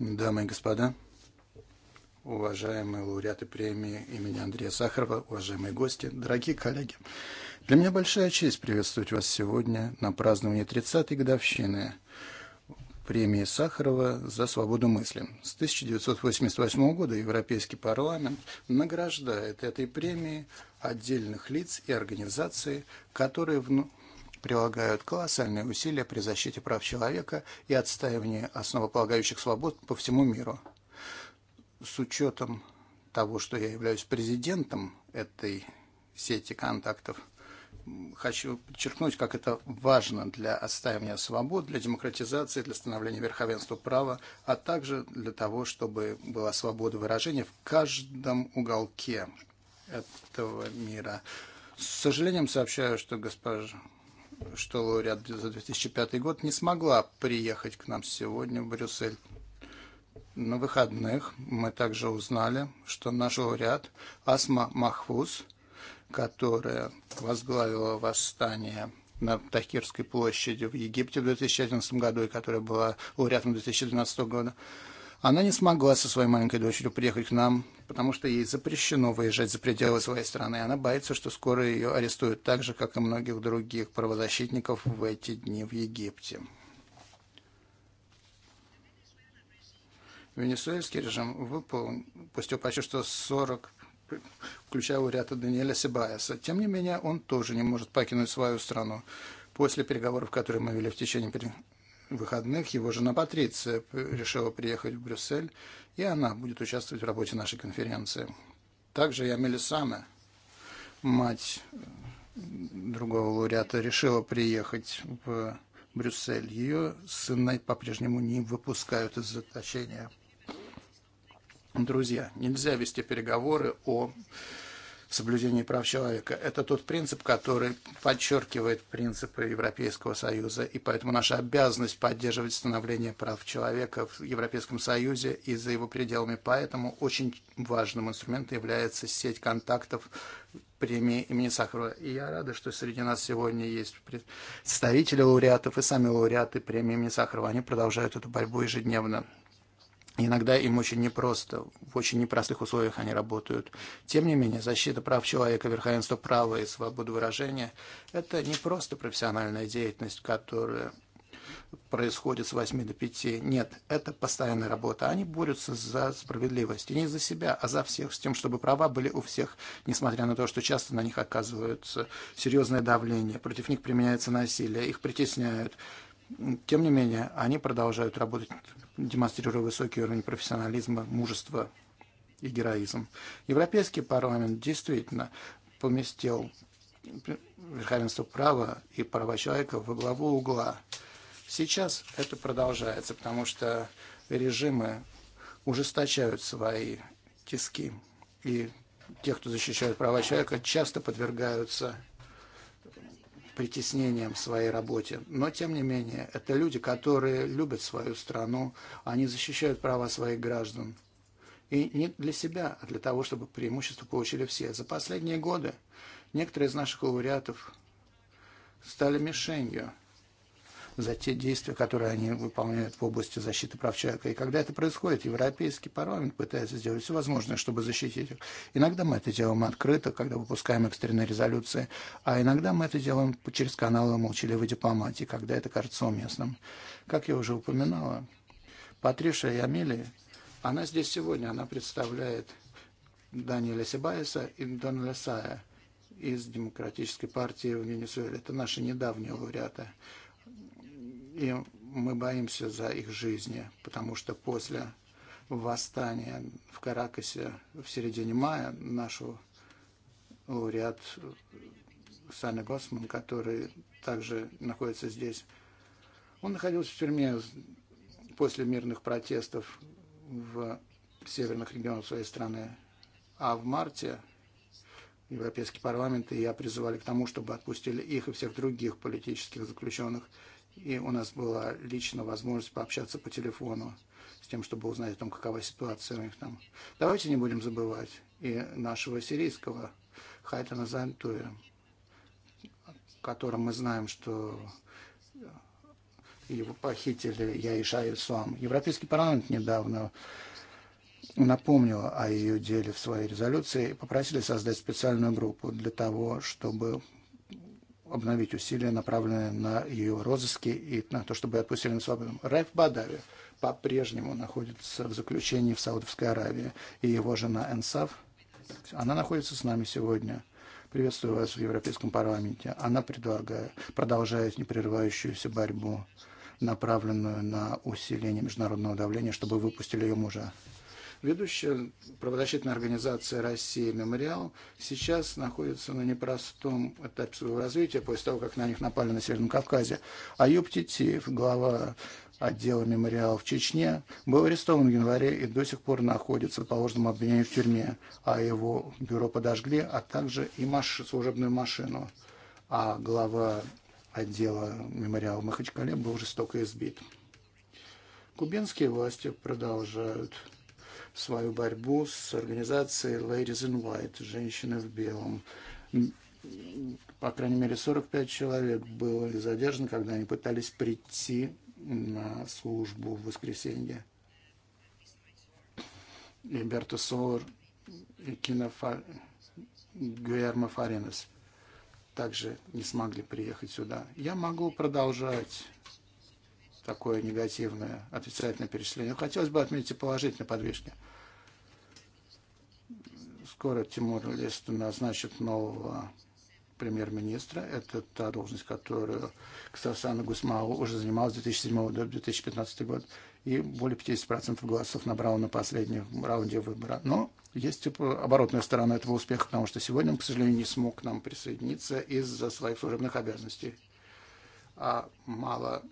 Дамы и господа, уважаемые лауреаты премии имени Андрея Сахарова, уважаемые гости, дорогие коллеги. Для меня большая честь приветствовать вас сегодня на праздновании 30-й годовщины премии Сахарова за свободу мысли. С 1988 года Европейский парламент награждает этой премией отдельных лиц и организаций, которые прилагают колоссальные усилия при защите прав человека и отстаивании основополагающих свобод по всему миру. С учетом того, что я являюсь президентом этой сети контактов, хочу подчеркнуть, как это важно для отстаивания свобод, для демократизации, для становления верховенства права, а также для того, чтобы была свобода выражения в каждом уголке этого мира. С сожалением сообщаю, что госпожа что лауреат за 2005 год не смогла приехать к нам сегодня в Брюссель. На выходных мы также узнали, что наш лауреат Асма Махфуз, которая возглавила восстание на Тахирской площади в Египте в 2011 году и которая была лауреатом 2012 года, Она не смогла со своей маленькой дочерью приехать к нам, потому что ей запрещено выезжать за пределы своей страны. Она боится, что скоро ее арестуют так же, как и многих других правозащитников в эти дни в Египте. Венесуэльский режим выпустил почти что 40 включая уряда Даниэля Сибаяса. Тем не менее, он тоже не может покинуть свою страну. После переговоров, которые мы вели в течение выходных его жена Патриция решила приехать в Брюссель, и она будет участвовать в работе нашей конференции. Также я Мелисана, мать другого лауреата, решила приехать в Брюссель. Ее сына по-прежнему не выпускают из заточения. Друзья, нельзя вести переговоры о соблюдении прав человека. Это тот принцип, который подчеркивает принципы Европейского Союза, и поэтому наша обязанность поддерживать становление прав человека в Европейском Союзе и за его пределами. Поэтому очень важным инструментом является сеть контактов премии имени Сахарова. И я рада, что среди нас сегодня есть представители лауреатов и сами лауреаты премии имени Сахарова. Они продолжают эту борьбу ежедневно. Иногда им очень непросто, в очень непростых условиях они работают. Тем не менее, защита прав человека, верховенство права и свобода выражения – это не просто профессиональная деятельность, которая происходит с 8 до 5. Нет, это постоянная работа. Они борются за справедливость. И не за себя, а за всех, с тем, чтобы права были у всех, несмотря на то, что часто на них оказывается серьезное давление. Против них применяется насилие, их притесняют Тем не менее, они продолжают работать, демонстрируя высокий уровень профессионализма, мужества и героизм. Европейский парламент действительно поместил верховенство права и права человека во главу угла. Сейчас это продолжается, потому что режимы ужесточают свои тиски, и те, кто защищает права человека, часто подвергаются притеснением в своей работе. Но, тем не менее, это люди, которые любят свою страну, они защищают права своих граждан. И не для себя, а для того, чтобы преимущество получили все. За последние годы некоторые из наших лауреатов стали мишенью за те действия, которые они выполняют в области защиты прав человека. И когда это происходит, Европейский парламент пытается сделать все возможное, чтобы защитить их. Иногда мы это делаем открыто, когда выпускаем экстренные резолюции, а иногда мы это делаем через каналы молчаливой дипломатии, когда это кажется уместным. Как я уже упоминала, Патриша Ямили, она здесь сегодня, она представляет Даниэля Сибайса и Дон Лесая из Демократической партии в Венесуэле. Это наши недавние лауреаты и мы боимся за их жизни, потому что после восстания в Каракасе в середине мая нашу лауреат Саня Госман, который также находится здесь, он находился в тюрьме после мирных протестов в северных регионах своей страны. А в марте Европейский парламент и я призывали к тому, чтобы отпустили их и всех других политических заключенных – и у нас была лично возможность пообщаться по телефону с тем, чтобы узнать о том, какова ситуация у них там. Давайте не будем забывать и нашего сирийского Хайтана Зантуя, котором мы знаем, что его похитили я и Суам. Европейский парламент недавно напомнил о ее деле в своей резолюции и попросили создать специальную группу для того, чтобы обновить усилия, направленные на ее розыски и на то, чтобы отпустили на свободу. Райф Бадави по-прежнему находится в заключении в Саудовской Аравии, и его жена Энсав, она находится с нами сегодня. Приветствую вас в Европейском парламенте. Она предлагает, продолжает непрерывающуюся борьбу, направленную на усиление международного давления, чтобы выпустили ее мужа. Ведущая правозащитная организация России «Мемориал» сейчас находится на непростом этапе своего развития после того, как на них напали на Северном Кавказе. Аюб Титиев, глава отдела «Мемориал» в Чечне, был арестован в январе и до сих пор находится по ложному обвинении в тюрьме, а его бюро подожгли, а также и маш... служебную машину. А глава отдела «Мемориал» в Махачкале был жестоко избит. Кубинские власти продолжают свою борьбу с организацией Ladies in White, женщины в белом. По крайней мере, 45 человек было задержано, когда они пытались прийти на службу в воскресенье. И Берто Солор, и Кинофа... Гуэрмо также не смогли приехать сюда. Я могу продолжать такое негативное отрицательное перечисление. Хотелось бы отметить положительные подвижки. Скоро Тимур Лестин назначит нового премьер-министра. Это та должность, которую Ксасана Гусмау уже занималась с 2007 до 2015 года. И более 50% голосов набрал на последнем раунде выбора. Но есть типа, оборотная сторона этого успеха, потому что сегодня он, к сожалению, не смог к нам присоединиться из-за своих служебных обязанностей. А мало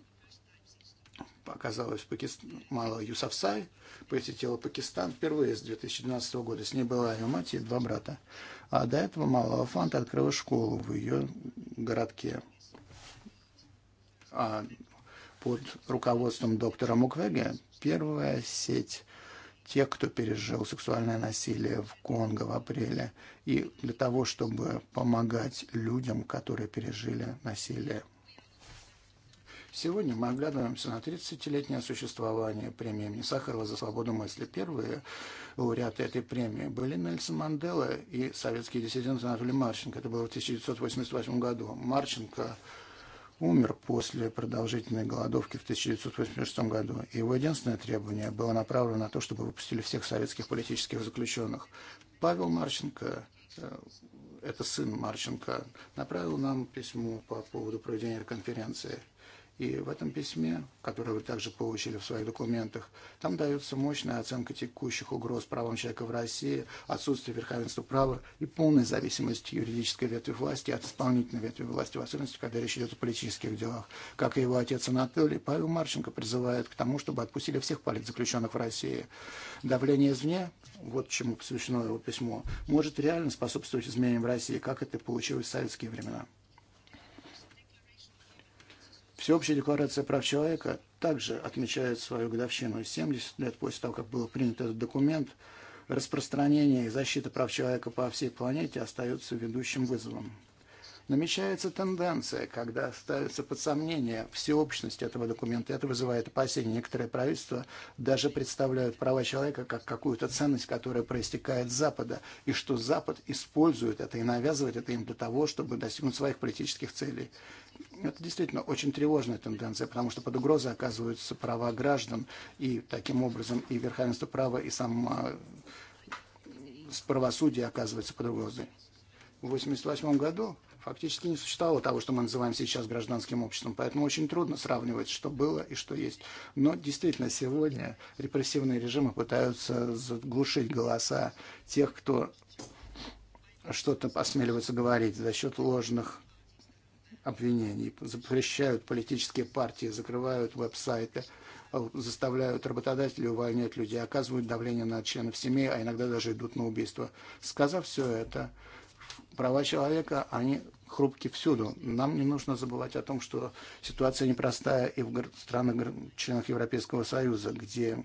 оказалась в Мало Юсафсай, посетила Пакистан впервые с 2012 года. С ней была ее мать и два брата. А до этого Малого Фанта открыла школу в ее городке а под руководством доктора Муквеге. Первая сеть тех, кто пережил сексуальное насилие в Конго в апреле, и для того, чтобы помогать людям, которые пережили насилие Сегодня мы оглядываемся на 30-летнее существование премии имени Сахарова за свободу мысли. Первые лауреаты этой премии были Нельсон Мандела и советский диссидент Анатолий Марченко. Это было в 1988 году. Марченко умер после продолжительной голодовки в 1986 году. И его единственное требование было направлено на то, чтобы выпустили всех советских политических заключенных. Павел Марченко, это сын Марченко, направил нам письмо по поводу проведения конференции. И в этом письме, которое вы также получили в своих документах, там дается мощная оценка текущих угроз правам человека в России, отсутствие верховенства права и полная зависимость юридической ветви власти от исполнительной ветви власти, в особенности, когда речь идет о политических делах. Как и его отец Анатолий, Павел Марченко призывает к тому, чтобы отпустили всех политзаключенных в России. Давление извне, вот чему посвящено его письмо, может реально способствовать изменениям в России, как это получилось в советские времена. Всеобщая декларация прав человека также отмечает свою годовщину. 70 лет после того, как был принят этот документ, распространение и защита прав человека по всей планете остаются ведущим вызовом. Намечается тенденция, когда ставится под сомнение всеобщность этого документа. Это вызывает опасения. Некоторые правительства даже представляют права человека как какую-то ценность, которая проистекает с Запада, и что Запад использует это и навязывает это им для того, чтобы достигнуть своих политических целей. Это действительно очень тревожная тенденция, потому что под угрозой оказываются права граждан, и таким образом и верховенство права, и сам правосудие оказывается под угрозой. В 1988 году фактически не существовало того, что мы называем сейчас гражданским обществом. Поэтому очень трудно сравнивать, что было и что есть. Но действительно, сегодня репрессивные режимы пытаются заглушить голоса тех, кто что-то осмеливается говорить за счет ложных обвинений, запрещают политические партии, закрывают веб-сайты, заставляют работодателей увольнять людей, оказывают давление на членов семей, а иногда даже идут на убийство. Сказав все это, права человека, они хрупки всюду. Нам не нужно забывать о том, что ситуация непростая и в странах членах Европейского Союза, где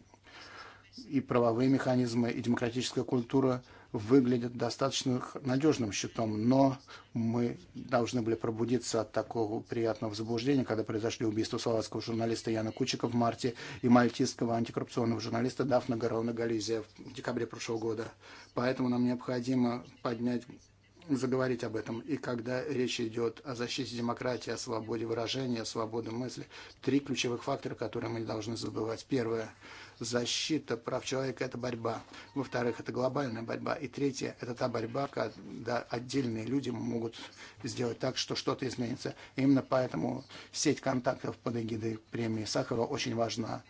и правовые механизмы, и демократическая культура выглядят достаточно надежным счетом. но мы должны были пробудиться от такого приятного заблуждения, когда произошли убийства словацкого журналиста Яна Кучика в марте и мальтийского антикоррупционного журналиста Дафна Гарона Гализия в декабре прошлого года. Поэтому нам необходимо поднять заговорить об этом. И когда речь идет о защите демократии, о свободе выражения, о свободе мысли, три ключевых фактора, которые мы не должны забывать. Первое – защита прав человека – это борьба. Во-вторых, это глобальная борьба. И третье – это та борьба, когда отдельные люди могут сделать так, что что-то изменится. И именно поэтому сеть контактов под эгидой премии Сахарова очень важна.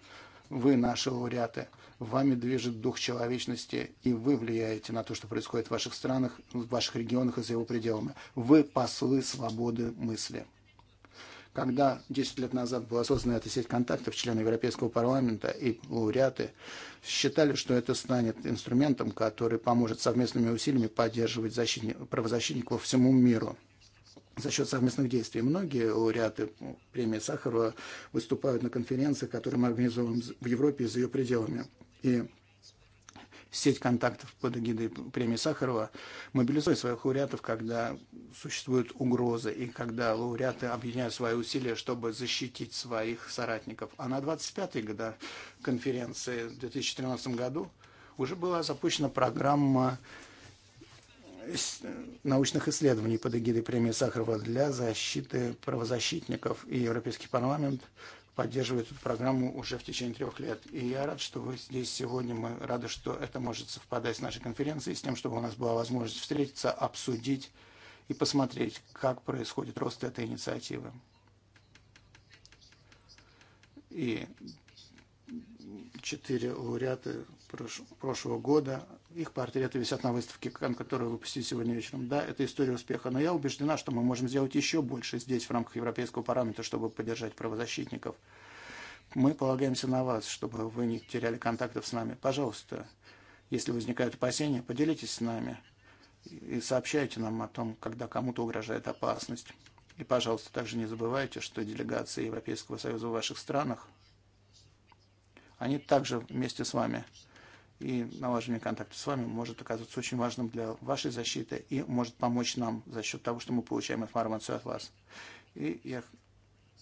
Вы наши лауреаты – Вами движет дух человечности, и вы влияете на то, что происходит в ваших странах, в ваших регионах и за его пределами. Вы послы свободы мысли. Когда 10 лет назад была создана эта сеть контактов, члены Европейского парламента и лауреаты считали, что это станет инструментом, который поможет совместными усилиями поддерживать защитников, правозащитников всему миру за счет совместных действий. Многие лауреаты премии Сахарова выступают на конференциях, которые мы организовываем в Европе и за ее пределами. И сеть контактов под эгидой премии Сахарова мобилизует своих лауреатов, когда существуют угрозы и когда лауреаты объединяют свои усилия, чтобы защитить своих соратников. А на 25-й года конференции в 2013 году уже была запущена программа научных исследований под эгидой премии Сахарова для защиты правозащитников. И Европейский парламент поддерживает эту программу уже в течение трех лет. И я рад, что вы здесь сегодня. Мы рады, что это может совпадать с нашей конференцией, с тем, чтобы у нас была возможность встретиться, обсудить и посмотреть, как происходит рост этой инициативы. И четыре лауреата прошлого года их портреты висят на выставке, которую выпустили сегодня вечером. Да, это история успеха, но я убеждена, что мы можем сделать еще больше здесь, в рамках европейского параметра, чтобы поддержать правозащитников. Мы полагаемся на вас, чтобы вы не теряли контактов с нами. Пожалуйста, если возникают опасения, поделитесь с нами и сообщайте нам о том, когда кому-то угрожает опасность. И, пожалуйста, также не забывайте, что делегации Европейского Союза в ваших странах, они также вместе с вами – и налаживание контакта с вами может оказаться очень важным для вашей защиты и может помочь нам за счет того, что мы получаем информацию от вас. И я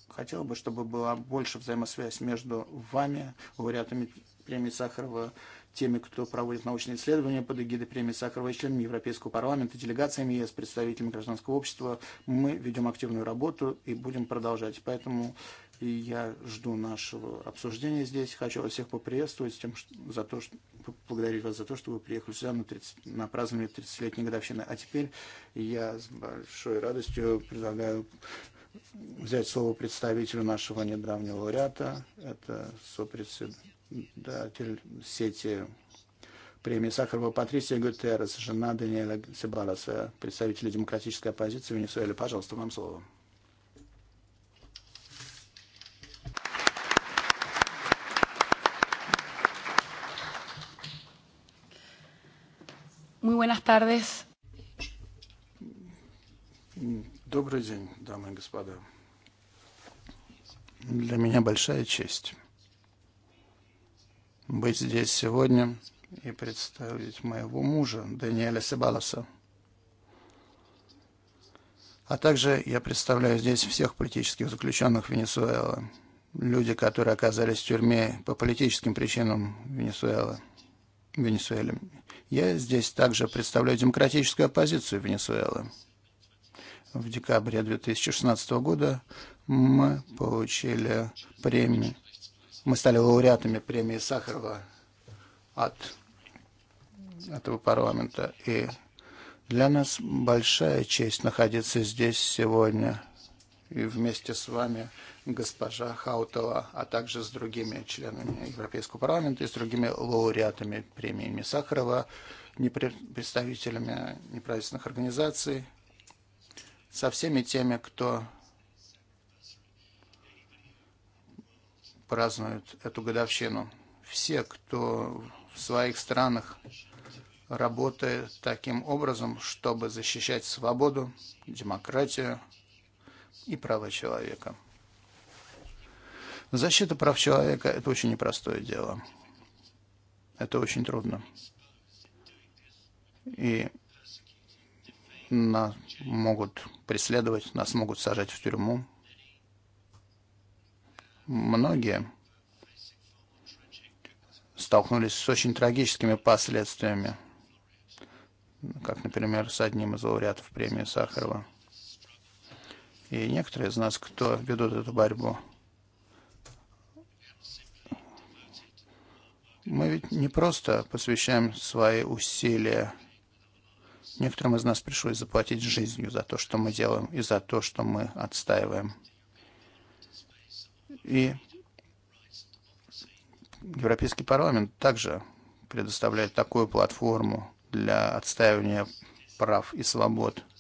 хотел бы, чтобы была больше взаимосвязь между вами, лауреатами премии Сахарова, теми, кто проводит научные исследования под эгидой премии Сахарова и членами Европейского парламента, делегациями ЕС, представителями гражданского общества. Мы ведем активную работу и будем продолжать. Поэтому И я жду нашего обсуждения здесь. Хочу вас всех поприветствовать тем, что, за то, что, поблагодарить вас за то, что вы приехали сюда на, 30, на празднование 30-летней годовщины. А теперь я с большой радостью предлагаю взять слово представителю нашего недавнего лауреата. Это сопредседатель сети премии Сахарова Патрисия Гутерес, жена Даниэля Себараса, представителя демократической оппозиции в Венесуэле. Пожалуйста, вам слово. Muy buenas tardes. Добрый день, дамы и господа. Для меня большая честь быть здесь сегодня и представить моего мужа Даниэля Себаласа. А также я представляю здесь всех политических заключенных Венесуэлы, люди, которые оказались в тюрьме по политическим причинам Венесуэлы – Венесуэле. Я здесь также представляю демократическую оппозицию Венесуэлы. В декабре 2016 года мы получили премию. Мы стали лауреатами премии Сахарова от этого парламента. И для нас большая честь находиться здесь сегодня и вместе с вами госпожа Хаутова, а также с другими членами Европейского парламента и с другими лауреатами премии Сахарова, представителями неправительственных организаций, со всеми теми, кто празднует эту годовщину. Все, кто в своих странах работает таким образом, чтобы защищать свободу, демократию, и права человека. Защита прав человека – это очень непростое дело. Это очень трудно. И нас могут преследовать, нас могут сажать в тюрьму. Многие столкнулись с очень трагическими последствиями, как, например, с одним из лауреатов премии Сахарова – И некоторые из нас, кто ведут эту борьбу, мы ведь не просто посвящаем свои усилия. Некоторым из нас пришлось заплатить жизнью за то, что мы делаем, и за то, что мы отстаиваем. И Европейский парламент также предоставляет такую платформу для отстаивания прав и свобод –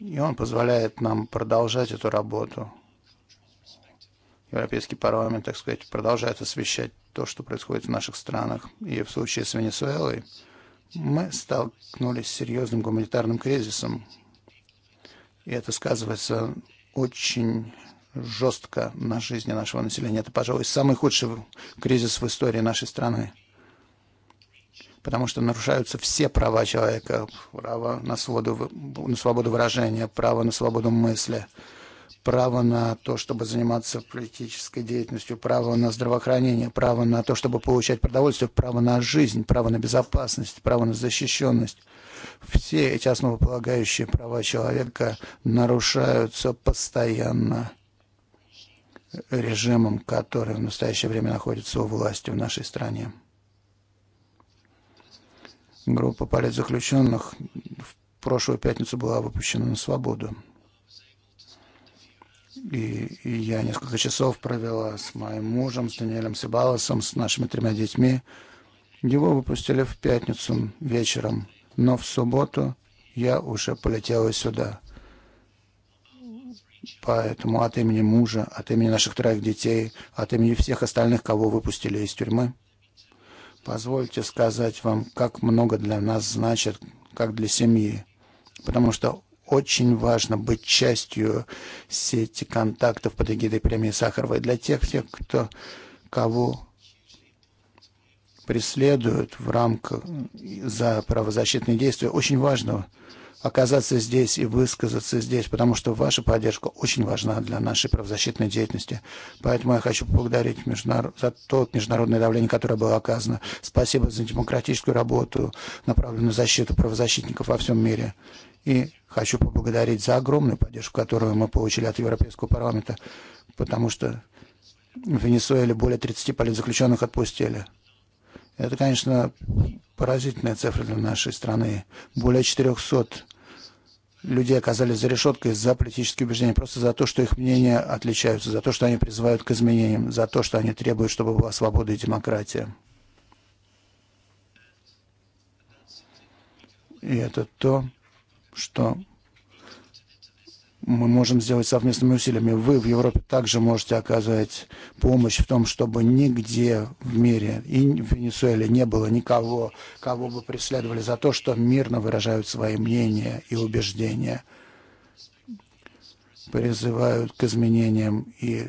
И он позволяет нам продолжать эту работу. Европейский парламент, так сказать, продолжает освещать то, что происходит в наших странах. И в случае с Венесуэлой мы столкнулись с серьезным гуманитарным кризисом. И это сказывается очень жестко на жизни нашего населения. Это, пожалуй, самый худший кризис в истории нашей страны потому что нарушаются все права человека, право на свободу, на свободу выражения, право на свободу мысли, право на то, чтобы заниматься политической деятельностью, право на здравоохранение, право на то, чтобы получать продовольствие, право на жизнь, право на безопасность, право на защищенность. Все эти основополагающие права человека нарушаются постоянно режимом, который в настоящее время находится у власти в нашей стране. Группа политзаключенных в прошлую пятницу была выпущена на свободу. И, и я несколько часов провела с моим мужем, с Даниэлем Сибалосом, с нашими тремя детьми. Его выпустили в пятницу вечером, но в субботу я уже полетела сюда. Поэтому от имени мужа, от имени наших троих детей, от имени всех остальных, кого выпустили из тюрьмы – Позвольте сказать вам, как много для нас значит, как для семьи. Потому что очень важно быть частью сети контактов под эгидой премии Сахарова. И для тех, тех кто, кого преследуют в рамках за правозащитные действия, очень важно оказаться здесь и высказаться здесь, потому что ваша поддержка очень важна для нашей правозащитной деятельности. Поэтому я хочу поблагодарить международ... за то международное давление, которое было оказано. Спасибо за демократическую работу, направленную на защиту правозащитников во всем мире. И хочу поблагодарить за огромную поддержку, которую мы получили от Европейского парламента, потому что в Венесуэле более 30 политзаключенных отпустили. Это, конечно, поразительная цифра для нашей страны. Более 400 людей оказались за решеткой за политические убеждения, просто за то, что их мнения отличаются, за то, что они призывают к изменениям, за то, что они требуют, чтобы была свобода и демократия. И это то, что мы можем сделать совместными усилиями. Вы в Европе также можете оказывать помощь в том, чтобы нигде в мире и в Венесуэле не было никого, кого бы преследовали за то, что мирно выражают свои мнения и убеждения, призывают к изменениям и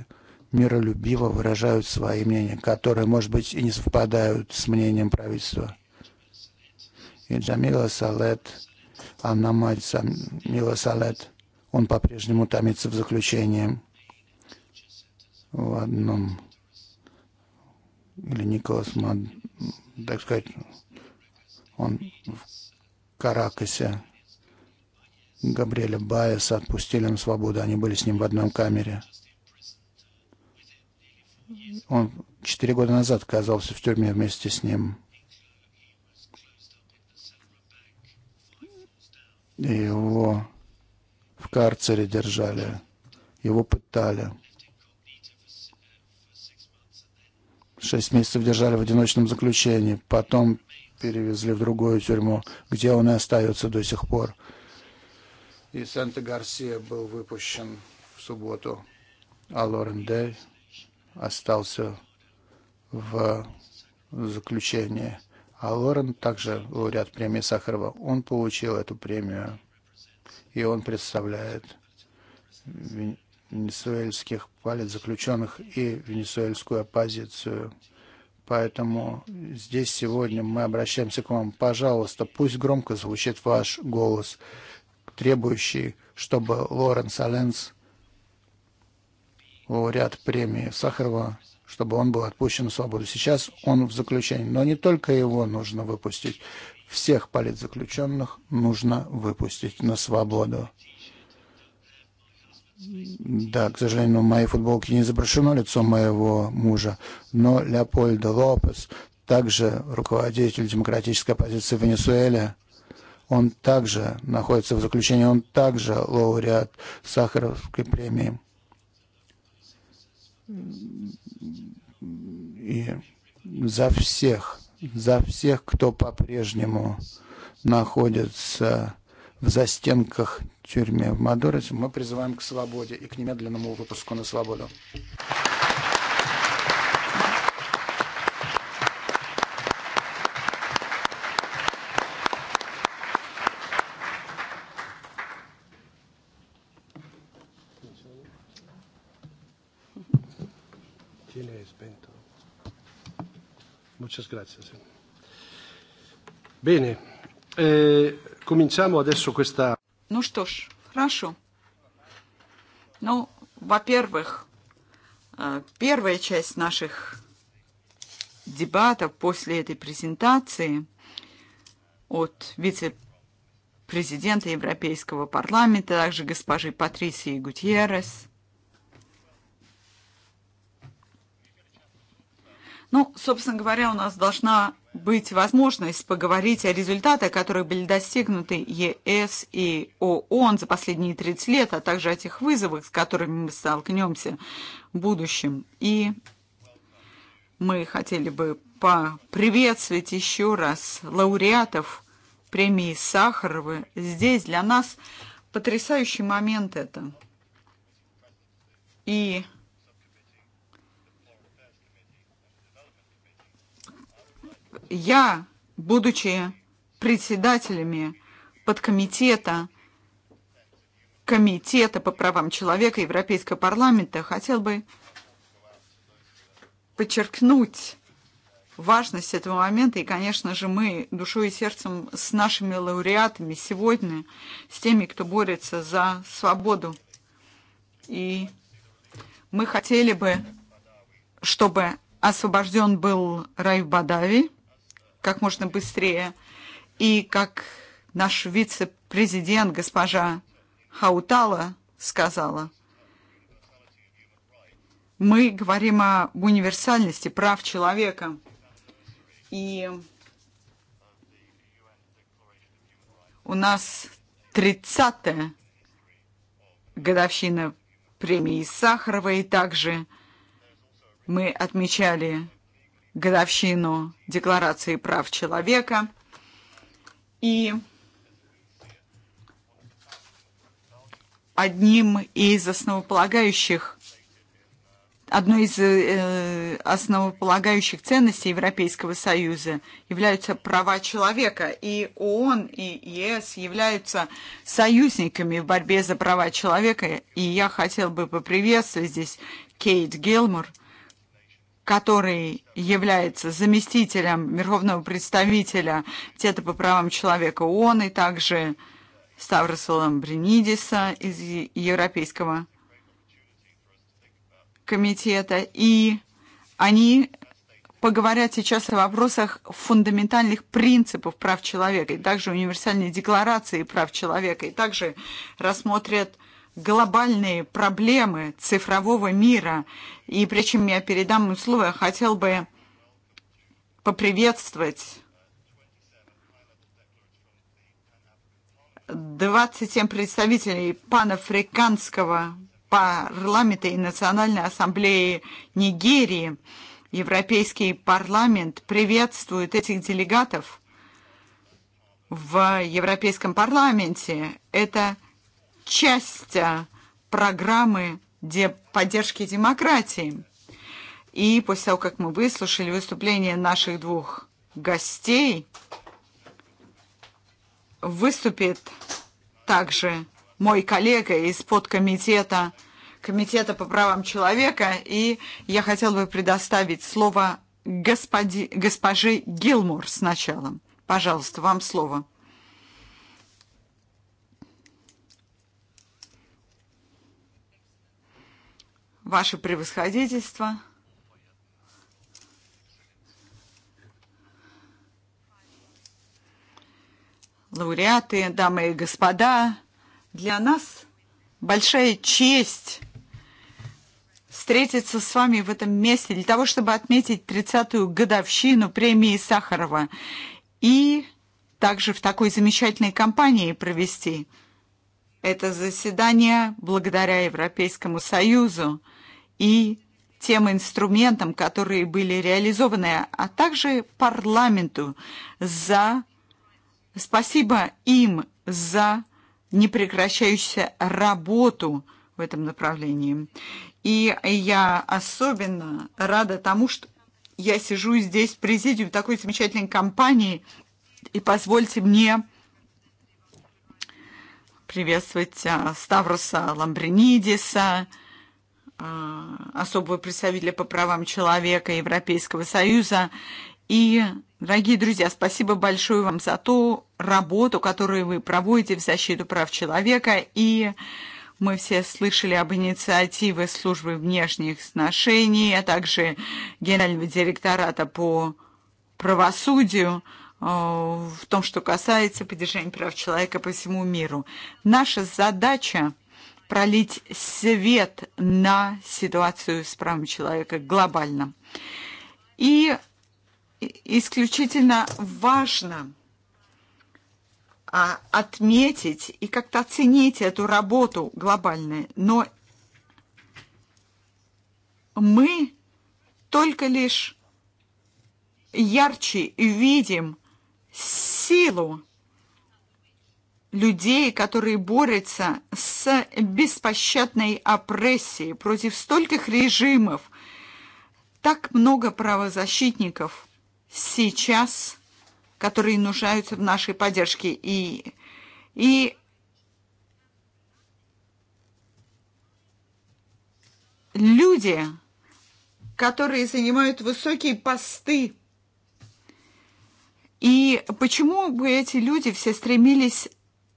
миролюбиво выражают свои мнения, которые, может быть, и не совпадают с мнением правительства. И Джамила Салет, она мать Джамила Салет – Он по-прежнему томится в заключении в одном, или Николас Мад, так сказать, он в Каракасе, Габриэля Байеса отпустили на свободу, они были с ним в одном камере. Он четыре года назад оказался в тюрьме вместе с ним. И его в карцере держали, его пытали. Шесть месяцев держали в одиночном заключении, потом перевезли в другую тюрьму, где он и остается до сих пор. И Санта Гарсия был выпущен в субботу, а Лорен Дэй остался в заключении. А Лорен также лауреат премии Сахарова. Он получил эту премию и он представляет венесуэльских политзаключенных и венесуэльскую оппозицию. Поэтому здесь сегодня мы обращаемся к вам. Пожалуйста, пусть громко звучит ваш голос, требующий, чтобы Лоренс Аленс, лауреат премии Сахарова, чтобы он был отпущен в свободу. Сейчас он в заключении. Но не только его нужно выпустить всех политзаключенных нужно выпустить на свободу. Да, к сожалению, в моей футболке не изображено лицо моего мужа, но Леопольдо Лопес, также руководитель демократической оппозиции в Венесуэле, он также находится в заключении, он также лауреат Сахаровской премии. И за всех за всех, кто по-прежнему находится в застенках тюрьмы в Мадорисе. Мы призываем к свободе и к немедленному выпуску на свободу. Muchas gracias. Bene, cominciamo adesso questa... Ну что ж, хорошо. Ну, во-первых, первая часть наших дебатов после этой презентации от вице-президента Европейского парламента, также госпожи Патрисии Гутьеррес, Ну, собственно говоря, у нас должна быть возможность поговорить о результатах, которые были достигнуты ЕС и ООН за последние 30 лет, а также о тех вызовах, с которыми мы столкнемся в будущем. И мы хотели бы поприветствовать еще раз лауреатов премии Сахарова. Здесь для нас потрясающий момент это. И я, будучи председателями подкомитета Комитета по правам человека Европейского парламента, хотел бы подчеркнуть важность этого момента. И, конечно же, мы душой и сердцем с нашими лауреатами сегодня, с теми, кто борется за свободу. И мы хотели бы, чтобы освобожден был райф Бадави, как можно быстрее. И как наш вице-президент госпожа Хаутала сказала, мы говорим о универсальности прав человека. И у нас 30-я годовщина премии Сахарова, и также мы отмечали годовщину Декларации прав человека. И одним из основополагающих одной из э, основополагающих ценностей Европейского Союза являются права человека, и ООН и ЕС являются союзниками в борьбе за права человека, и я хотел бы поприветствовать здесь Кейт Гилмор, который является заместителем Верховного представителя Тета по правам человека ООН и также ставросолом Бринидиса из Европейского комитета. И они поговорят сейчас о вопросах фундаментальных принципов прав человека, и также универсальной декларации прав человека, и также рассмотрят глобальные проблемы цифрового мира. И прежде чем я передам ему слово, я хотел бы поприветствовать 27 представителей панафриканского парламента и Национальной ассамблеи Нигерии. Европейский парламент приветствует этих делегатов в Европейском парламенте. Это часть программы поддержки демократии. И после того, как мы выслушали выступление наших двух гостей, выступит также мой коллега из подкомитета Комитета по правам человека, и я хотела бы предоставить слово господи, госпоже Гилмур сначала. Пожалуйста, вам слово. ваше превосходительство. Лауреаты, дамы и господа, для нас большая честь встретиться с вами в этом месте для того, чтобы отметить 30-ю годовщину премии Сахарова и также в такой замечательной компании провести это заседание благодаря Европейскому Союзу и тем инструментам, которые были реализованы, а также парламенту за спасибо им за непрекращающуюся работу в этом направлении. И я особенно рада тому, что я сижу здесь в президиуме такой замечательной компании, и позвольте мне приветствовать Ставроса Ламбринидиса, Особого представителя по правам человека Европейского Союза. И, дорогие друзья, спасибо большое вам за ту работу, которую вы проводите в защиту прав человека. И мы все слышали об инициативе службы внешних отношений, а также Генерального директората по правосудию в том, что касается поддержания прав человека по всему миру. Наша задача пролить свет на ситуацию с правами человека глобально. И исключительно важно отметить и как-то оценить эту работу глобальную. Но мы только лишь ярче видим силу людей, которые борются с беспощадной опрессией против стольких режимов, так много правозащитников сейчас, которые нуждаются в нашей поддержке. И, и люди, которые занимают высокие посты, и почему бы эти люди все стремились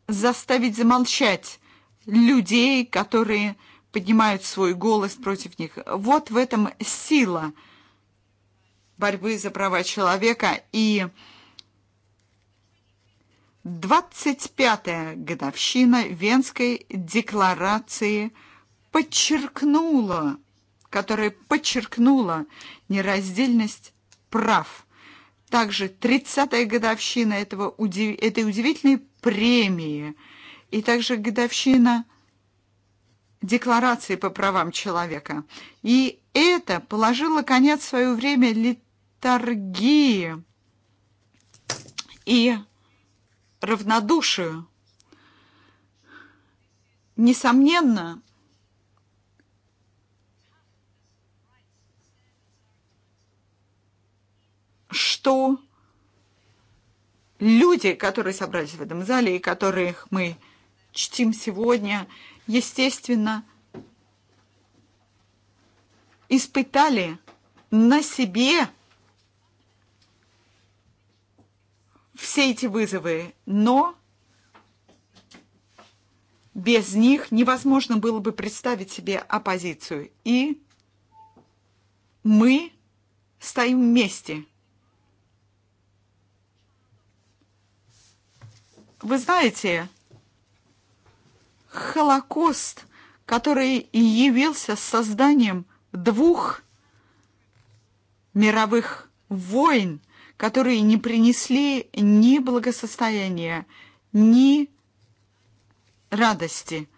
заставить замолчать людей, которые поднимают свой голос против них. Вот в этом сила борьбы за права человека. И 25-я годовщина Венской декларации подчеркнула, которая подчеркнула нераздельность прав также 30-я годовщина этого, этой удивительной премии и также годовщина Декларации по правам человека. И это положило конец в свое время литургии и равнодушию. Несомненно, что люди, которые собрались в этом зале и которых мы чтим сегодня, естественно, испытали на себе все эти вызовы, но без них невозможно было бы представить себе оппозицию. И мы стоим вместе – Вы знаете, Холокост, который и явился созданием двух мировых войн, которые не принесли ни благосостояния, ни радости,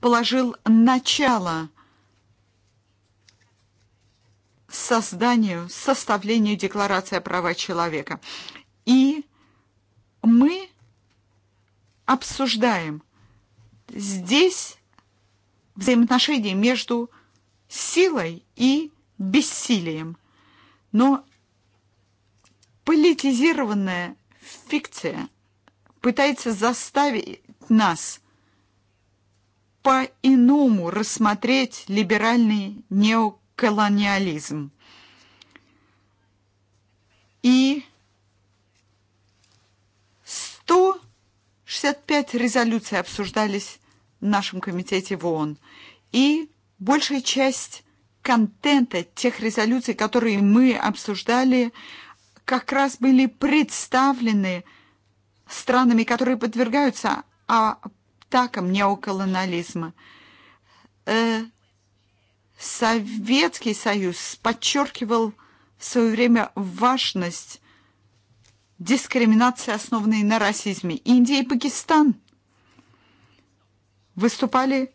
положил начало созданию, составлению Декларации о правах человека. И мы обсуждаем. Здесь взаимоотношения между силой и бессилием. Но политизированная фикция пытается заставить нас по-иному рассмотреть либеральный неоколониализм. И сто 65 резолюций обсуждались в нашем комитете в ООН. И большая часть контента тех резолюций, которые мы обсуждали, как раз были представлены странами, которые подвергаются атакам неоколонализма. Советский Союз подчеркивал в свое время важность дискриминации, основанной на расизме. Индия и Пакистан выступали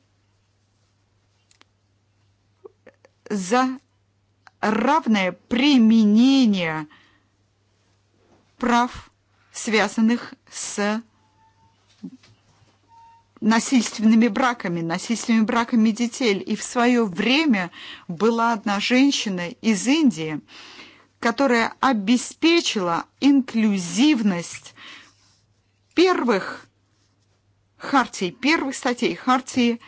за равное применение прав, связанных с насильственными браками, насильственными браками детей. И в свое время была одна женщина из Индии – которая обеспечила инклюзивность первых хартий, первых статей хартии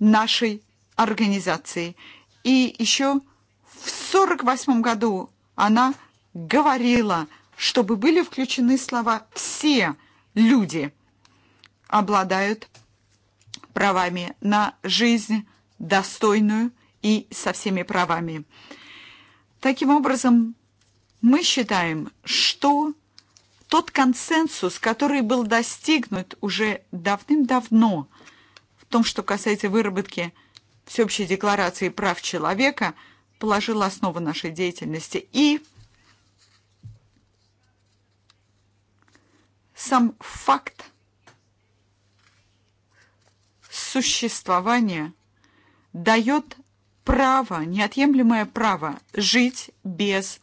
нашей организации. И еще в 1948 году она говорила, чтобы были включены слова «все люди обладают правами на жизнь достойную и со всеми правами». Таким образом, Мы считаем, что тот консенсус, который был достигнут уже давным-давно в том, что касается выработки Всеобщей декларации прав человека, положил основу нашей деятельности. И сам факт существования дает право, неотъемлемое право жить без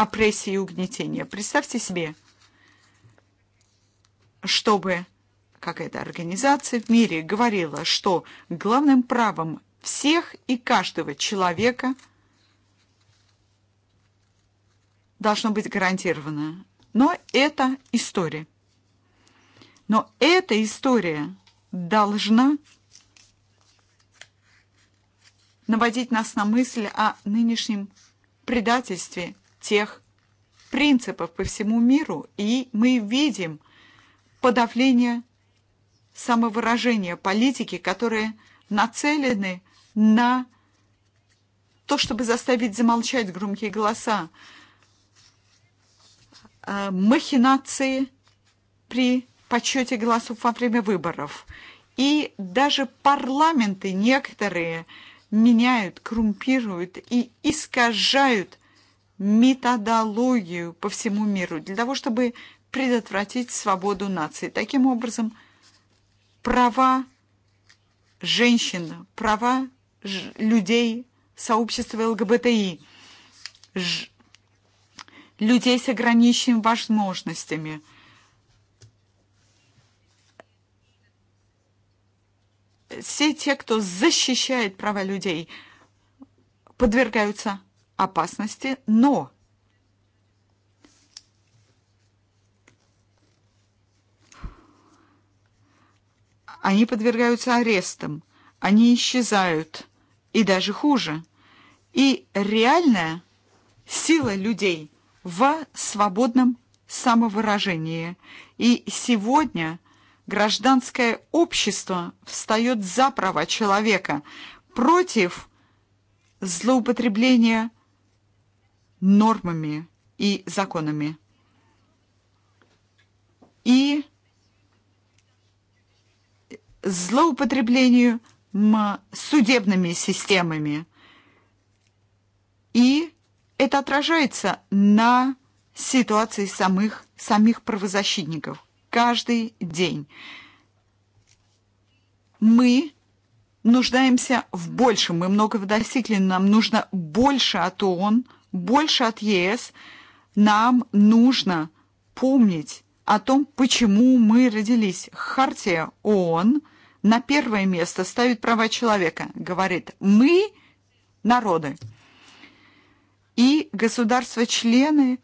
опрессии и угнетения. Представьте себе, чтобы какая-то организация в мире говорила, что главным правом всех и каждого человека должно быть гарантировано. Но это история. Но эта история должна наводить нас на мысль о нынешнем предательстве тех принципов по всему миру, и мы видим подавление самовыражения политики, которые нацелены на то, чтобы заставить замолчать громкие голоса, махинации при подсчете голосов во время выборов. И даже парламенты некоторые меняют, коррумпируют и искажают методологию по всему миру для того, чтобы предотвратить свободу нации. Таким образом, права женщин, права людей сообщества ЛГБТИ, людей с ограниченными возможностями. Все те, кто защищает права людей, подвергаются опасности, но они подвергаются арестам, они исчезают, и даже хуже. И реальная сила людей в свободном самовыражении. И сегодня гражданское общество встает за права человека, против злоупотребления нормами и законами. И злоупотреблению судебными системами. И это отражается на ситуации самых, самих правозащитников каждый день. Мы нуждаемся в большем, мы многого достигли, нам нужно больше от ООН – больше от ЕС нам нужно помнить о том, почему мы родились. Хартия ООН на первое место ставит права человека. Говорит, мы народы. И государства-члены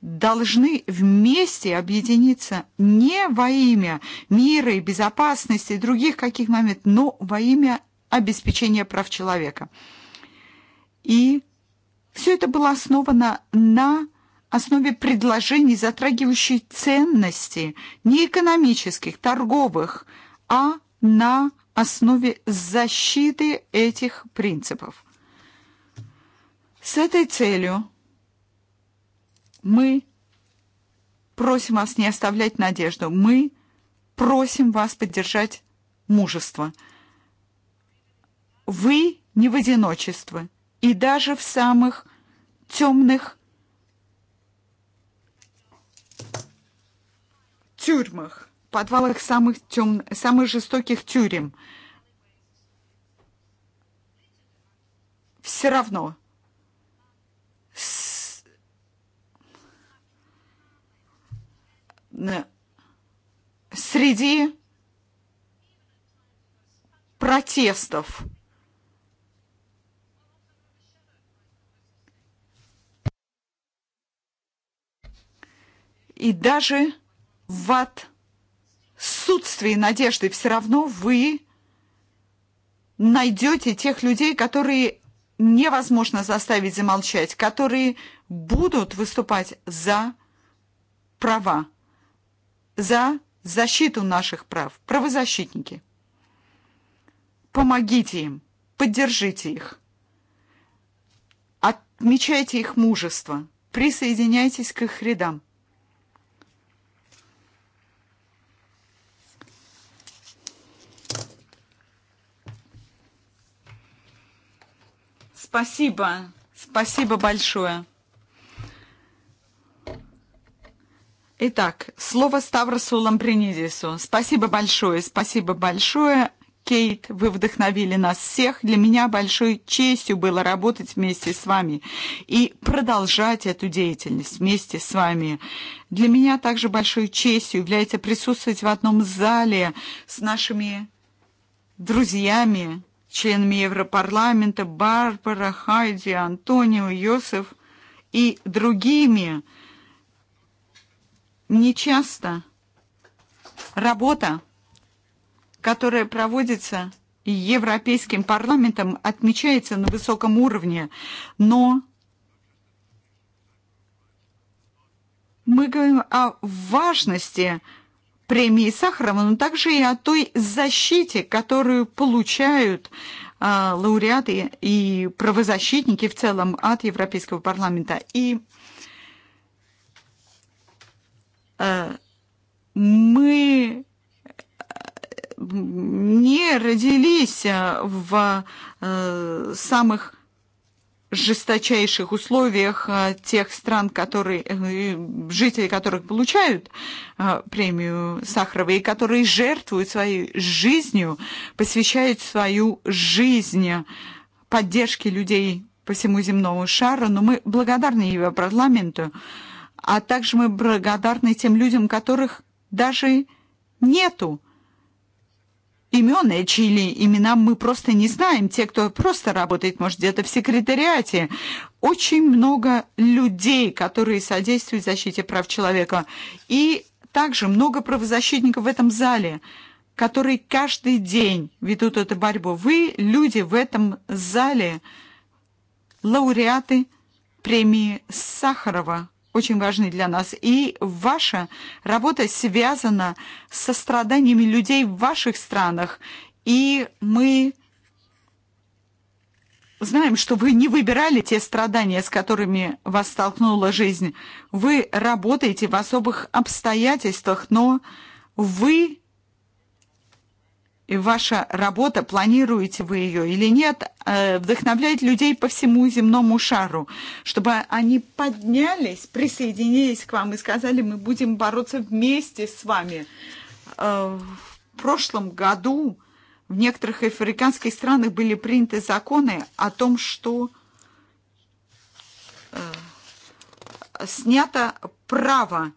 должны вместе объединиться не во имя мира и безопасности и других каких моментов, но во имя обеспечения прав человека. И Все это было основано на основе предложений, затрагивающих ценности, не экономических, торговых, а на основе защиты этих принципов. С этой целью мы просим вас не оставлять надежду, мы просим вас поддержать мужество. Вы не в одиночестве, и даже в самых темных тюрьмах, подвалах самых, тем... самых жестоких тюрем. Все равно с... среди протестов и даже в отсутствии надежды все равно вы найдете тех людей, которые невозможно заставить замолчать, которые будут выступать за права, за защиту наших прав, правозащитники. Помогите им, поддержите их, отмечайте их мужество, присоединяйтесь к их рядам. Спасибо. Спасибо большое. Итак, слово Ставросу Ламбринидису. Спасибо большое, спасибо большое. Кейт, вы вдохновили нас всех. Для меня большой честью было работать вместе с вами и продолжать эту деятельность вместе с вами. Для меня также большой честью является присутствовать в одном зале с нашими друзьями, членами Европарламента Барбара, Хайди, Антонио, Йосеф и другими. Нечасто работа, которая проводится Европейским парламентом, отмечается на высоком уровне, но мы говорим о важности премии Сахарова, но также и о той защите, которую получают а, лауреаты и правозащитники в целом от Европейского парламента. И а, мы не родились в самых жесточайших условиях тех стран, которые, жители которых получают премию Сахарова и которые жертвуют своей жизнью, посвящают свою жизнь поддержке людей по всему земному шару. Но мы благодарны парламенту, а также мы благодарны тем людям, которых даже нету имен чили имена мы просто не знаем. Те, кто просто работает, может, где-то в секретариате. Очень много людей, которые содействуют защите прав человека. И также много правозащитников в этом зале, которые каждый день ведут эту борьбу. Вы, люди в этом зале, лауреаты премии Сахарова очень важны для нас. И ваша работа связана со страданиями людей в ваших странах. И мы знаем, что вы не выбирали те страдания, с которыми вас столкнула жизнь. Вы работаете в особых обстоятельствах, но вы ваша работа, планируете вы ее или нет, вдохновляет людей по всему земному шару, чтобы они поднялись, присоединились к вам и сказали, мы будем бороться вместе с вами. В прошлом году в некоторых африканских странах были приняты законы о том, что снято право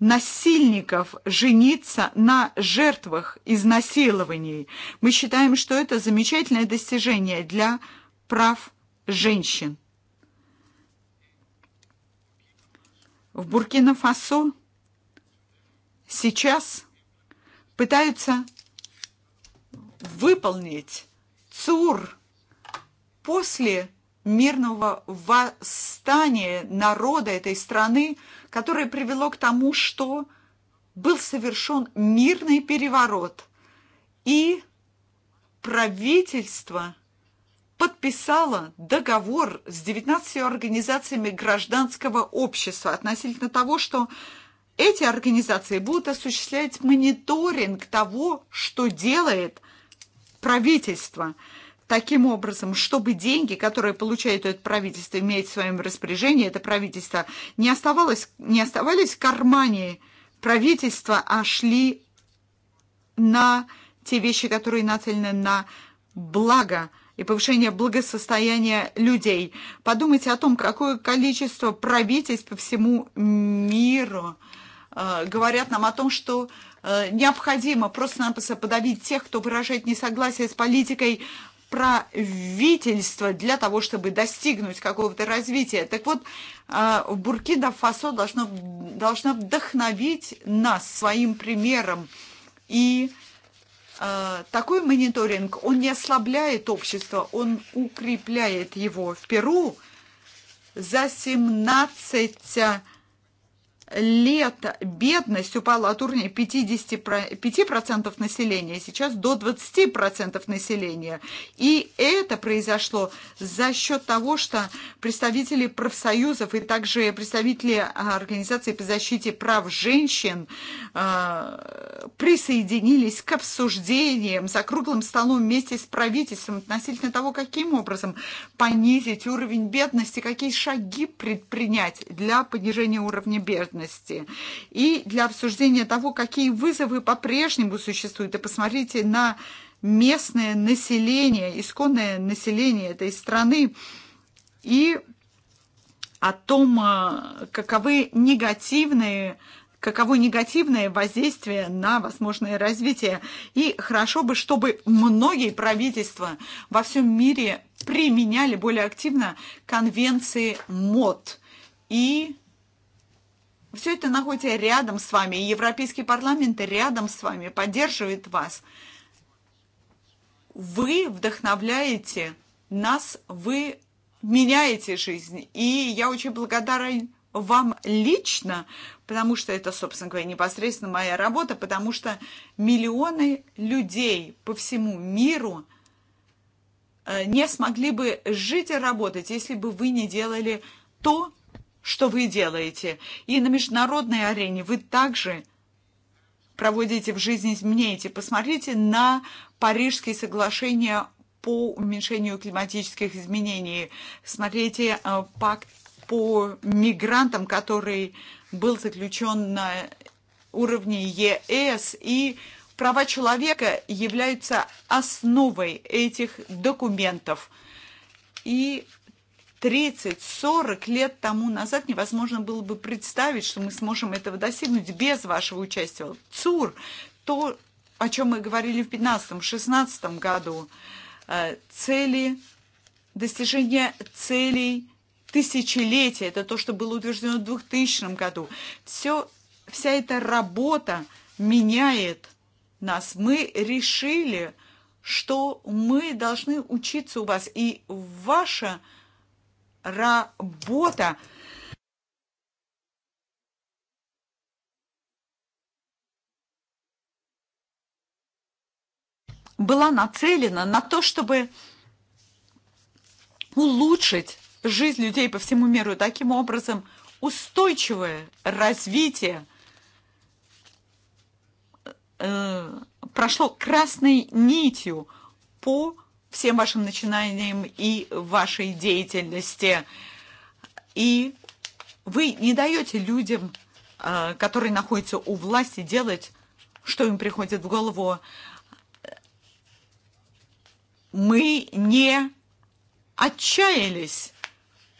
насильников жениться на жертвах изнасилований. Мы считаем, что это замечательное достижение для прав женщин. В Буркина-Фасо сейчас пытаются выполнить ЦУР после мирного восстания народа этой страны – которое привело к тому, что был совершен мирный переворот, и правительство подписало договор с 19 организациями гражданского общества относительно того, что эти организации будут осуществлять мониторинг того, что делает правительство таким образом, чтобы деньги, которые получает это правительство, имеет в своем распоряжении, это правительство, не, оставалось, не оставались в кармане правительства, а шли на те вещи, которые нацелены на благо и повышение благосостояния людей. Подумайте о том, какое количество правительств по всему миру говорят нам о том, что необходимо просто-напросто подавить тех, кто выражает несогласие с политикой правительство для того, чтобы достигнуть какого-то развития. Так вот, Буркина Фасо должна, должна вдохновить нас своим примером. И такой мониторинг, он не ослабляет общество, он укрепляет его. В Перу за 17 Лето бедность упала от уровня 55% населения, сейчас до 20% населения. И это произошло за счет того, что представители профсоюзов и также представители организации по защите прав женщин присоединились к обсуждениям за круглым столом вместе с правительством относительно того, каким образом понизить уровень бедности, какие шаги предпринять для понижения уровня бедности И для обсуждения того, какие вызовы по-прежнему существуют, и посмотрите на местное население, исконное население этой страны, и о том, каковы негативные каково негативное воздействие на возможное развитие. И хорошо бы, чтобы многие правительства во всем мире применяли более активно конвенции МОД и Все это находится рядом с вами. и Европейский парламент рядом с вами, поддерживает вас. Вы вдохновляете нас, вы меняете жизнь. И я очень благодарен вам лично, потому что это, собственно говоря, непосредственно моя работа, потому что миллионы людей по всему миру не смогли бы жить и работать, если бы вы не делали то, что вы делаете. И на международной арене вы также проводите в жизни, изменения. Посмотрите на Парижские соглашения по уменьшению климатических изменений. Смотрите пакт по мигрантам, который был заключен на уровне ЕС, и права человека являются основой этих документов. И 30, 40 лет тому назад невозможно было бы представить, что мы сможем этого достигнуть без вашего участия. ЦУР, то, о чем мы говорили в 2015 16 году, цели, достижение целей тысячелетия, это то, что было утверждено в 2000 году. Все, вся эта работа меняет нас. Мы решили, что мы должны учиться у вас, и ваша работа. была нацелена на то, чтобы улучшить жизнь людей по всему миру. Таким образом, устойчивое развитие э, прошло красной нитью по всем вашим начинаниям и вашей деятельности. И вы не даете людям, которые находятся у власти, делать, что им приходит в голову. Мы не отчаялись.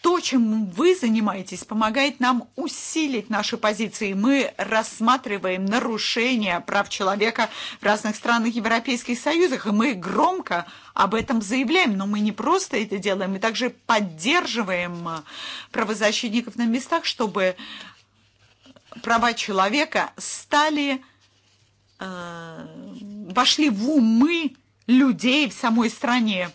То, чем вы занимаетесь, помогает нам усилить наши позиции. Мы рассматриваем нарушения прав человека в разных странах Европейских Союзах, и мы громко об этом заявляем, но мы не просто это делаем, мы также поддерживаем правозащитников на местах, чтобы права человека стали, э, вошли в умы людей в самой стране,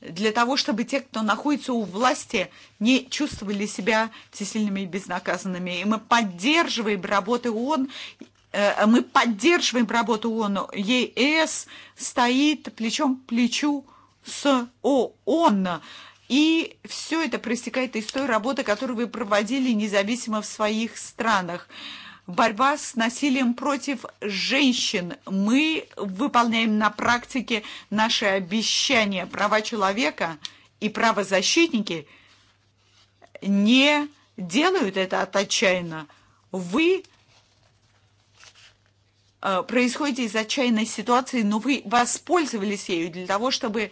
для того, чтобы те, кто находится у власти, не чувствовали себя всесильными и безнаказанными. И мы поддерживаем работы ООН мы поддерживаем работу ООН. ЕС стоит плечом к плечу с ООН. И все это проистекает из той работы, которую вы проводили независимо в своих странах. Борьба с насилием против женщин. Мы выполняем на практике наши обещания. Права человека и правозащитники не делают это от отчаянно. Вы происходите из отчаянной ситуации, но вы воспользовались ею для того, чтобы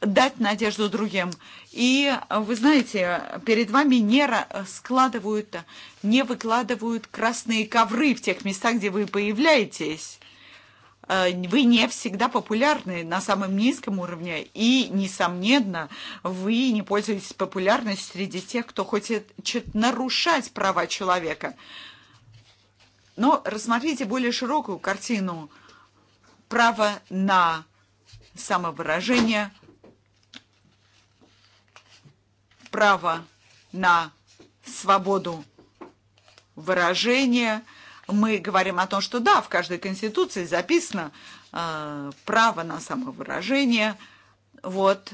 дать надежду другим. И вы знаете, перед вами не складывают, не выкладывают красные ковры в тех местах, где вы появляетесь. Вы не всегда популярны на самом низком уровне, и, несомненно, вы не пользуетесь популярностью среди тех, кто хочет нарушать права человека. Но рассмотрите более широкую картину права на самовыражение, право на свободу выражения. Мы говорим о том, что да, в каждой конституции записано э, право на самовыражение. Вот.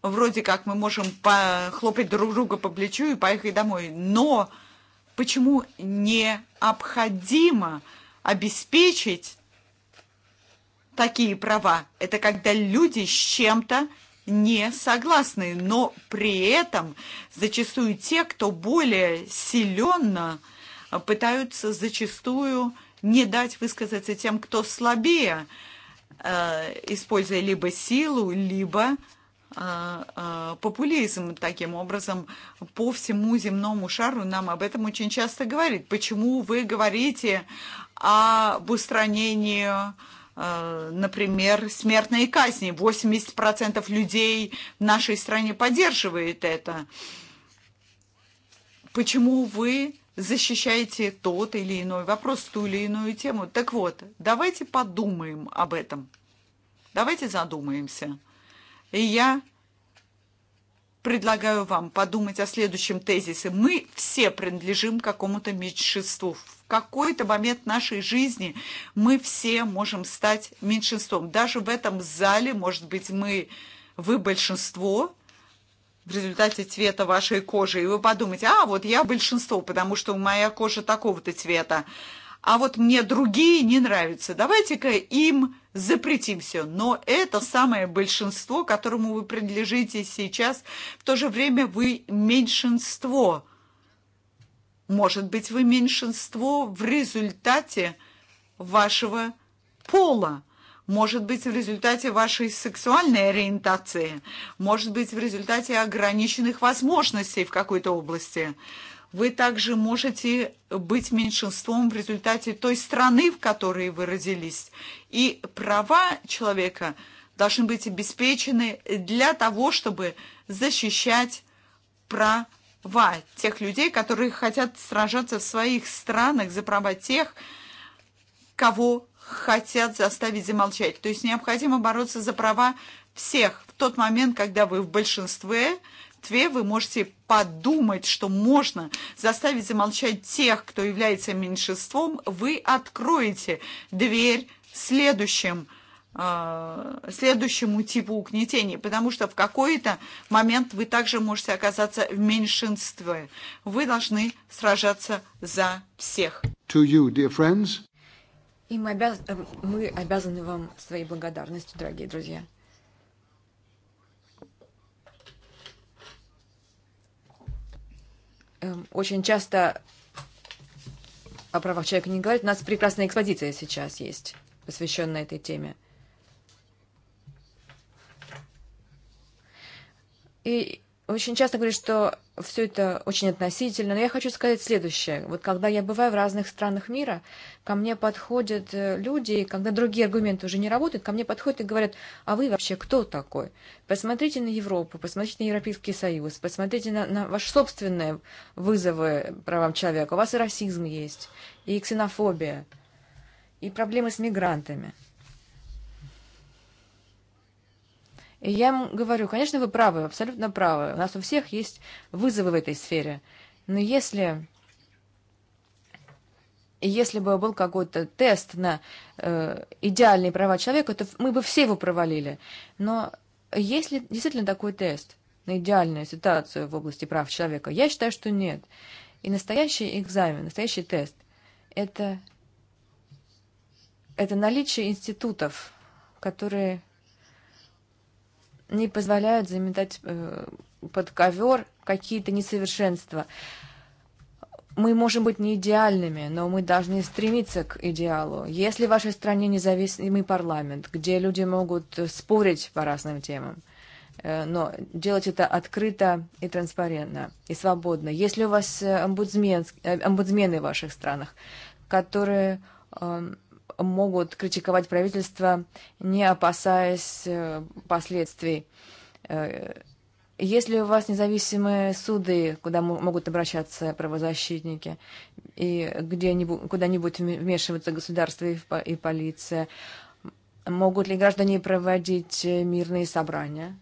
Вроде как мы можем похлопать друг друга по плечу и поехать домой. Но почему не необходимо обеспечить такие права. Это когда люди с чем-то не согласны, но при этом зачастую те, кто более силенно, пытаются зачастую не дать высказаться тем, кто слабее, используя либо силу, либо популизм таким образом по всему земному шару нам об этом очень часто говорит. Почему вы говорите об устранении, например, смертной казни? 80% людей в нашей стране поддерживает это. Почему вы защищаете тот или иной вопрос, ту или иную тему? Так вот, давайте подумаем об этом. Давайте задумаемся И я предлагаю вам подумать о следующем тезисе. Мы все принадлежим какому-то меньшинству. В какой-то момент нашей жизни мы все можем стать меньшинством. Даже в этом зале, может быть, мы, вы большинство, в результате цвета вашей кожи, и вы подумаете, а, вот я большинство, потому что моя кожа такого-то цвета а вот мне другие не нравятся, давайте-ка им запретим все. Но это самое большинство, которому вы принадлежите сейчас, в то же время вы меньшинство. Может быть, вы меньшинство в результате вашего пола. Может быть, в результате вашей сексуальной ориентации. Может быть, в результате ограниченных возможностей в какой-то области. Вы также можете быть меньшинством в результате той страны, в которой вы родились. И права человека должны быть обеспечены для того, чтобы защищать права тех людей, которые хотят сражаться в своих странах за права тех, кого хотят заставить замолчать. То есть необходимо бороться за права всех. В тот момент, когда вы в большинстве, Литве, вы можете подумать, что можно заставить замолчать тех, кто является меньшинством, вы откроете дверь следующим следующему типу угнетений, потому что в какой-то момент вы также можете оказаться в меньшинстве. Вы должны сражаться за всех. To you, dear friends. И мы, обяз... мы обязаны вам своей благодарностью, дорогие друзья. Очень часто о правах человека не говорят. У нас прекрасная экспозиция сейчас есть, посвященная этой теме. И очень часто говорят, что все это очень относительно, но я хочу сказать следующее. Вот когда я бываю в разных странах мира, ко мне подходят люди, и когда другие аргументы уже не работают, ко мне подходят и говорят, а вы вообще кто такой? Посмотрите на Европу, посмотрите на Европейский Союз, посмотрите на, на ваши собственные вызовы правам человека. У вас и расизм есть, и ксенофобия, и проблемы с мигрантами – И я ему говорю, конечно, вы правы, абсолютно правы. У нас у всех есть вызовы в этой сфере. Но если, если бы был какой-то тест на э, идеальные права человека, то мы бы все его провалили. Но есть ли действительно такой тест на идеальную ситуацию в области прав человека? Я считаю, что нет. И настоящий экзамен, настоящий тест – это, это наличие институтов, которые не позволяют заметать под ковер какие-то несовершенства. Мы можем быть не идеальными, но мы должны стремиться к идеалу. Если в вашей стране независимый парламент, где люди могут спорить по разным темам, но делать это открыто и транспарентно, и свободно. Если у вас омбудсмен, омбудсмены в ваших странах, которые могут критиковать правительство, не опасаясь последствий. Если у вас независимые суды, куда могут обращаться правозащитники, и где куда-нибудь вмешиваться государство и, и полиция, могут ли граждане проводить мирные собрания?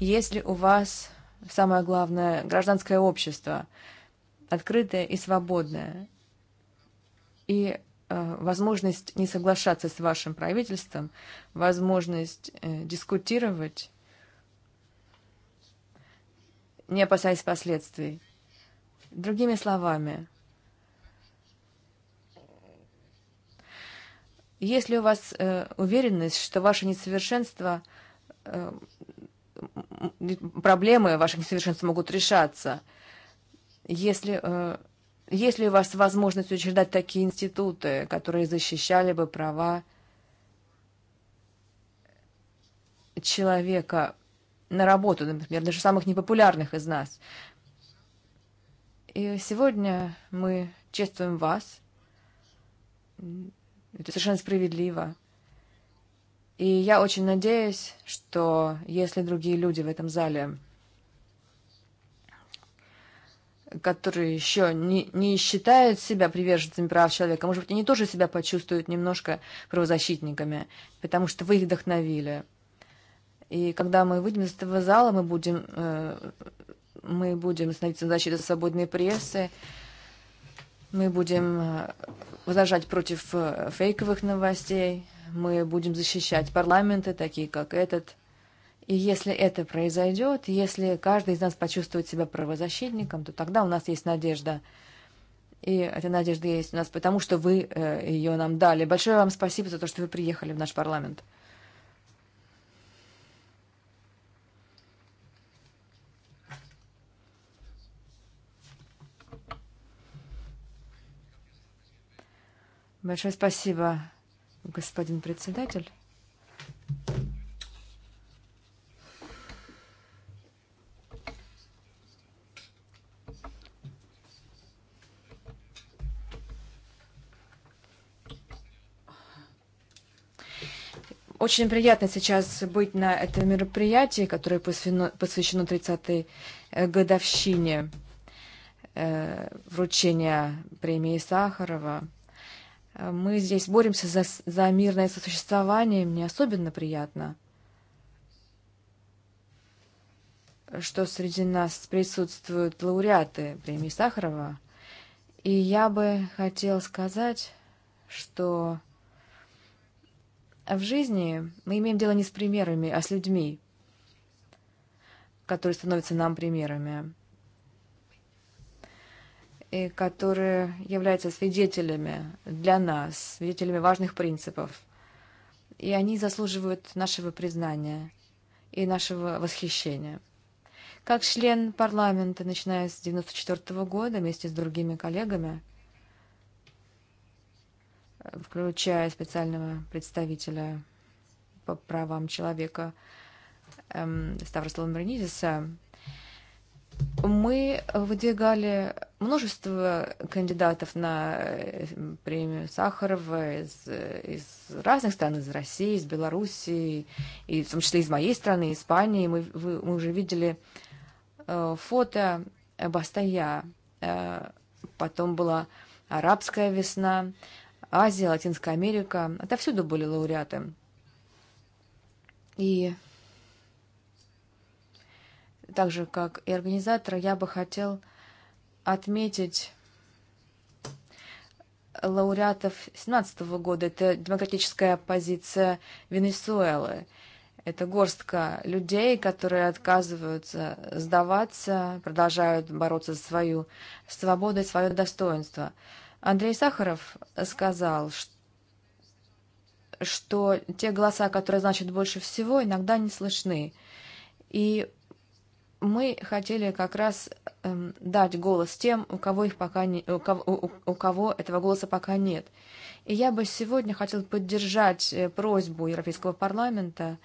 Если у вас, самое главное, гражданское общество, открытое и свободное, и возможность не соглашаться с вашим правительством, возможность дискутировать, не опасаясь последствий. Другими словами, если у вас э, уверенность, что ваше несовершенство, э, проблемы ваших несовершенств могут решаться, если э, Есть ли у вас возможность учреждать такие институты, которые защищали бы права человека на работу, например, даже самых непопулярных из нас? И сегодня мы чествуем вас. Это совершенно справедливо. И я очень надеюсь, что если другие люди в этом зале которые еще не, не считают себя приверженцами прав человека, может быть, они тоже себя почувствуют немножко правозащитниками, потому что вы их вдохновили. И когда мы выйдем из этого зала, мы будем, э, мы будем становиться на защиту свободной прессы, мы будем возражать против фейковых новостей, мы будем защищать парламенты, такие как этот – И если это произойдет, если каждый из нас почувствует себя правозащитником, то тогда у нас есть надежда. И эта надежда есть у нас, потому что вы ее нам дали. Большое вам спасибо за то, что вы приехали в наш парламент. Большое спасибо, господин председатель. Очень приятно сейчас быть на этом мероприятии, которое посвящено, 30-й годовщине вручения премии Сахарова. Мы здесь боремся за, за мирное сосуществование. Мне особенно приятно, что среди нас присутствуют лауреаты премии Сахарова. И я бы хотел сказать, что в жизни мы имеем дело не с примерами, а с людьми, которые становятся нам примерами и которые являются свидетелями для нас, свидетелями важных принципов. И они заслуживают нашего признания и нашего восхищения. Как член парламента, начиная с 1994 -го года, вместе с другими коллегами, включая специального представителя по правам человека Ставрослава Мернизиса, мы выдвигали множество кандидатов на премию Сахарова из, из разных стран, из России, из Белоруссии, и в том числе из моей страны, Испании. Мы, вы, мы уже видели э, фото Бастая. Э, потом была арабская весна. Э, Азия, Латинская Америка, отовсюду были лауреаты. И так же, как и организатор, я бы хотел отметить лауреатов 2017 -го года. Это демократическая оппозиция Венесуэлы. Это горстка людей, которые отказываются сдаваться, продолжают бороться за свою свободу и свое достоинство. Андрей Сахаров сказал, что те голоса, которые значат больше всего, иногда не слышны. И мы хотели как раз дать голос тем, у кого, их пока не, у, кого, у, у кого этого голоса пока нет. И я бы сегодня хотел поддержать просьбу Европейского парламента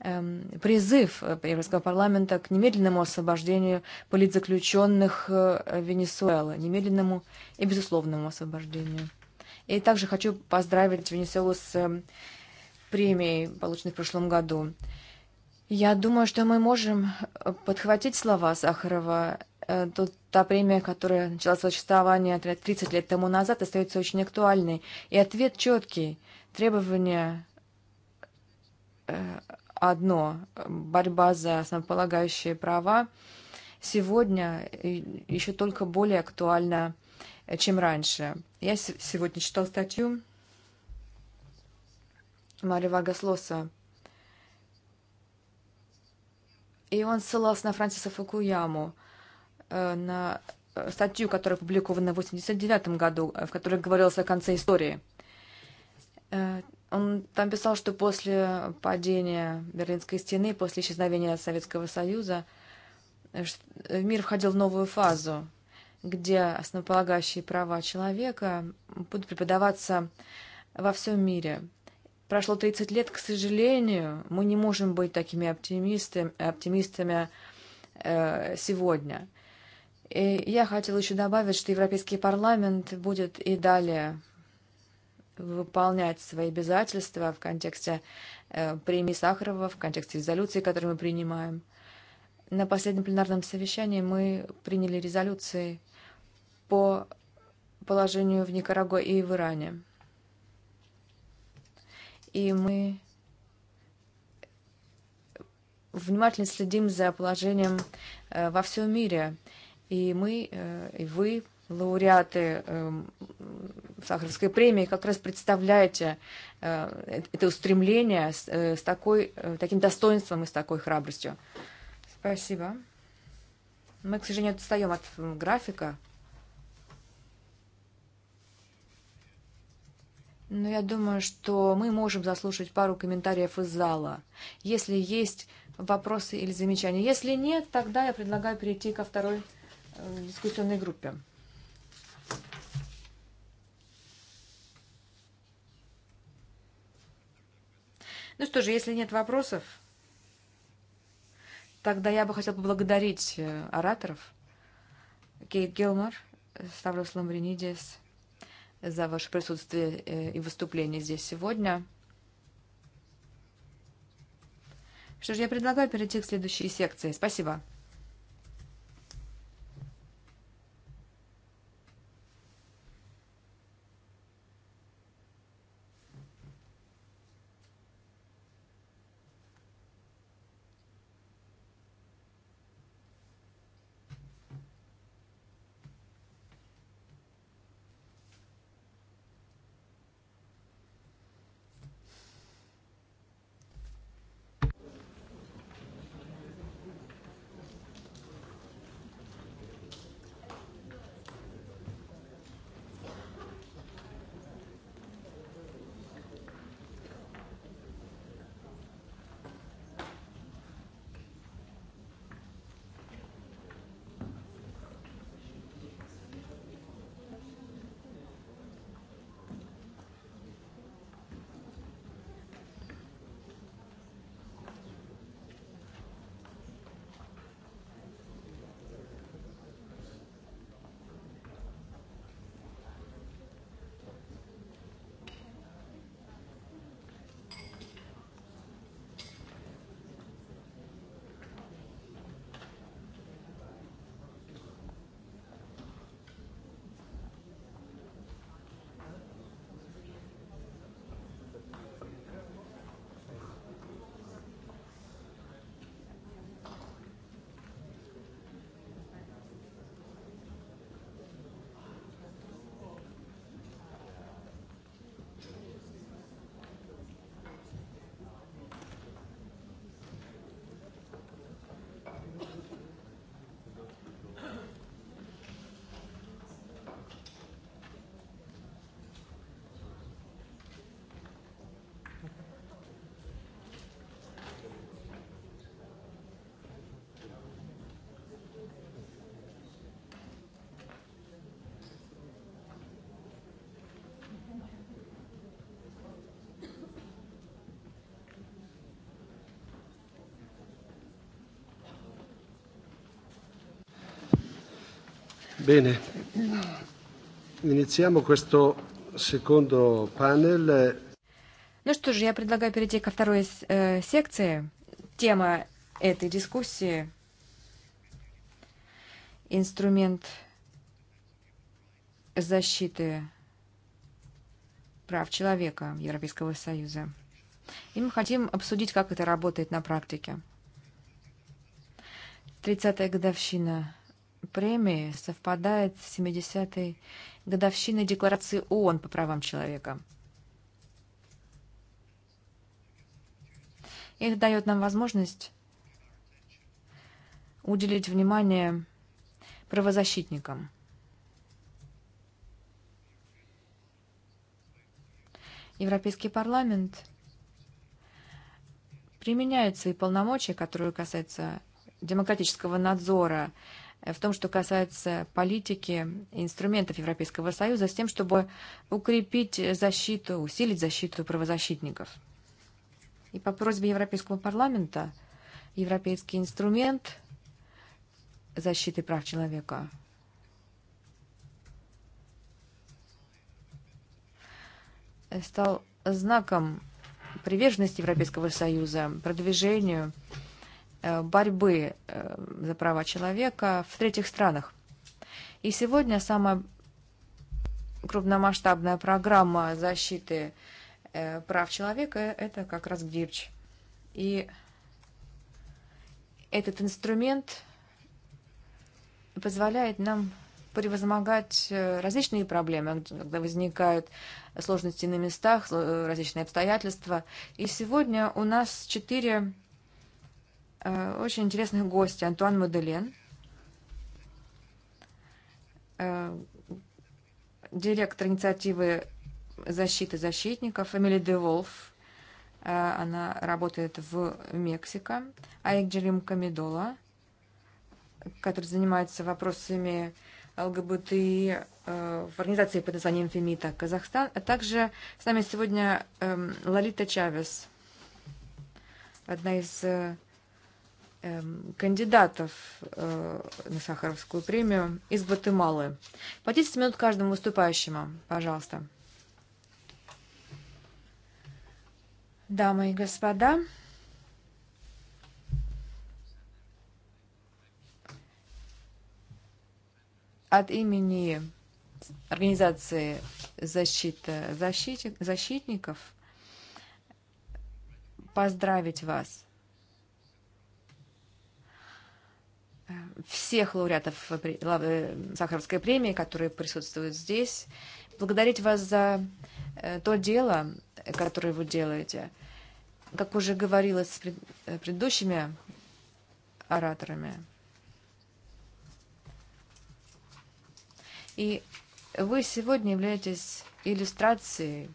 призыв Европейского парламента к немедленному освобождению политзаключенных Венесуэлы, немедленному и безусловному освобождению. И также хочу поздравить Венесуэлу с премией, полученной в прошлом году. Я думаю, что мы можем подхватить слова Сахарова. Тут та премия, которая начала существование 30 лет тому назад, остается очень актуальной. И ответ четкий. Требования одно – борьба за основополагающие права сегодня еще только более актуальна, чем раньше. Я сегодня читал статью Марии Вагаслоса, и он ссылался на Франциса Фукуяму, на статью, которая опубликована в 1989 году, в которой говорилось о конце истории. Он там писал, что после падения Берлинской стены, после исчезновения Советского Союза, мир входил в новую фазу, где основополагающие права человека будут преподаваться во всем мире. Прошло 30 лет, к сожалению, мы не можем быть такими оптимистами, оптимистами э, сегодня. И я хотела еще добавить, что Европейский парламент будет и далее выполнять свои обязательства в контексте премии Сахарова, в контексте резолюции, которую мы принимаем. На последнем пленарном совещании мы приняли резолюции по положению в Никарагуа и в Иране. И мы внимательно следим за положением во всем мире. И мы, и вы лауреаты Сахаровской премии как раз представляете это устремление с, такой, таким достоинством и с такой храбростью. Спасибо. Мы, к сожалению, отстаем от графика. Но я думаю, что мы можем заслушать пару комментариев из зала, если есть вопросы или замечания. Если нет, тогда я предлагаю перейти ко второй дискуссионной группе. Ну что же, если нет вопросов, тогда я бы хотел поблагодарить ораторов. Кейт Гилмор, Ставрос Ламбринидис, за ваше присутствие и выступление здесь сегодня. Что же, я предлагаю перейти к следующей секции. Спасибо. Bene, iniziamo questo secondo panel. Ну что же, я предлагаю перейти ко второй э, секции. Тема этой дискуссии – инструмент защиты прав человека Европейского Союза. И мы хотим обсудить, как это работает на практике. 30-я годовщина премии совпадает с 70-й годовщиной Декларации ООН по правам человека. Их дает нам возможность уделить внимание правозащитникам. Европейский парламент применяет свои полномочия, которые касаются демократического надзора в том, что касается политики инструментов Европейского Союза, с тем, чтобы укрепить защиту, усилить защиту правозащитников. И по просьбе Европейского парламента Европейский инструмент защиты прав человека стал знаком приверженности Европейского Союза продвижению борьбы за права человека в третьих странах. И сегодня самая крупномасштабная программа защиты прав человека – это как раз ГИРЧ. И этот инструмент позволяет нам превозмогать различные проблемы, когда возникают сложности на местах, различные обстоятельства. И сегодня у нас четыре очень интересных гостей. Антуан Моделен, директор инициативы защиты защитников, Эмили де Волф. Она работает в Мексико. Айгджерим Камедола, который занимается вопросами ЛГБТ в организации под названием Фемита Казахстан. А также с нами сегодня Лолита Чавес, одна из кандидатов на Сахаровскую премию из Гватемалы. По 10 минут каждому выступающему, пожалуйста. Дамы и господа, от имени Организации защиты защитников поздравить вас – всех лауреатов Сахаровской премии, которые присутствуют здесь, благодарить вас за то дело, которое вы делаете. Как уже говорилось с предыдущими ораторами. И вы сегодня являетесь иллюстрацией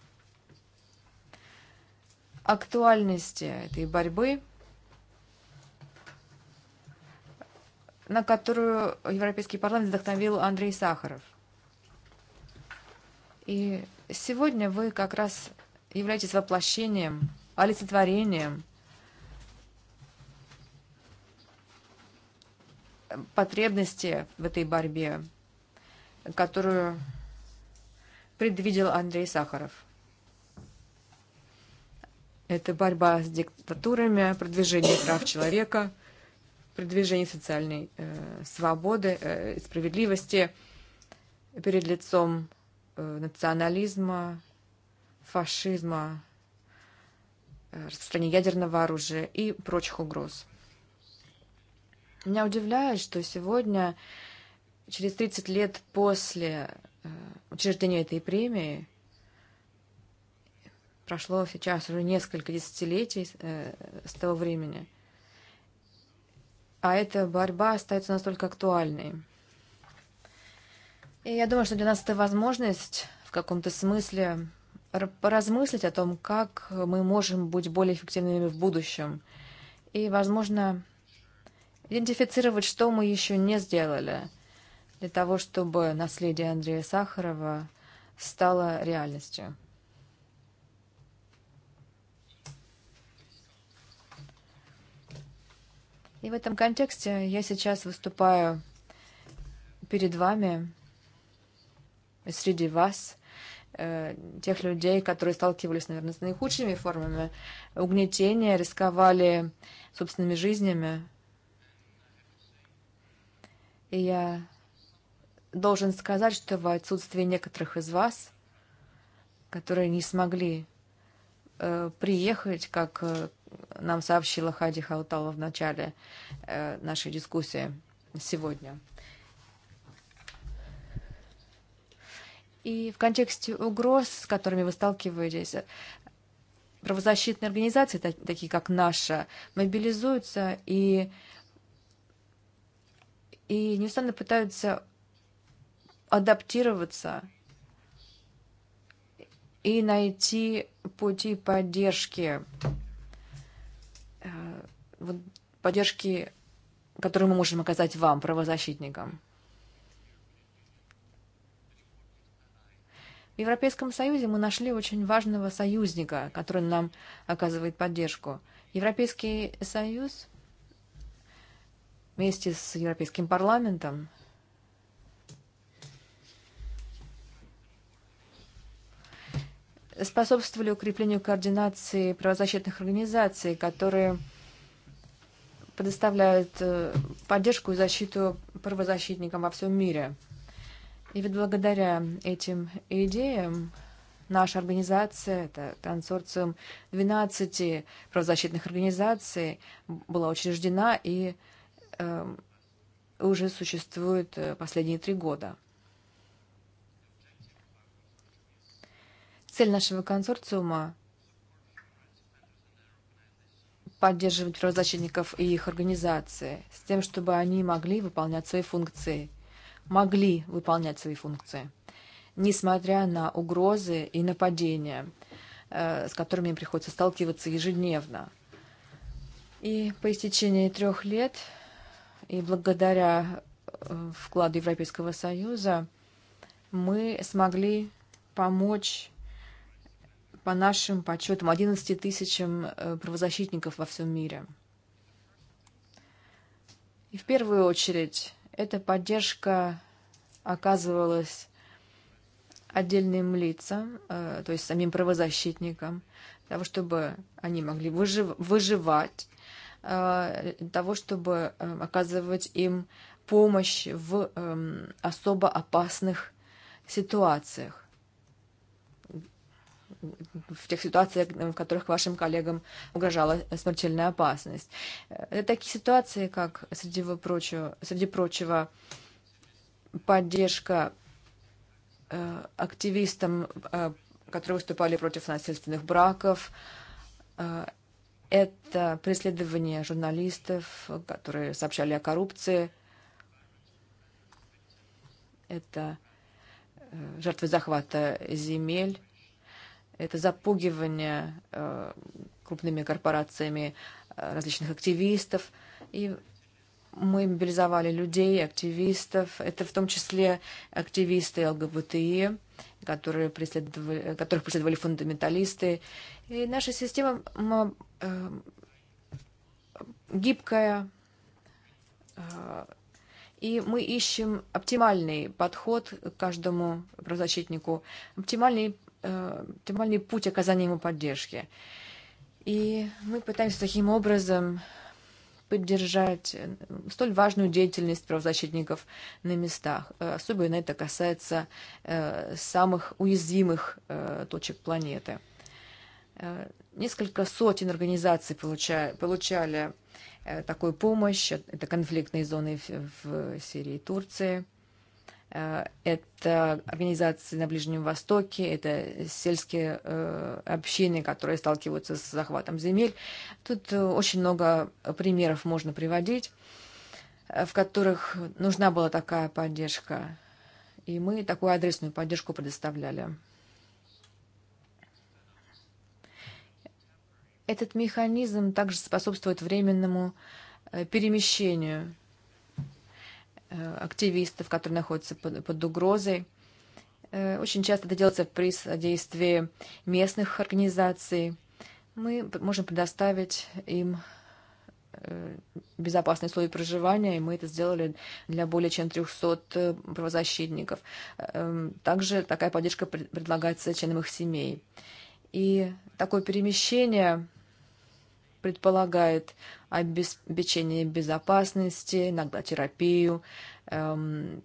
актуальности этой борьбы – на которую Европейский парламент вдохновил Андрей Сахаров. И сегодня вы как раз являетесь воплощением, олицетворением потребности в этой борьбе, которую предвидел Андрей Сахаров. Это борьба с диктатурами, продвижение прав человека – движении социальной свободы, справедливости перед лицом национализма, фашизма, распространения ядерного оружия и прочих угроз. Меня удивляет, что сегодня, через 30 лет после учреждения этой премии, прошло сейчас уже несколько десятилетий с того времени, а эта борьба остается настолько актуальной. И я думаю, что для нас это возможность в каком-то смысле поразмыслить о том, как мы можем быть более эффективными в будущем. И, возможно, идентифицировать, что мы еще не сделали для того, чтобы наследие Андрея Сахарова стало реальностью. И в этом контексте я сейчас выступаю перед вами, среди вас, тех людей, которые сталкивались, наверное, с наихудшими формами угнетения, рисковали собственными жизнями. И я должен сказать, что в отсутствии некоторых из вас, которые не смогли приехать как нам сообщила Хади Хаутала в начале нашей дискуссии сегодня. И в контексте угроз, с которыми вы сталкиваетесь, правозащитные организации, такие как наша, мобилизуются и, и неустанно пытаются адаптироваться и найти пути поддержки поддержки, которую мы можем оказать вам, правозащитникам. В Европейском Союзе мы нашли очень важного союзника, который нам оказывает поддержку. Европейский Союз вместе с Европейским парламентом способствовали укреплению координации правозащитных организаций, которые предоставляет поддержку и защиту правозащитникам во всем мире. И ведь благодаря этим идеям наша организация, это консорциум 12 правозащитных организаций, была учреждена и э, уже существует последние три года. Цель нашего консорциума поддерживать правозащитников и их организации, с тем, чтобы они могли выполнять свои функции, могли выполнять свои функции, несмотря на угрозы и нападения, с которыми им приходится сталкиваться ежедневно. И по истечении трех лет, и благодаря вкладу Европейского Союза, мы смогли помочь по нашим подсчетам, 11 тысячам правозащитников во всем мире. И в первую очередь эта поддержка оказывалась отдельным лицам, то есть самим правозащитникам, для того, чтобы они могли выжив выживать, для того, чтобы оказывать им помощь в особо опасных ситуациях в тех ситуациях, в которых вашим коллегам угрожала смертельная опасность. Это такие ситуации, как, среди прочего, среди прочего поддержка активистам, которые выступали против насильственных браков, это преследование журналистов, которые сообщали о коррупции, это жертвы захвата земель, это запугивание крупными корпорациями различных активистов. И мы мобилизовали людей, активистов. Это в том числе активисты ЛГБТИ, которые преследовали, которых преследовали фундаменталисты. И наша система э, гибкая, и мы ищем оптимальный подход к каждому правозащитнику, оптимальный оптимальный путь оказания ему поддержки. И мы пытаемся таким образом поддержать столь важную деятельность правозащитников на местах. Особенно это касается самых уязвимых точек планеты. Несколько сотен организаций получали, получали такую помощь. Это конфликтные зоны в Сирии и Турции. Это организации на Ближнем Востоке, это сельские общины, которые сталкиваются с захватом земель. Тут очень много примеров можно приводить, в которых нужна была такая поддержка. И мы такую адресную поддержку предоставляли. Этот механизм также способствует временному перемещению активистов, которые находятся под, под угрозой. Очень часто это делается при содействии местных организаций. Мы можем предоставить им безопасные условия проживания, и мы это сделали для более чем 300 правозащитников. Также такая поддержка предлагается членам их семей. И такое перемещение предполагает обеспечение безопасности, иногда эм,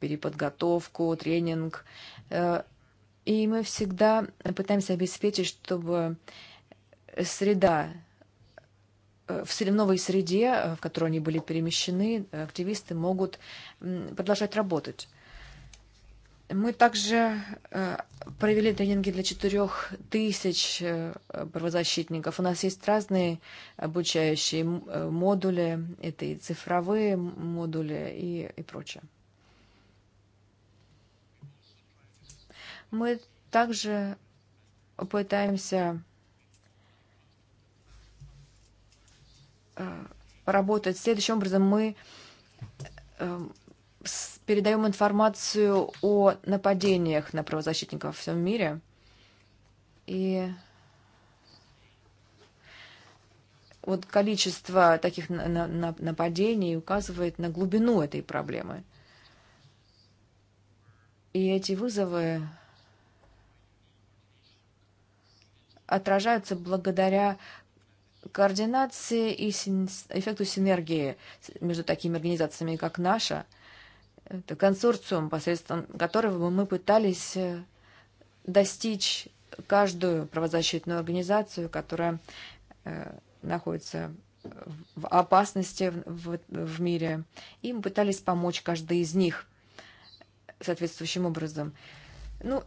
переподготовку, тренинг. И мы всегда пытаемся обеспечить, чтобы среда в новой среде, в которую они были перемещены, активисты могут продолжать работать. Мы также провели тренинги для четырех тысяч правозащитников. У нас есть разные обучающие модули, это и цифровые модули и, и прочее. Мы также пытаемся поработать. следующим образом. Мы с передаем информацию о нападениях на правозащитников во всем мире. И вот количество таких нападений указывает на глубину этой проблемы. И эти вызовы отражаются благодаря координации и эффекту синергии между такими организациями, как наша – это консорциум, посредством которого мы пытались достичь каждую правозащитную организацию, которая находится в опасности в, в мире, и мы пытались помочь каждой из них соответствующим образом. Ну,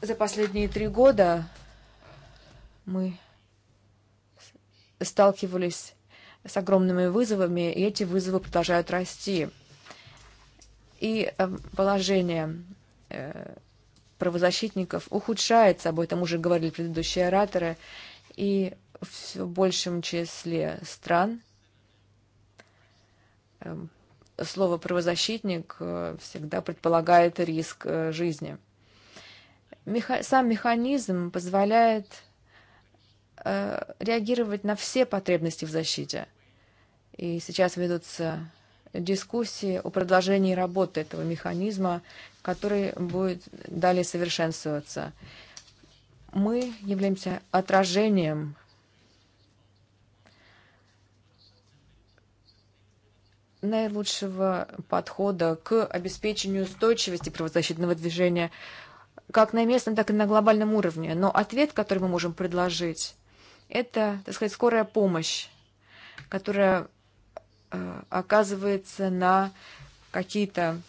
за последние три года мы сталкивались с огромными вызовами, и эти вызовы продолжают расти и положение правозащитников ухудшается, об этом уже говорили предыдущие ораторы, и в большем числе стран слово «правозащитник» всегда предполагает риск жизни. Сам механизм позволяет э, реагировать на все потребности в защите. И сейчас ведутся дискуссии о продолжении работы этого механизма, который будет далее совершенствоваться. Мы являемся отражением наилучшего подхода к обеспечению устойчивости правозащитного движения как на местном, так и на глобальном уровне. Но ответ, который мы можем предложить, это, так сказать, скорая помощь, которая оказывается на какие-то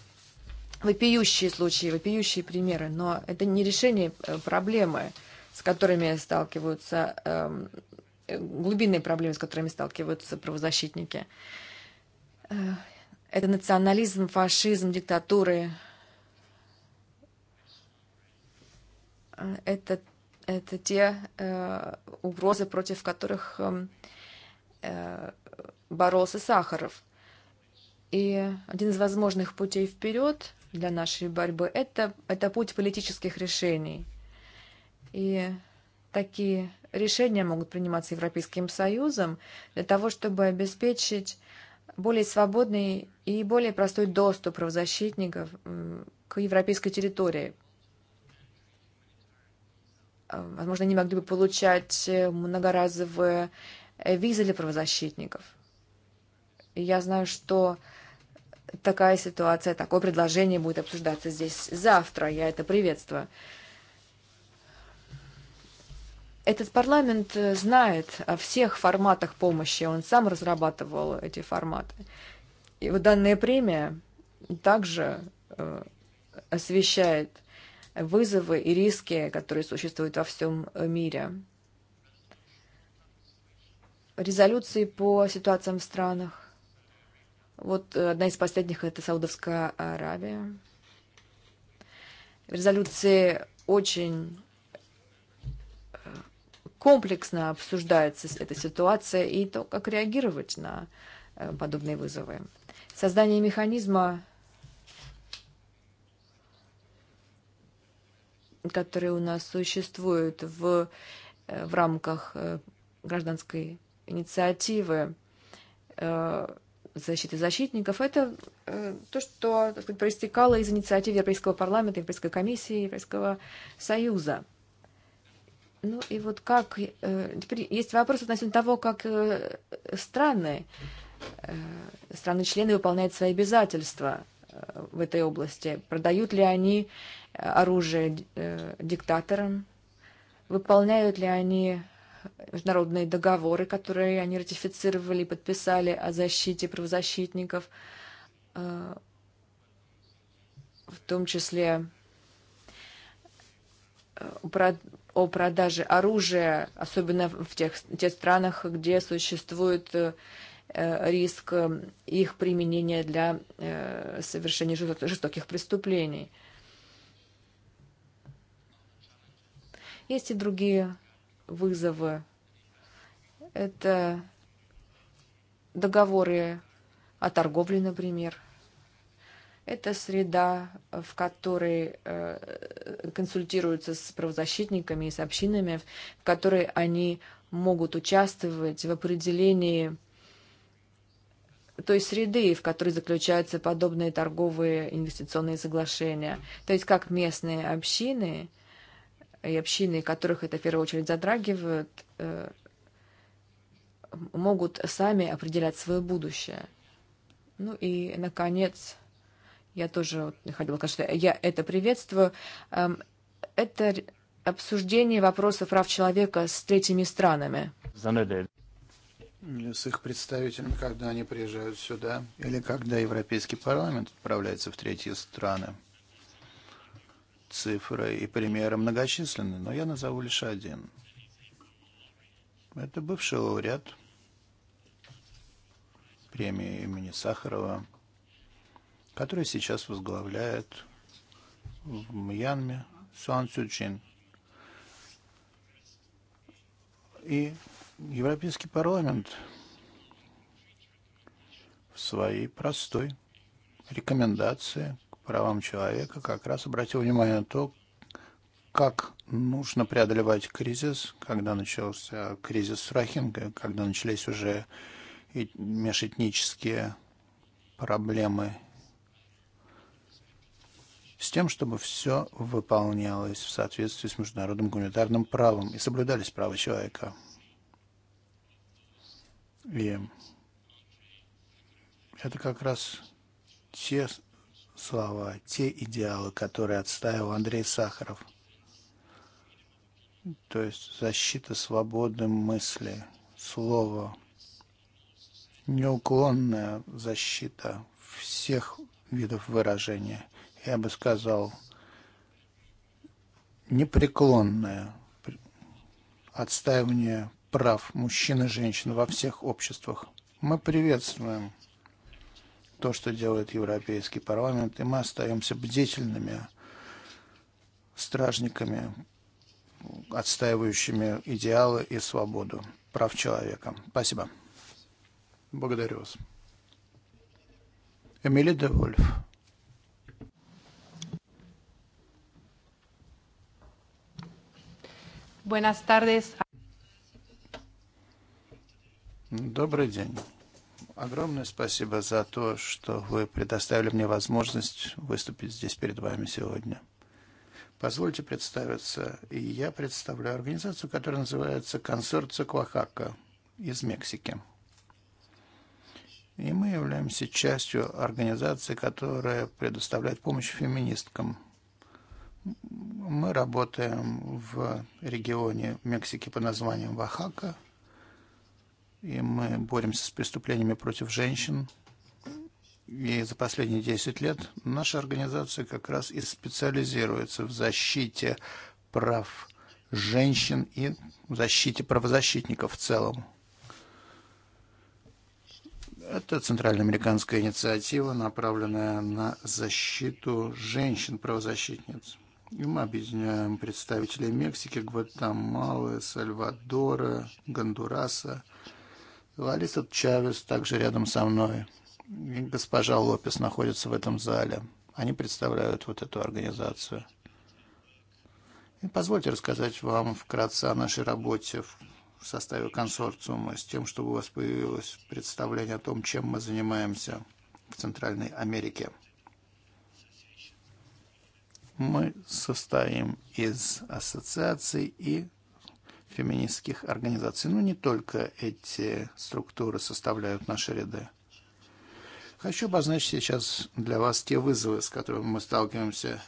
вопиющие случаи, вопиющие примеры, но это не решение проблемы, с которыми сталкиваются, глубинные проблемы, с которыми сталкиваются правозащитники. Это национализм, фашизм, диктатуры. Это, это те э, угрозы, против которых э, боролся Сахаров. И один из возможных путей вперед для нашей борьбы это, – это путь политических решений. И такие решения могут приниматься Европейским Союзом для того, чтобы обеспечить более свободный и более простой доступ правозащитников к европейской территории. Возможно, они могли бы получать многоразовые визы для правозащитников – Я знаю, что такая ситуация, такое предложение будет обсуждаться здесь завтра. Я это приветствую. Этот парламент знает о всех форматах помощи. Он сам разрабатывал эти форматы. И вот данная премия также освещает вызовы и риски, которые существуют во всем мире. Резолюции по ситуациям в странах, Вот одна из последних это Саудовская Аравия. В резолюции очень комплексно обсуждается эта ситуация и то, как реагировать на подобные вызовы. Создание механизма, который у нас существует в, в рамках гражданской инициативы, защиты защитников, это то, что так сказать, проистекало из инициатив Европейского парламента, Европейской комиссии, Европейского союза. Ну и вот как... Теперь есть вопрос относительно того, как страны, страны-члены выполняют свои обязательства в этой области. Продают ли они оружие диктаторам? Выполняют ли они международные договоры, которые они ратифицировали и подписали о защите правозащитников, в том числе о продаже оружия, особенно в тех, тех странах, где существует риск их применения для совершения жестоких преступлений. Есть и другие вызовы. Это договоры о торговле, например. Это среда, в которой консультируются с правозащитниками и с общинами, в которой они могут участвовать в определении той среды, в которой заключаются подобные торговые инвестиционные соглашения. То есть как местные общины – и общины, которых это в первую очередь затрагивает, могут сами определять свое будущее. Ну и, наконец, я тоже хотела сказать, что я это приветствую. Это обсуждение вопросов прав человека с третьими странами. С их представителями, когда они приезжают сюда, или когда Европейский парламент отправляется в третьи страны цифры и примеры многочисленны, но я назову лишь один. Это бывший лауреат премии имени Сахарова, который сейчас возглавляет в Мьянме Суан Цючин. И Европейский парламент в своей простой рекомендации правам человека как раз обратил внимание на то, как нужно преодолевать кризис, когда начался кризис с Рахинга, когда начались уже межэтнические проблемы с тем, чтобы все выполнялось в соответствии с международным гуманитарным правом и соблюдались права человека. И это как раз те слова, те идеалы, которые отстаивал Андрей Сахаров. То есть защита свободы мысли, слова, неуклонная защита всех видов выражения. Я бы сказал, непреклонное отстаивание прав мужчин и женщин во всех обществах. Мы приветствуем то, что делает Европейский парламент, и мы остаемся бдительными стражниками, отстаивающими идеалы и свободу прав человека. Спасибо. Благодарю вас. Эмили де Вольф. Buenas tardes. Добрый день. Огромное спасибо за то, что вы предоставили мне возможность выступить здесь перед вами сегодня. Позвольте представиться. Я представляю организацию, которая называется Консорция Квахака» из Мексики. И мы являемся частью организации, которая предоставляет помощь феминисткам. Мы работаем в регионе Мексики под названием Вахака, и мы боремся с преступлениями против женщин. И за последние 10 лет наша организация как раз и специализируется в защите прав женщин и в защите правозащитников в целом. Это центральноамериканская инициатива, направленная на защиту женщин-правозащитниц. И мы объединяем представителей Мексики, Гватемалы, Сальвадора, Гондураса – Лариса Чавес также рядом со мной. И госпожа Лопес находится в этом зале. Они представляют вот эту организацию. И позвольте рассказать вам вкратце о нашей работе в составе консорциума, с тем, чтобы у вас появилось представление о том, чем мы занимаемся в Центральной Америке. Мы состоим из ассоциаций и феминистских организаций. Но не только эти структуры составляют наши ряды. Хочу обозначить сейчас для вас те вызовы, с которыми мы сталкиваемся,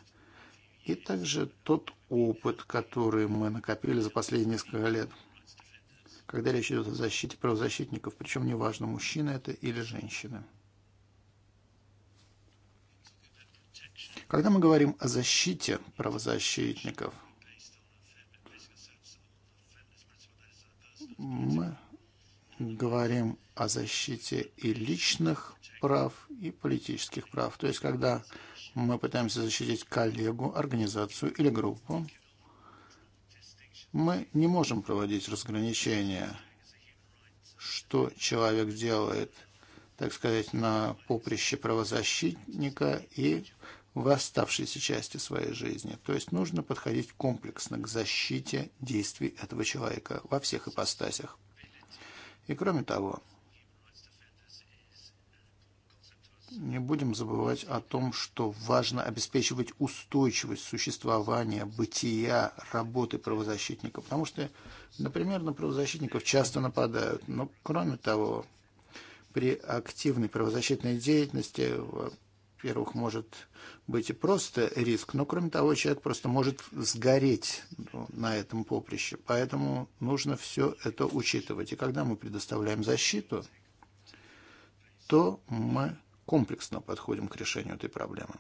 и также тот опыт, который мы накопили за последние несколько лет, когда речь идет о защите правозащитников, причем неважно, мужчина это или женщина. Когда мы говорим о защите правозащитников – мы говорим о защите и личных прав, и политических прав. То есть, когда мы пытаемся защитить коллегу, организацию или группу, мы не можем проводить разграничения, что человек делает, так сказать, на поприще правозащитника и в оставшейся части своей жизни. То есть нужно подходить комплексно к защите действий этого человека во всех ипостасях. И кроме того, не будем забывать о том, что важно обеспечивать устойчивость существования, бытия, работы правозащитника. Потому что, например, на правозащитников часто нападают. Но, кроме того, при активной правозащитной деятельности Во-первых, может быть и просто риск, но кроме того, человек просто может сгореть на этом поприще. Поэтому нужно все это учитывать. И когда мы предоставляем защиту, то мы комплексно подходим к решению этой проблемы.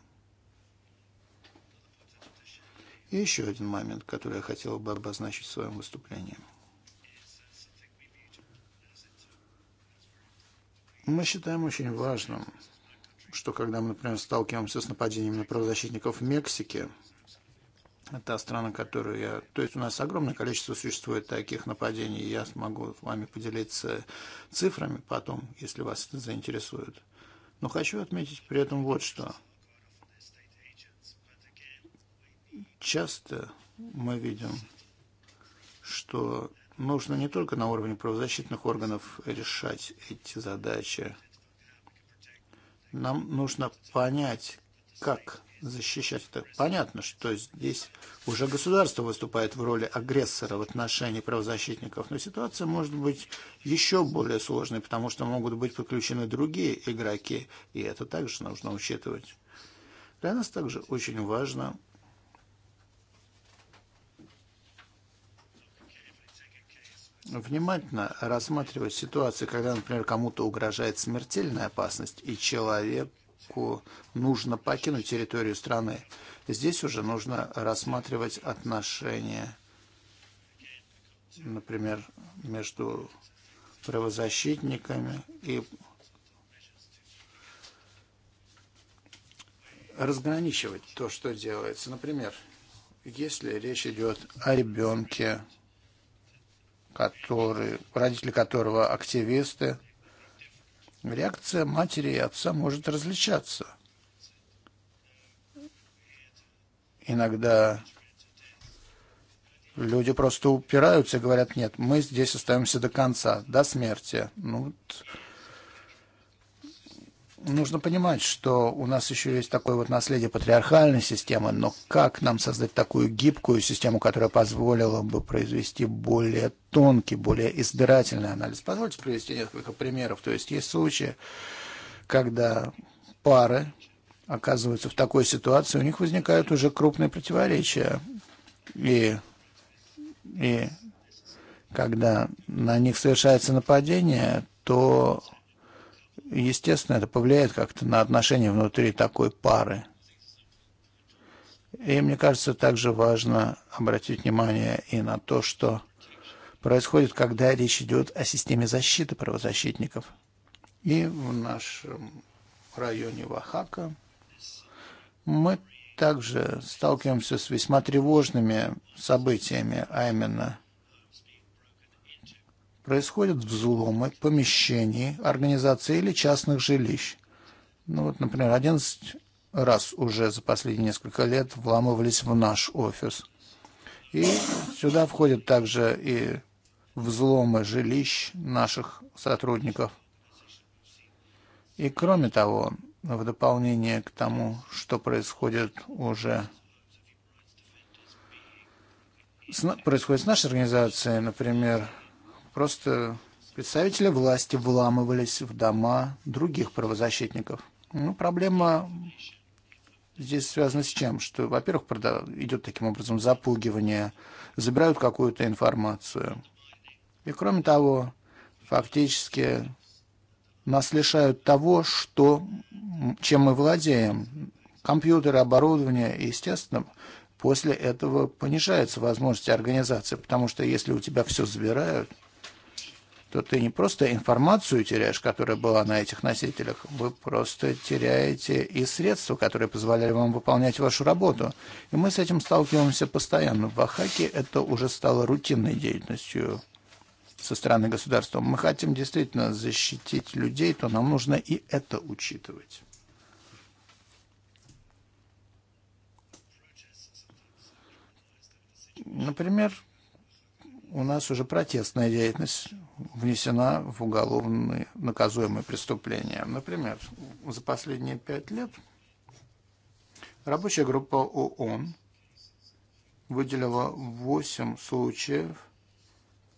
И еще один момент, который я хотел бы обозначить в своем выступлении. Мы считаем очень важным что когда мы, например, сталкиваемся с нападением на правозащитников в Мексике, та страна, которую я... То есть у нас огромное количество существует таких нападений, и я смогу с вами поделиться цифрами потом, если вас это заинтересует. Но хочу отметить при этом вот что. Часто мы видим, что нужно не только на уровне правозащитных органов решать эти задачи, Нам нужно понять, как защищать это. Понятно, что здесь уже государство выступает в роли агрессора в отношении правозащитников, но ситуация может быть еще более сложной, потому что могут быть подключены другие игроки, и это также нужно учитывать. Для нас также очень важно внимательно рассматривать ситуацию, когда, например, кому-то угрожает смертельная опасность, и человеку нужно покинуть территорию страны. Здесь уже нужно рассматривать отношения, например, между правозащитниками и разграничивать то, что делается. Например, если речь идет о ребенке, который, родители которого активисты, реакция матери и отца может различаться. Иногда люди просто упираются и говорят, нет, мы здесь остаемся до конца, до смерти. Ну, вот нужно понимать, что у нас еще есть такое вот наследие патриархальной системы, но как нам создать такую гибкую систему, которая позволила бы произвести более тонкий, более избирательный анализ? Позвольте привести несколько примеров. То есть есть случаи, когда пары оказываются в такой ситуации, у них возникают уже крупные противоречия. И, и когда на них совершается нападение, то Естественно, это повлияет как-то на отношения внутри такой пары. И мне кажется, также важно обратить внимание и на то, что происходит, когда речь идет о системе защиты правозащитников. И в нашем районе Вахака мы также сталкиваемся с весьма тревожными событиями, а именно происходят взломы помещений, организаций или частных жилищ. Ну вот, например, 11 раз уже за последние несколько лет вламывались в наш офис. И сюда входят также и взломы жилищ наших сотрудников. И кроме того, в дополнение к тому, что происходит уже происходит с нашей организацией, например, просто представители власти вламывались в дома других правозащитников. Ну, проблема здесь связана с чем? Что, во-первых, идет таким образом запугивание, забирают какую-то информацию. И кроме того, фактически нас лишают того, что, чем мы владеем. Компьютеры, оборудование, и, естественно, после этого понижается возможность организации, потому что если у тебя все забирают, то ты не просто информацию теряешь, которая была на этих носителях, вы просто теряете и средства, которые позволяли вам выполнять вашу работу. И мы с этим сталкиваемся постоянно. В Ахаке это уже стало рутинной деятельностью со стороны государства. Мы хотим действительно защитить людей, то нам нужно и это учитывать. Например, у нас уже протестная деятельность внесена в уголовные наказуемые преступления. Например, за последние пять лет рабочая группа ООН выделила 8 случаев,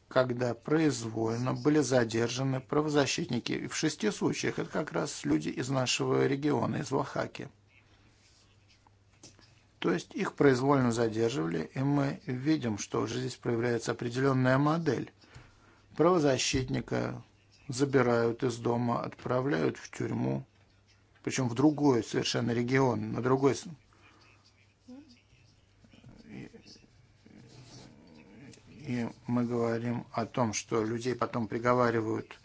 когда произвольно были задержаны правозащитники. И в шести случаях это как раз люди из нашего региона, из Вахаки – То есть их произвольно задерживали, и мы видим, что уже здесь проявляется определенная модель. Правозащитника забирают из дома, отправляют в тюрьму, причем в другой совершенно регион, на другой и мы говорим о том, что людей потом приговаривают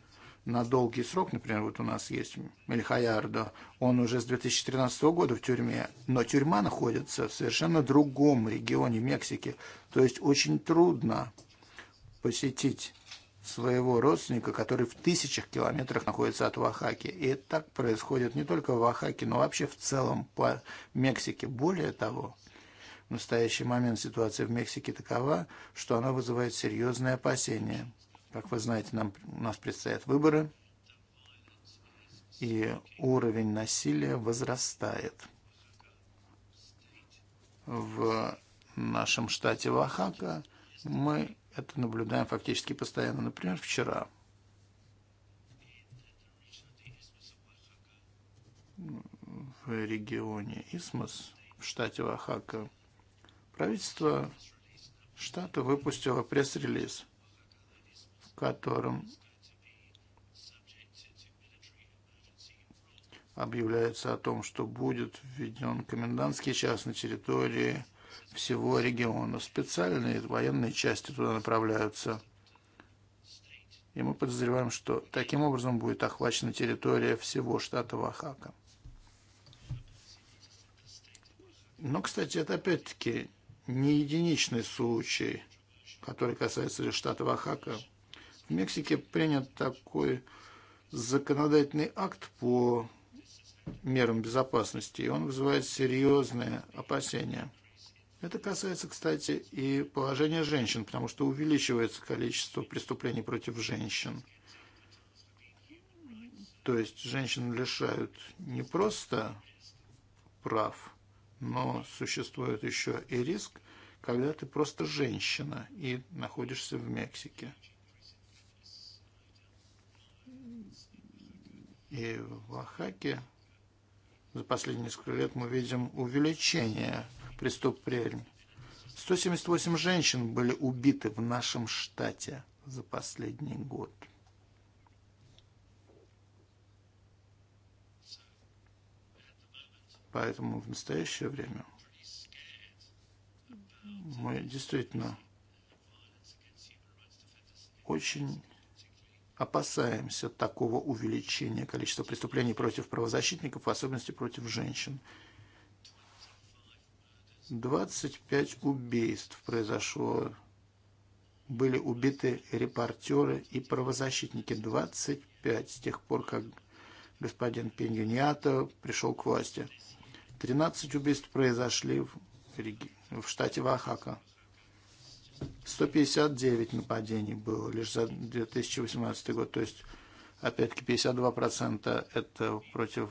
на долгий срок. Например, вот у нас есть Мельхаярдо, он уже с 2013 года в тюрьме, но тюрьма находится в совершенно другом регионе Мексики. То есть очень трудно посетить своего родственника, который в тысячах километрах находится от Вахаки. И так происходит не только в Вахаке, но вообще в целом по Мексике. Более того, в настоящий момент ситуация в Мексике такова, что она вызывает серьезные опасения – Как вы знаете, нам, у нас предстоят выборы, и уровень насилия возрастает. В нашем штате Вахака мы это наблюдаем фактически постоянно. Например, вчера в регионе Исмос в штате Вахака правительство штата выпустило пресс-релиз – котором объявляется о том, что будет введен комендантский час на территории всего региона. Специальные военные части туда направляются. И мы подозреваем, что таким образом будет охвачена территория всего штата Вахака. Но, кстати, это опять-таки не единичный случай, который касается штата Вахака. В Мексике принят такой законодательный акт по мерам безопасности, и он вызывает серьезные опасения. Это касается, кстати, и положения женщин, потому что увеличивается количество преступлений против женщин. То есть женщин лишают не просто прав, но существует еще и риск, когда ты просто женщина и находишься в Мексике. и в Ахаке за последние несколько лет мы видим увеличение преступлений. 178 женщин были убиты в нашем штате за последний год. Поэтому в настоящее время мы действительно очень опасаемся такого увеличения количества преступлений против правозащитников, в особенности против женщин. 25 убийств произошло. Были убиты репортеры и правозащитники. 25 с тех пор, как господин Пеньюниато пришел к власти. 13 убийств произошли в, в штате Вахака. 159 нападений было лишь за 2018 год, то есть опять-таки 52% это против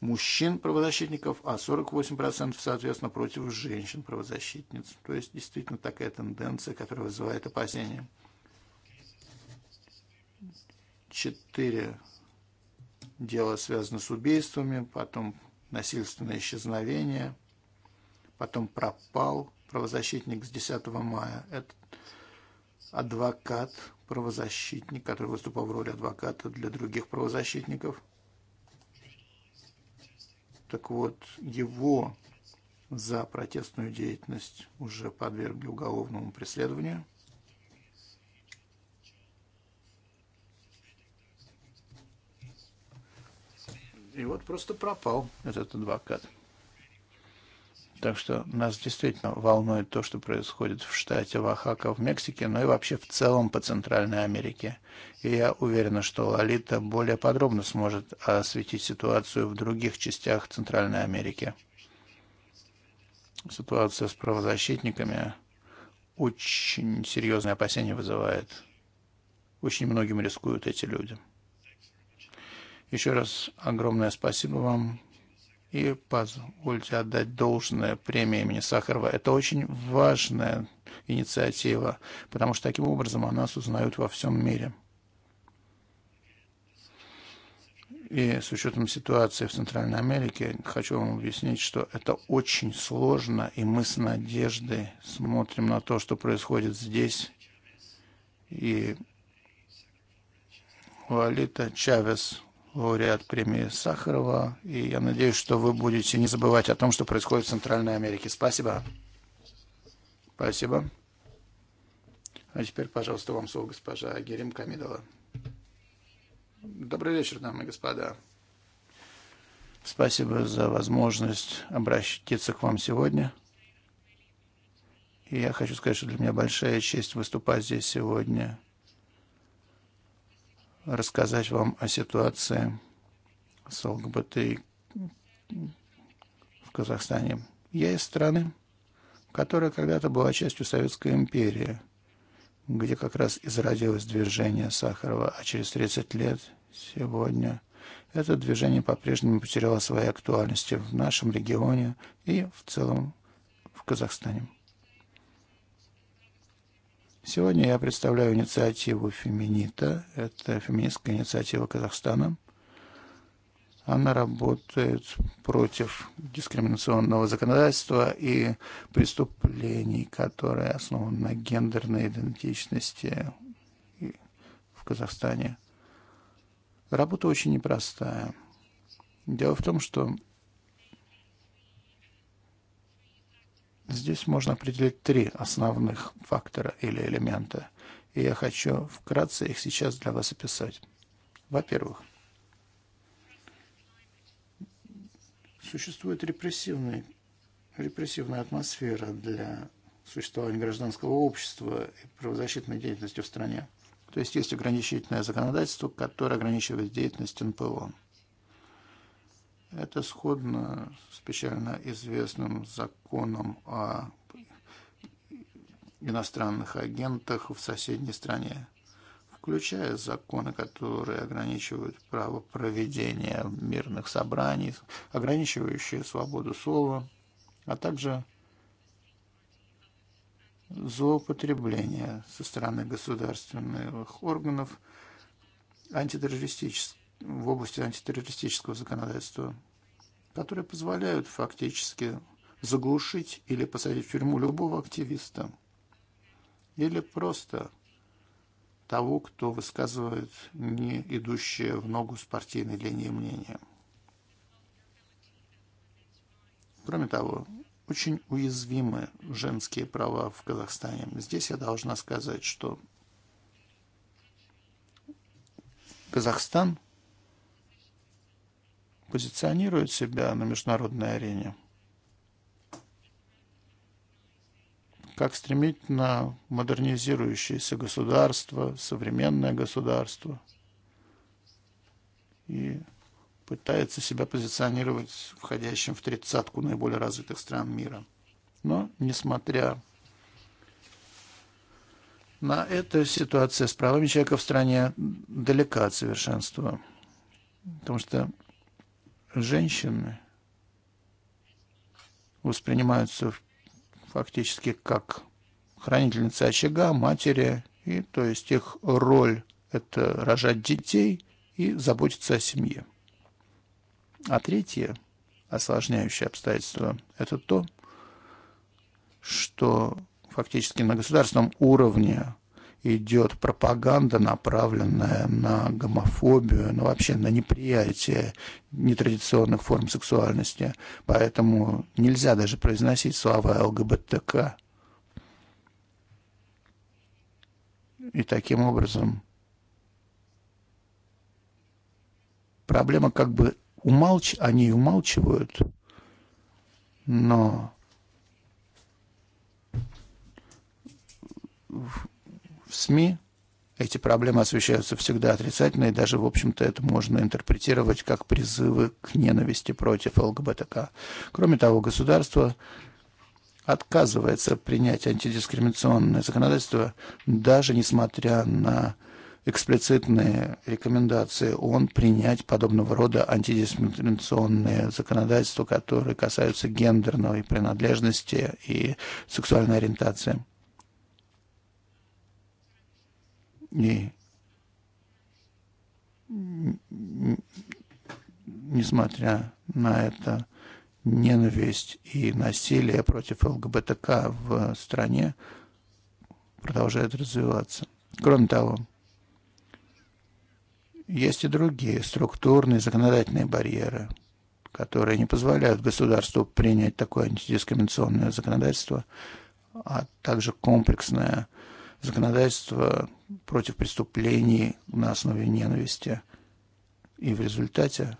мужчин правозащитников, а 48% соответственно против женщин правозащитниц. То есть действительно такая тенденция, которая вызывает опасения. Четыре дела связаны с убийствами, потом насильственное исчезновение – потом пропал правозащитник с 10 мая. Это адвокат, правозащитник, который выступал в роли адвоката для других правозащитников. Так вот, его за протестную деятельность уже подвергли уголовному преследованию. И вот просто пропал этот адвокат. Так что нас действительно волнует то, что происходит в штате Вахака в Мексике, но и вообще в целом по Центральной Америке. И я уверена, что Лолита более подробно сможет осветить ситуацию в других частях Центральной Америки. Ситуация с правозащитниками очень серьезные опасения вызывает. Очень многим рискуют эти люди. Еще раз огромное спасибо вам. И позвольте отдать должное премию имени Сахарова. Это очень важная инициатива, потому что таким образом о нас узнают во всем мире. И с учетом ситуации в Центральной Америке, хочу вам объяснить, что это очень сложно, и мы с надеждой смотрим на то, что происходит здесь. И валита Чавес лауреат премии Сахарова. И я надеюсь, что вы будете не забывать о том, что происходит в Центральной Америке. Спасибо. Спасибо. А теперь, пожалуйста, вам слово госпожа Герим Камидова. Добрый вечер, дамы и господа. Спасибо за возможность обратиться к вам сегодня. И я хочу сказать, что для меня большая честь выступать здесь сегодня – рассказать вам о ситуации с ЛГБТ в Казахстане. Я из страны, которая когда-то была частью Советской империи, где как раз изродилось движение Сахарова, а через 30 лет сегодня это движение по-прежнему потеряло свои актуальности в нашем регионе и в целом в Казахстане. Сегодня я представляю инициативу «Феминита». Это феминистская инициатива Казахстана. Она работает против дискриминационного законодательства и преступлений, которые основаны на гендерной идентичности в Казахстане. Работа очень непростая. Дело в том, что Здесь можно определить три основных фактора или элемента, и я хочу вкратце их сейчас для вас описать. Во-первых, существует репрессивная атмосфера для существования гражданского общества и правозащитной деятельности в стране. То есть есть ограничительное законодательство, которое ограничивает деятельность НПО. Это сходно с печально известным законом о иностранных агентах в соседней стране, включая законы, которые ограничивают право проведения мирных собраний, ограничивающие свободу слова, а также злоупотребление со стороны государственных органов антитеррористических в области антитеррористического законодательства, которые позволяют фактически заглушить или посадить в тюрьму любого активиста или просто того, кто высказывает не идущее в ногу с партийной линией мнения. Кроме того, очень уязвимы женские права в Казахстане. Здесь я должна сказать, что Казахстан позиционирует себя на международной арене? Как стремительно модернизирующееся государство, современное государство и пытается себя позиционировать входящим в тридцатку наиболее развитых стран мира. Но, несмотря на это, ситуация с правами человека в стране далека от совершенства. Потому что женщины воспринимаются фактически как хранительницы очага, матери, и то есть их роль – это рожать детей и заботиться о семье. А третье осложняющее обстоятельство – это то, что фактически на государственном уровне идет пропаганда, направленная на гомофобию, ну вообще на неприятие нетрадиционных форм сексуальности. Поэтому нельзя даже произносить слова ЛГБТК. И таким образом проблема как бы умалч... они умалчивают, но В СМИ эти проблемы освещаются всегда отрицательно, и даже, в общем-то, это можно интерпретировать как призывы к ненависти против ЛГБТК. Кроме того, государство отказывается принять антидискриминационное законодательство, даже несмотря на эксплицитные рекомендации ООН принять подобного рода антидискриминационные законодательства, которые касаются гендерной принадлежности и сексуальной ориентации. не, несмотря на это ненависть и насилие против ЛГБТК в стране продолжает развиваться. Кроме того, есть и другие структурные законодательные барьеры, которые не позволяют государству принять такое антидискриминационное законодательство, а также комплексное законодательство против преступлений на основе ненависти. И в результате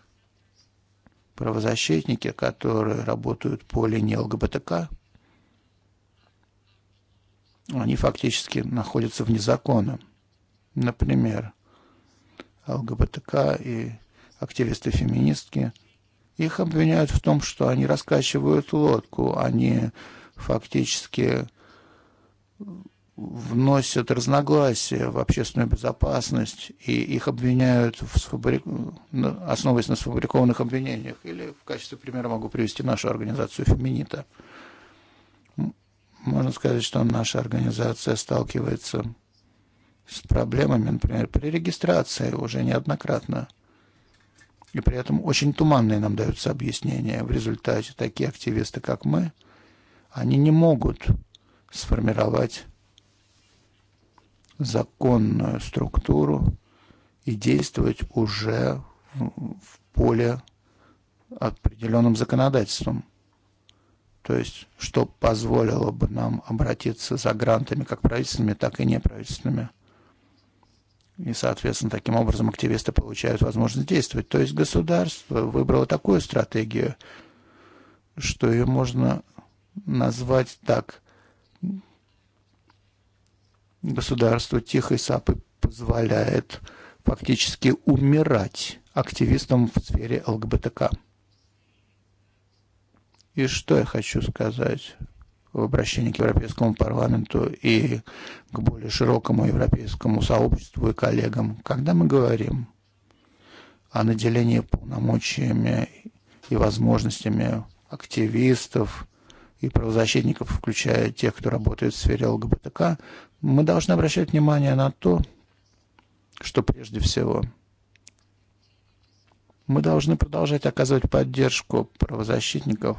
правозащитники, которые работают по линии ЛГБТК, они фактически находятся вне закона. Например, ЛГБТК и активисты-феминистки, их обвиняют в том, что они раскачивают лодку, они фактически вносят разногласия в общественную безопасность и их обвиняют, в сфабрик... основываясь на сфабрикованных обвинениях. Или в качестве примера могу привести нашу организацию «Феминита». Можно сказать, что наша организация сталкивается с проблемами, например, при регистрации уже неоднократно. И при этом очень туманные нам даются объяснения. В результате такие активисты, как мы, они не могут сформировать законную структуру и действовать уже в поле определенным законодательством. То есть, что позволило бы нам обратиться за грантами как правительственными, так и неправительственными. И, соответственно, таким образом активисты получают возможность действовать. То есть государство выбрало такую стратегию, что ее можно назвать так Государство Тихой Сапы позволяет фактически умирать активистам в сфере ЛГБТК. И что я хочу сказать в обращении к Европейскому парламенту и к более широкому европейскому сообществу и коллегам, когда мы говорим о наделении полномочиями и возможностями активистов и правозащитников, включая тех, кто работает в сфере ЛГБТК, мы должны обращать внимание на то, что прежде всего мы должны продолжать оказывать поддержку правозащитников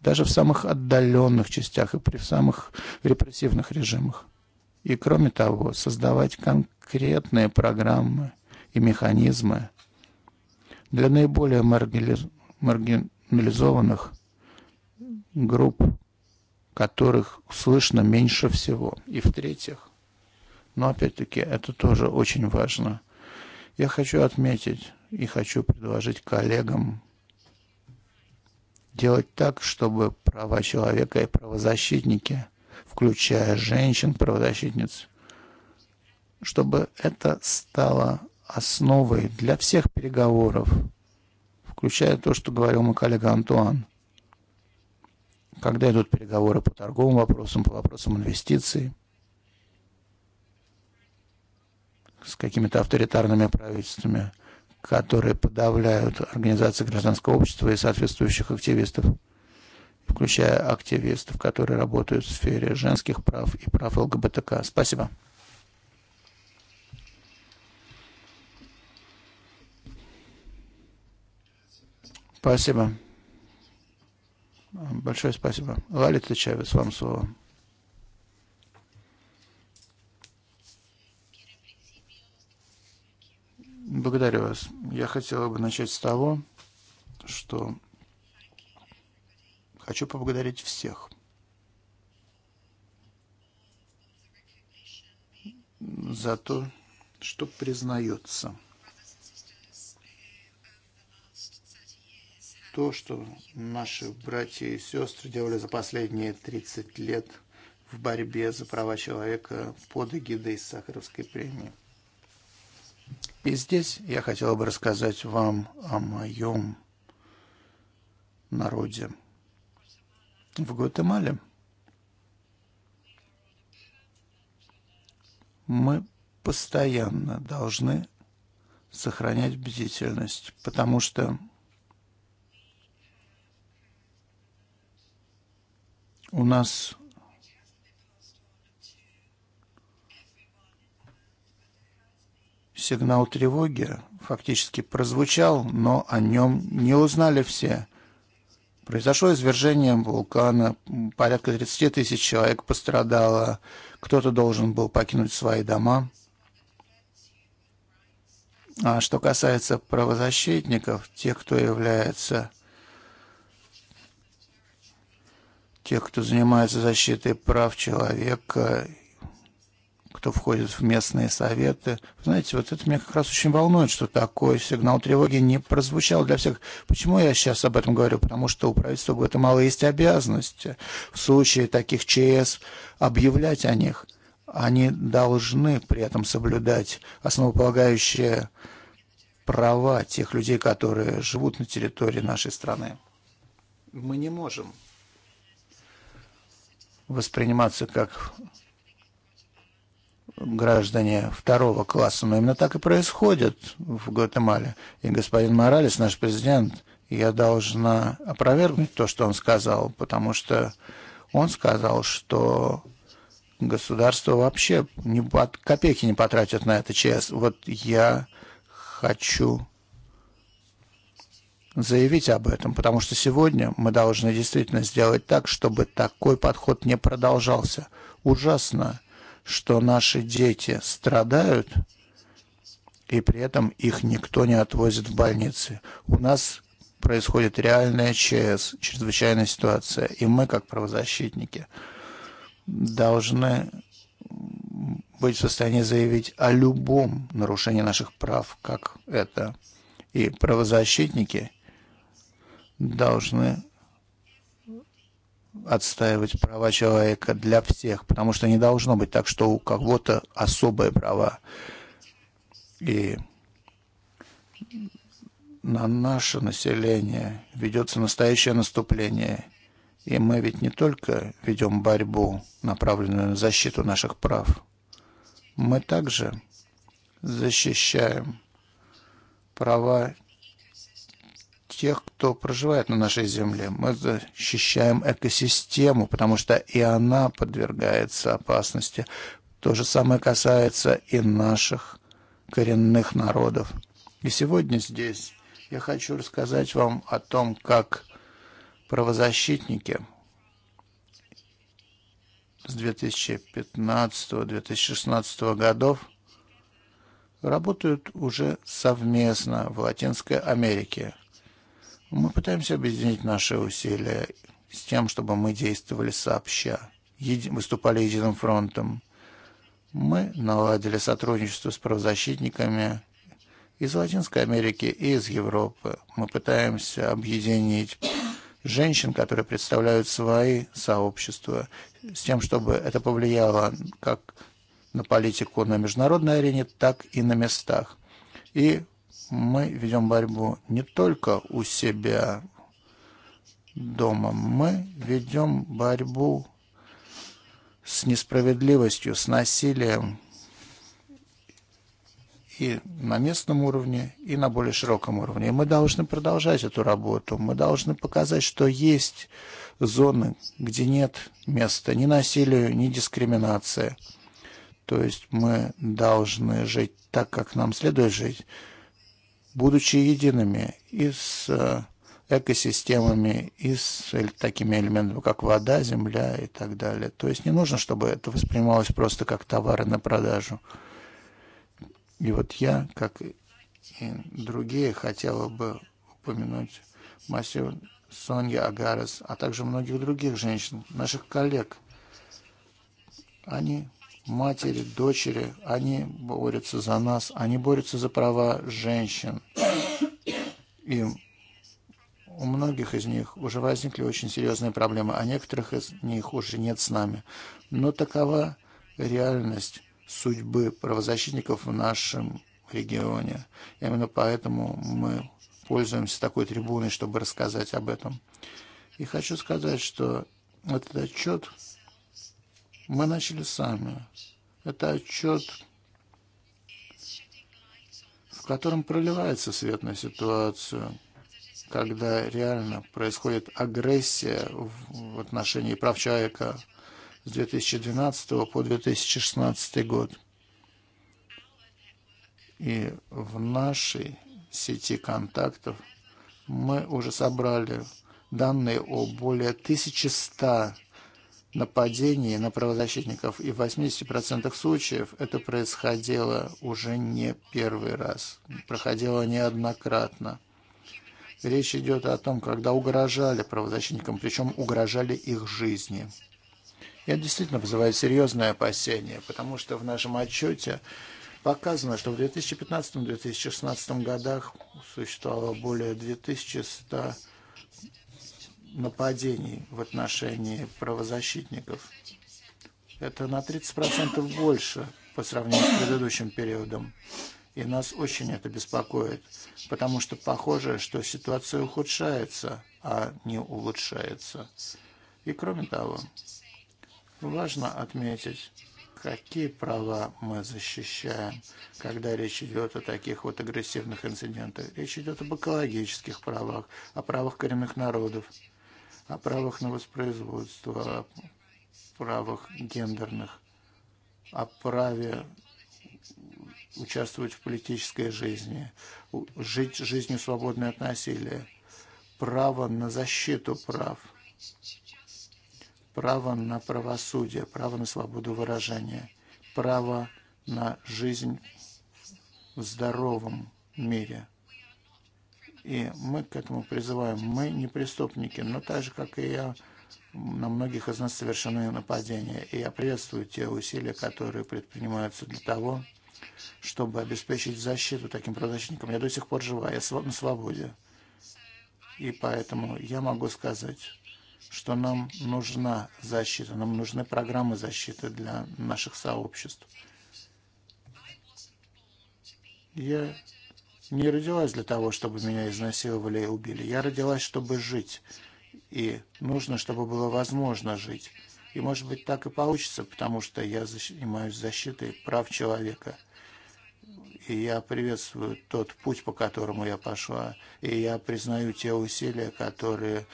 даже в самых отдаленных частях и при самых репрессивных режимах. И кроме того, создавать конкретные программы и механизмы для наиболее маргинализованных групп которых слышно меньше всего. И в-третьих, но опять-таки это тоже очень важно, я хочу отметить и хочу предложить коллегам делать так, чтобы права человека и правозащитники, включая женщин, правозащитниц, чтобы это стало основой для всех переговоров, включая то, что говорил мой коллега Антуан – когда идут переговоры по торговым вопросам, по вопросам инвестиций, с какими-то авторитарными правительствами, которые подавляют организации гражданского общества и соответствующих активистов, включая активистов, которые работают в сфере женских прав и прав ЛГБТК. Спасибо. Спасибо. Большое спасибо. Лалит Личевец, вам слово. Благодарю вас. Я хотела бы начать с того, что хочу поблагодарить всех за то, что признается – то, что наши братья и сестры делали за последние 30 лет в борьбе за права человека под эгидой Сахаровской премии. И здесь я хотел бы рассказать вам о моем народе. В Гватемале мы постоянно должны сохранять бдительность, потому что u nas Сигнал тревоги фактически прозвучал, но о нем не узнали все. Произошло извержение вулкана, порядка 30 тысяч человек пострадало, кто-то должен был покинуть свои дома. А что касается правозащитников, тех, кто является тех, кто занимается защитой прав человека, кто входит в местные советы. Знаете, вот это меня как раз очень волнует, что такой сигнал тревоги не прозвучал для всех. Почему я сейчас об этом говорю? Потому что у правительства Гватемалы есть обязанности в случае таких ЧС объявлять о них. Они должны при этом соблюдать основополагающие права тех людей, которые живут на территории нашей страны. Мы не можем восприниматься как граждане второго класса, но именно так и происходит в Гватемале. И господин Моралес, наш президент, я должна опровергнуть то, что он сказал, потому что он сказал, что государство вообще ни под копейки не потратит на это ЧС. Вот я хочу заявить об этом, потому что сегодня мы должны действительно сделать так, чтобы такой подход не продолжался. Ужасно, что наши дети страдают, и при этом их никто не отвозит в больницы. У нас происходит реальная ЧС, чрезвычайная ситуация, и мы, как правозащитники, должны быть в состоянии заявить о любом нарушении наших прав, как это. И правозащитники должны отстаивать права человека для всех, потому что не должно быть так, что у кого-то особые права. И на наше население ведется настоящее наступление. И мы ведь не только ведем борьбу, направленную на защиту наших прав, мы также защищаем права тех, кто проживает на нашей земле. Мы защищаем экосистему, потому что и она подвергается опасности. То же самое касается и наших коренных народов. И сегодня здесь я хочу рассказать вам о том, как правозащитники с 2015-2016 годов работают уже совместно в Латинской Америке. Мы пытаемся объединить наши усилия с тем, чтобы мы действовали сообща, еди выступали единым фронтом. Мы наладили сотрудничество с правозащитниками из Латинской Америки и из Европы. Мы пытаемся объединить женщин, которые представляют свои сообщества, с тем, чтобы это повлияло как на политику на международной арене, так и на местах. И мы ведем борьбу не только у себя дома, мы ведем борьбу с несправедливостью, с насилием и на местном уровне, и на более широком уровне. И мы должны продолжать эту работу, мы должны показать, что есть зоны, где нет места ни насилию, ни дискриминации. То есть мы должны жить так, как нам следует жить, будучи едиными и с экосистемами и с такими элементами, как вода, земля и так далее. То есть не нужно, чтобы это воспринималось просто как товары на продажу. И вот я, как и другие, хотела бы упомянуть массив Сонья Агарес, а также многих других женщин, наших коллег. Они матери, дочери, они борются за нас, они борются за права женщин. И у многих из них уже возникли очень серьезные проблемы, а некоторых из них уже нет с нами. Но такова реальность судьбы правозащитников в нашем регионе. Именно поэтому мы пользуемся такой трибуной, чтобы рассказать об этом. И хочу сказать, что этот отчет Мы начали сами. Это отчет, в котором проливается свет на ситуацию, когда реально происходит агрессия в отношении прав человека с 2012 по 2016 год. И в нашей сети контактов мы уже собрали данные о более 1100 нападений на правозащитников, и в 80% случаев это происходило уже не первый раз, проходило неоднократно. Речь идет о том, когда угрожали правозащитникам, причем угрожали их жизни. Я это действительно вызываю серьезное опасение, потому что в нашем отчете показано, что в 2015-2016 годах существовало более 2100 нападений в отношении правозащитников. Это на 30% больше по сравнению с предыдущим периодом. И нас очень это беспокоит, потому что похоже, что ситуация ухудшается, а не улучшается. И кроме того, важно отметить, какие права мы защищаем, когда речь идет о таких вот агрессивных инцидентах. Речь идет об экологических правах, о правах коренных народов, о правах на воспроизводство, о правах гендерных, о праве участвовать в политической жизни, жить жизнью свободной от насилия, право на защиту прав, право на правосудие, право на свободу выражения, право на жизнь в здоровом мире. И мы к этому призываем. Мы не преступники, но так же, как и я, на многих из нас совершены нападения. И я приветствую те усилия, которые предпринимаются для того, чтобы обеспечить защиту таким правозащитникам. Я до сих пор жива, я на свободе. И поэтому я могу сказать, что нам нужна защита, нам нужны программы защиты для наших сообществ. Я не родилась для того, чтобы меня изнасиловали и убили. Я родилась, чтобы жить. И нужно, чтобы было возможно жить. И, может быть, так и получится, потому что я занимаюсь защитой прав человека. И я приветствую тот путь, по которому я пошла. И я признаю те усилия, которые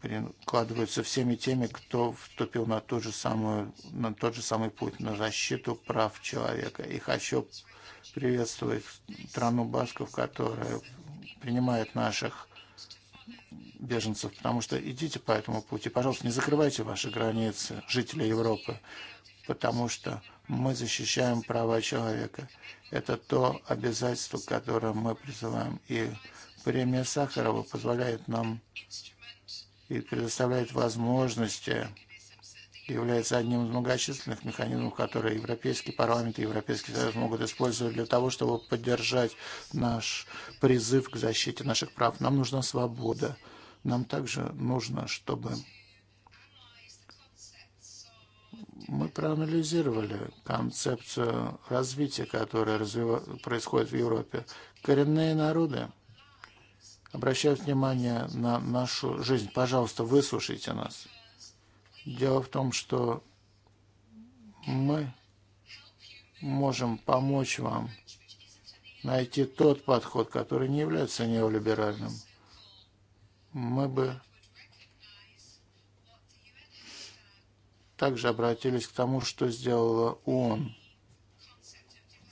прикладываются всеми теми, кто вступил на, ту же самую, на тот же самый путь, на защиту прав человека. И хочу приветствовать страну Басков, которая принимает наших беженцев, потому что идите по этому пути. Пожалуйста, не закрывайте ваши границы, жители Европы, потому что мы защищаем права человека. Это то обязательство, которое мы призываем. И премия Сахарова позволяет нам и предоставляет возможности является одним из многочисленных механизмов, которые Европейский парламент и Европейский Союз могут использовать для того, чтобы поддержать наш призыв к защите наших прав. Нам нужна свобода. Нам также нужно, чтобы мы проанализировали концепцию развития, которая происходит в Европе. Коренные народы обращают внимание на нашу жизнь. Пожалуйста, выслушайте нас. Дело в том, что мы можем помочь вам найти тот подход, который не является неолиберальным. Мы бы также обратились к тому, что сделала ООН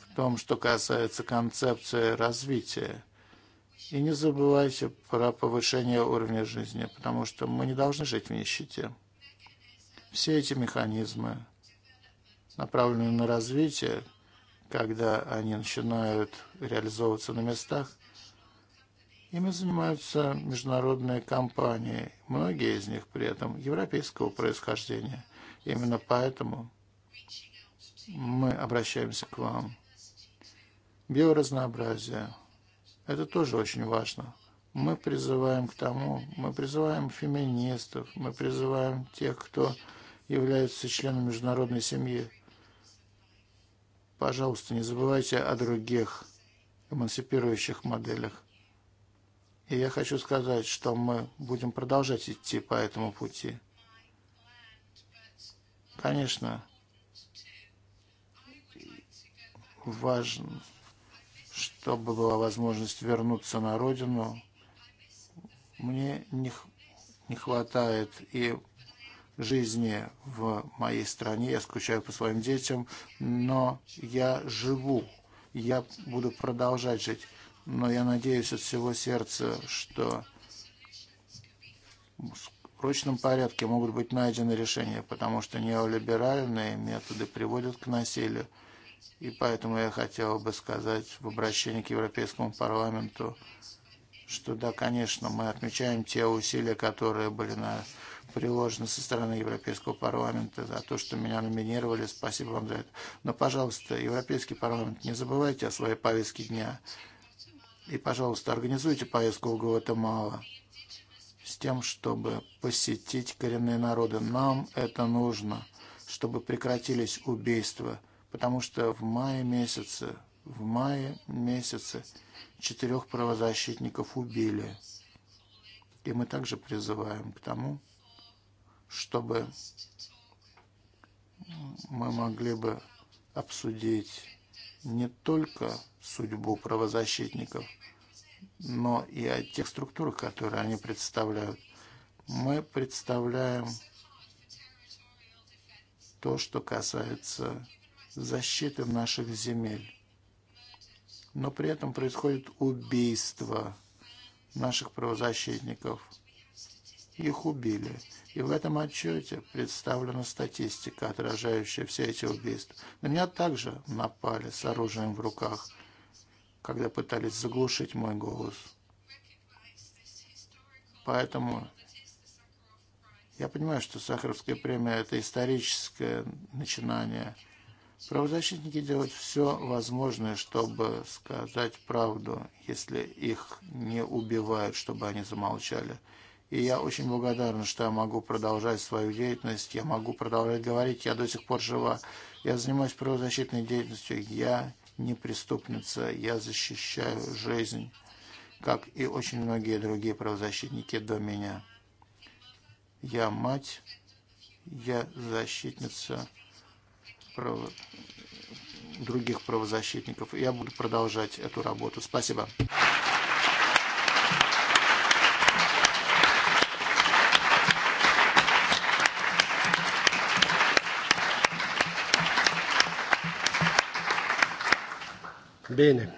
в том, что касается концепции развития. И не забывайте про повышение уровня жизни, потому что мы не должны жить в нищете. Все эти механизмы направлены на развитие, когда они начинают реализовываться на местах, Ими занимаются международные компании, многие из них при этом европейского происхождения. Именно поэтому мы обращаемся к вам. Биоразнообразие. Это тоже очень важно. Мы призываем к тому, мы призываем феминистов, мы призываем тех, кто являются членом международной семьи. Пожалуйста, не забывайте о других эмансипирующих моделях. И я хочу сказать, что мы будем продолжать идти по этому пути. Конечно, важно, чтобы была возможность вернуться на родину. Мне не, не хватает и жизни в моей стране, я скучаю по своим детям, но я живу, я буду продолжать жить. Но я надеюсь от всего сердца, что в прочном порядке могут быть найдены решения, потому что неолиберальные методы приводят к насилию. И поэтому я хотел бы сказать в обращении к Европейскому парламенту, что да, конечно, мы отмечаем те усилия, которые были на приложено со стороны Европейского парламента, за то, что меня номинировали. Спасибо вам за это. Но, пожалуйста, Европейский парламент, не забывайте о своей повестке дня. И, пожалуйста, организуйте поездку в Гватемала с тем, чтобы посетить коренные народы. Нам это нужно, чтобы прекратились убийства, потому что в мае месяце, в мае месяце четырех правозащитников убили. И мы также призываем к тому, чтобы мы могли бы обсудить не только судьбу правозащитников, но и о тех структурах, которые они представляют. Мы представляем то, что касается защиты наших земель. Но при этом происходит убийство наших правозащитников – их убили. И в этом отчете представлена статистика, отражающая все эти убийства. На меня также напали с оружием в руках, когда пытались заглушить мой голос. Поэтому я понимаю, что Сахаровская премия – это историческое начинание. Правозащитники делают все возможное, чтобы сказать правду, если их не убивают, чтобы они замолчали. И я очень благодарна, что я могу продолжать свою деятельность, я могу продолжать говорить, я до сих пор жива. Я занимаюсь правозащитной деятельностью, я не преступница, я защищаю жизнь, как и очень многие другие правозащитники до меня. Я мать, я защитница прав... других правозащитников. Я буду продолжать эту работу. Спасибо. Bene.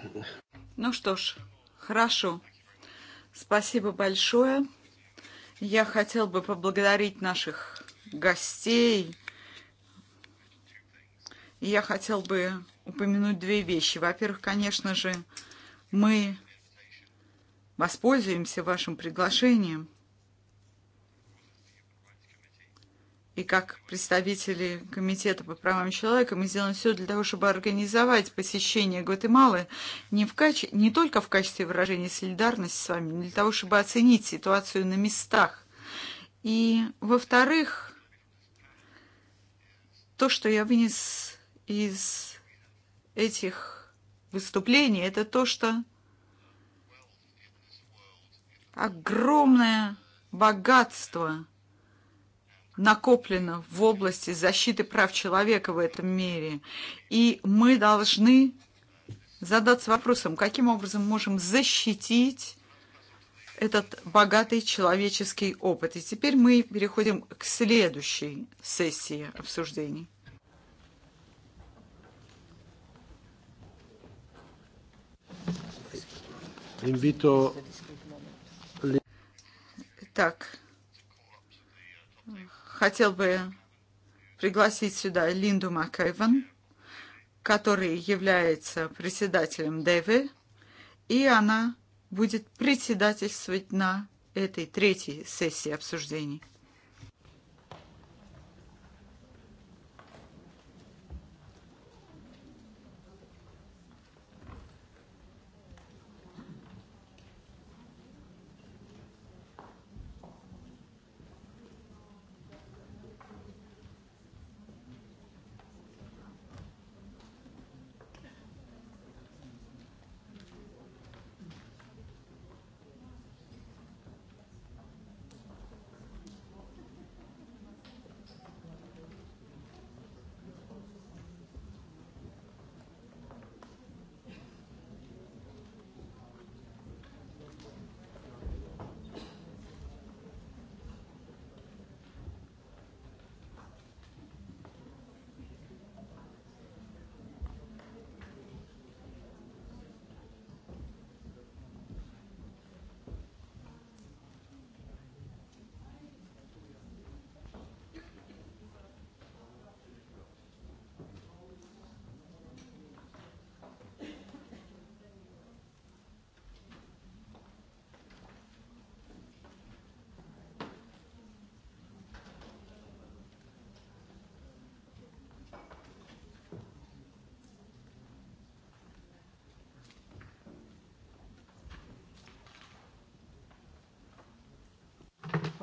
Ну что ж, хорошо. Спасибо большое. Я хотел бы поблагодарить наших гостей. Я хотел бы упомянуть две вещи. Во-первых, конечно же, мы воспользуемся вашим приглашением – И как представители Комитета по правам человека мы сделаем все для того, чтобы организовать посещение Гватемалы не, в каче... не только в качестве выражения солидарности с вами, но для того, чтобы оценить ситуацию на местах. И, во-вторых, то, что я вынес из этих выступлений, это то, что огромное богатство накоплено в области защиты прав человека в этом мире. И мы должны задаться вопросом, каким образом можем защитить этот богатый человеческий опыт. И теперь мы переходим к следующей сессии обсуждений. Так, хотел бы пригласить сюда Линду Макэйвен, который является председателем Дэви, и она будет председательствовать на этой третьей сессии обсуждений.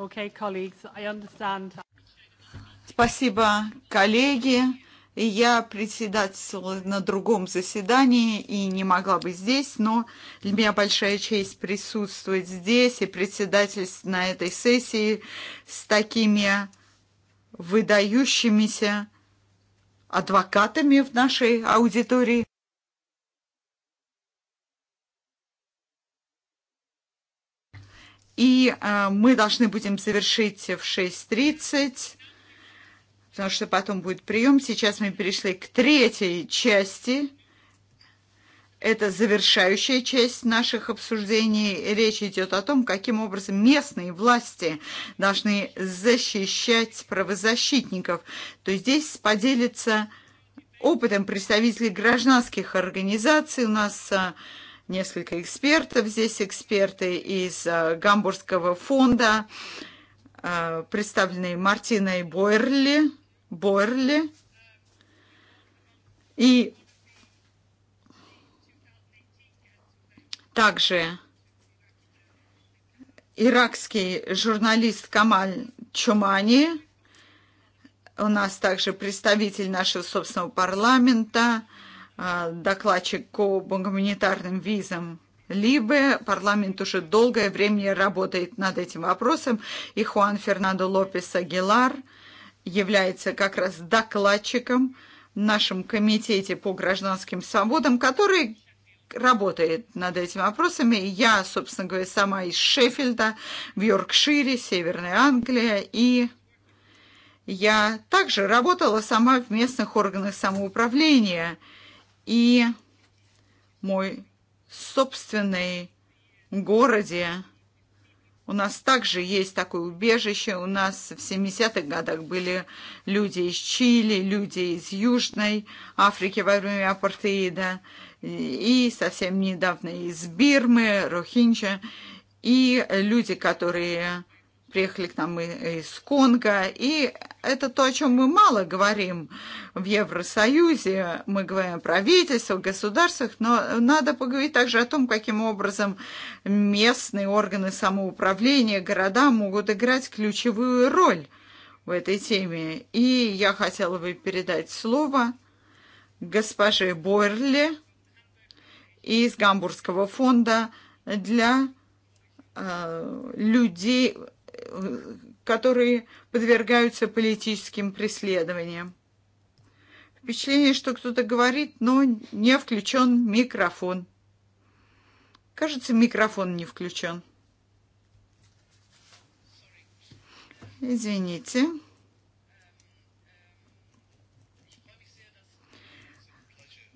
Okay, colleagues, I understand. Спасибо, коллеги. Я председатель на другом заседании и не могла бы здесь, но для меня большая честь присутствовать здесь и председательствовать на этой сессии с такими выдающимися адвокатами в нашей аудитории. И э, мы должны будем завершить в 6.30, потому что потом будет прием. Сейчас мы перешли к третьей части. Это завершающая часть наших обсуждений. Речь идет о том, каким образом местные власти должны защищать правозащитников. То есть здесь поделится опытом представителей гражданских организаций. У нас несколько экспертов. Здесь эксперты из Гамбургского фонда, представленные Мартиной Бойерли. Бойерли. И также иракский журналист Камаль Чумани. У нас также представитель нашего собственного парламента – докладчик по гуманитарным визам либо Парламент уже долгое время работает над этим вопросом, и Хуан Фернандо Лопес Агилар является как раз докладчиком в нашем комитете по гражданским свободам, который работает над этими вопросами. Я, собственно говоря, сама из Шеффилда, в Йоркшире, Северная Англия, и я также работала сама в местных органах самоуправления – и мой собственный городе. У нас также есть такое убежище. У нас в 70-х годах были люди из Чили, люди из Южной Африки во время апартеида. И совсем недавно из Бирмы, Рохинча, И люди, которые приехали к нам из Конго, и это то, о чем мы мало говорим в Евросоюзе. Мы говорим о правительствах, государствах, но надо поговорить также о том, каким образом местные органы самоуправления, города могут играть ключевую роль в этой теме. И я хотела бы передать слово госпоже Борли из Гамбургского фонда для людей, которые подвергаются политическим преследованиям. Впечатление, что кто-то говорит, но не включен микрофон. Кажется, микрофон не включен. Извините.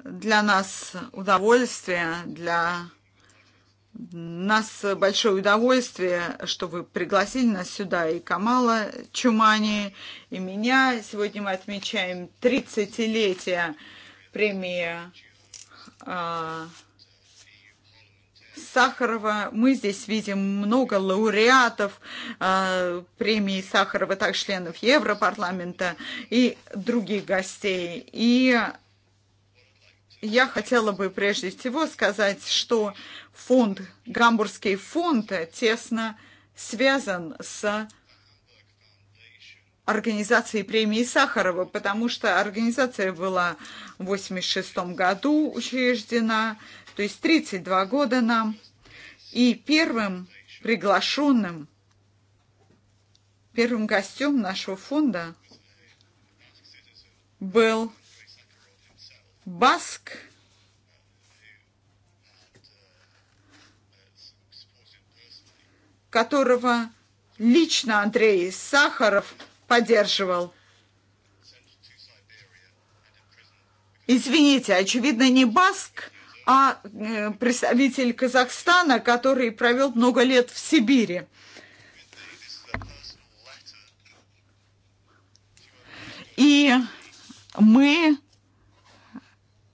Для нас удовольствие, для нас большое удовольствие, что вы пригласили нас сюда, и Камала Чумани, и меня. Сегодня мы отмечаем 30-летие премии э, Сахарова. Мы здесь видим много лауреатов э, премии Сахарова, так членов Европарламента и других гостей. И Я хотела бы прежде всего сказать, что фонд, гамбургский фонд тесно связан с организацией премии Сахарова, потому что организация была в 1986 году учреждена, то есть 32 года нам. И первым приглашенным, первым гостем нашего фонда был Баск, которого лично Андрей Сахаров поддерживал. Извините, очевидно, не Баск, а представитель Казахстана, который провел много лет в Сибири. И мы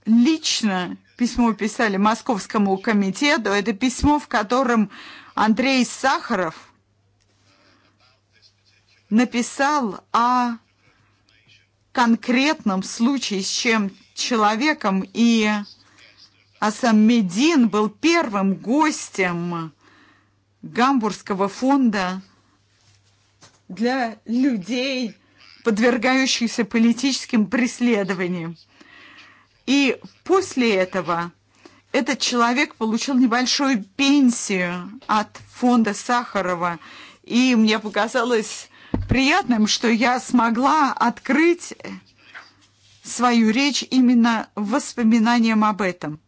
лично письмо писали Московскому комитету. Это письмо, в котором Андрей Сахаров написал о конкретном случае с чем человеком, и Асам Медин был первым гостем Гамбургского фонда для людей, подвергающихся политическим преследованиям. И после этого этот человек получил небольшую пенсию от фонда Сахарова. И мне показалось приятным, что я смогла открыть свою речь именно воспоминанием об этом.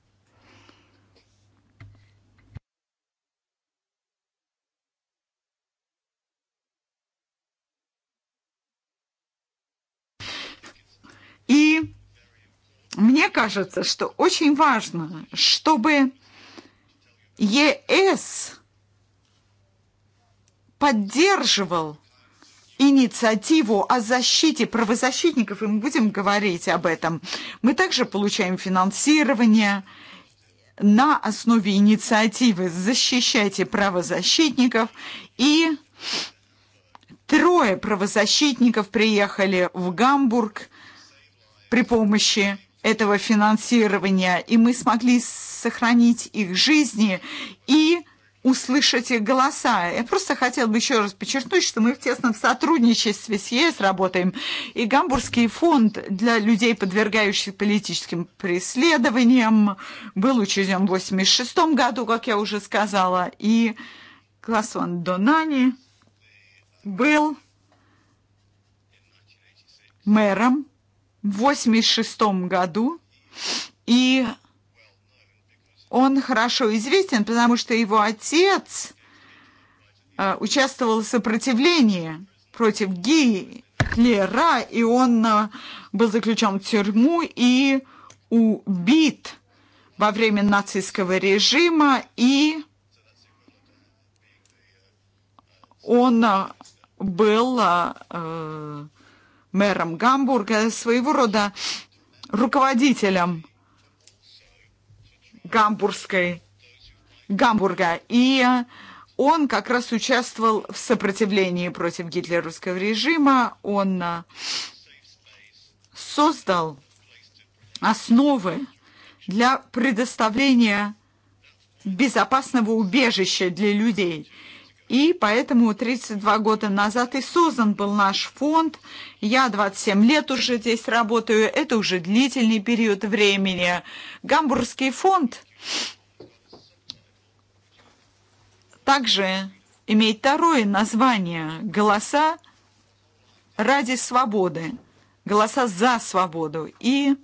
Мне кажется, что очень важно, чтобы ЕС поддерживал инициативу о защите правозащитников, и мы будем говорить об этом. Мы также получаем финансирование на основе инициативы «Защищайте правозащитников» и трое правозащитников приехали в Гамбург при помощи этого финансирования, и мы смогли сохранить их жизни и услышать их голоса. Я просто хотел бы еще раз подчеркнуть, что мы в тесном сотрудничестве с ЕС работаем. И Гамбургский фонд для людей, подвергающихся политическим преследованиям, был учрежден в 1986 году, как я уже сказала, и Классон Донани был мэром 1986 году, и он хорошо известен, потому что его отец участвовал в сопротивлении против Гитлера, и он был заключен в тюрьму и убит во время нацистского режима, и он был мэром Гамбурга, своего рода руководителем гамбургской, Гамбурга. И он как раз участвовал в сопротивлении против гитлеровского режима. Он создал основы для предоставления безопасного убежища для людей. И поэтому 32 года назад и создан был наш фонд. Я 27 лет уже здесь работаю. Это уже длительный период времени. Гамбургский фонд также имеет второе название «Голоса ради свободы», «Голоса за свободу». И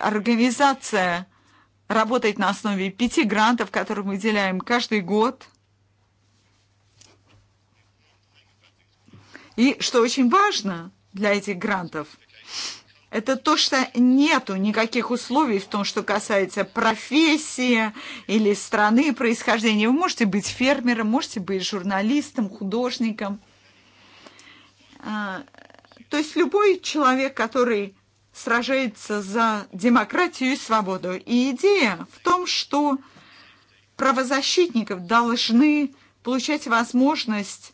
организация работает на основе пяти грантов, которые мы выделяем каждый год. И что очень важно для этих грантов, это то, что нету никаких условий в том, что касается профессии или страны происхождения. Вы можете быть фермером, можете быть журналистом, художником. То есть любой человек, который сражается за демократию и свободу. И идея в том, что правозащитников должны получать возможность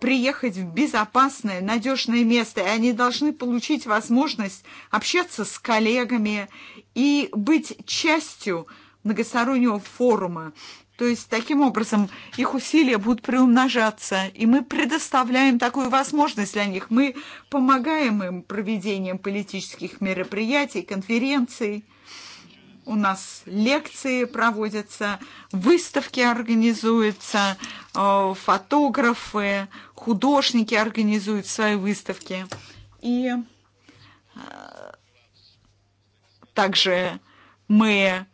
приехать в безопасное, надежное место, и они должны получить возможность общаться с коллегами и быть частью многостороннего форума, То есть таким образом их усилия будут приумножаться, и мы предоставляем такую возможность для них. Мы помогаем им проведением политических мероприятий, конференций. У нас лекции проводятся, выставки организуются, фотографы, художники организуют свои выставки. И также мы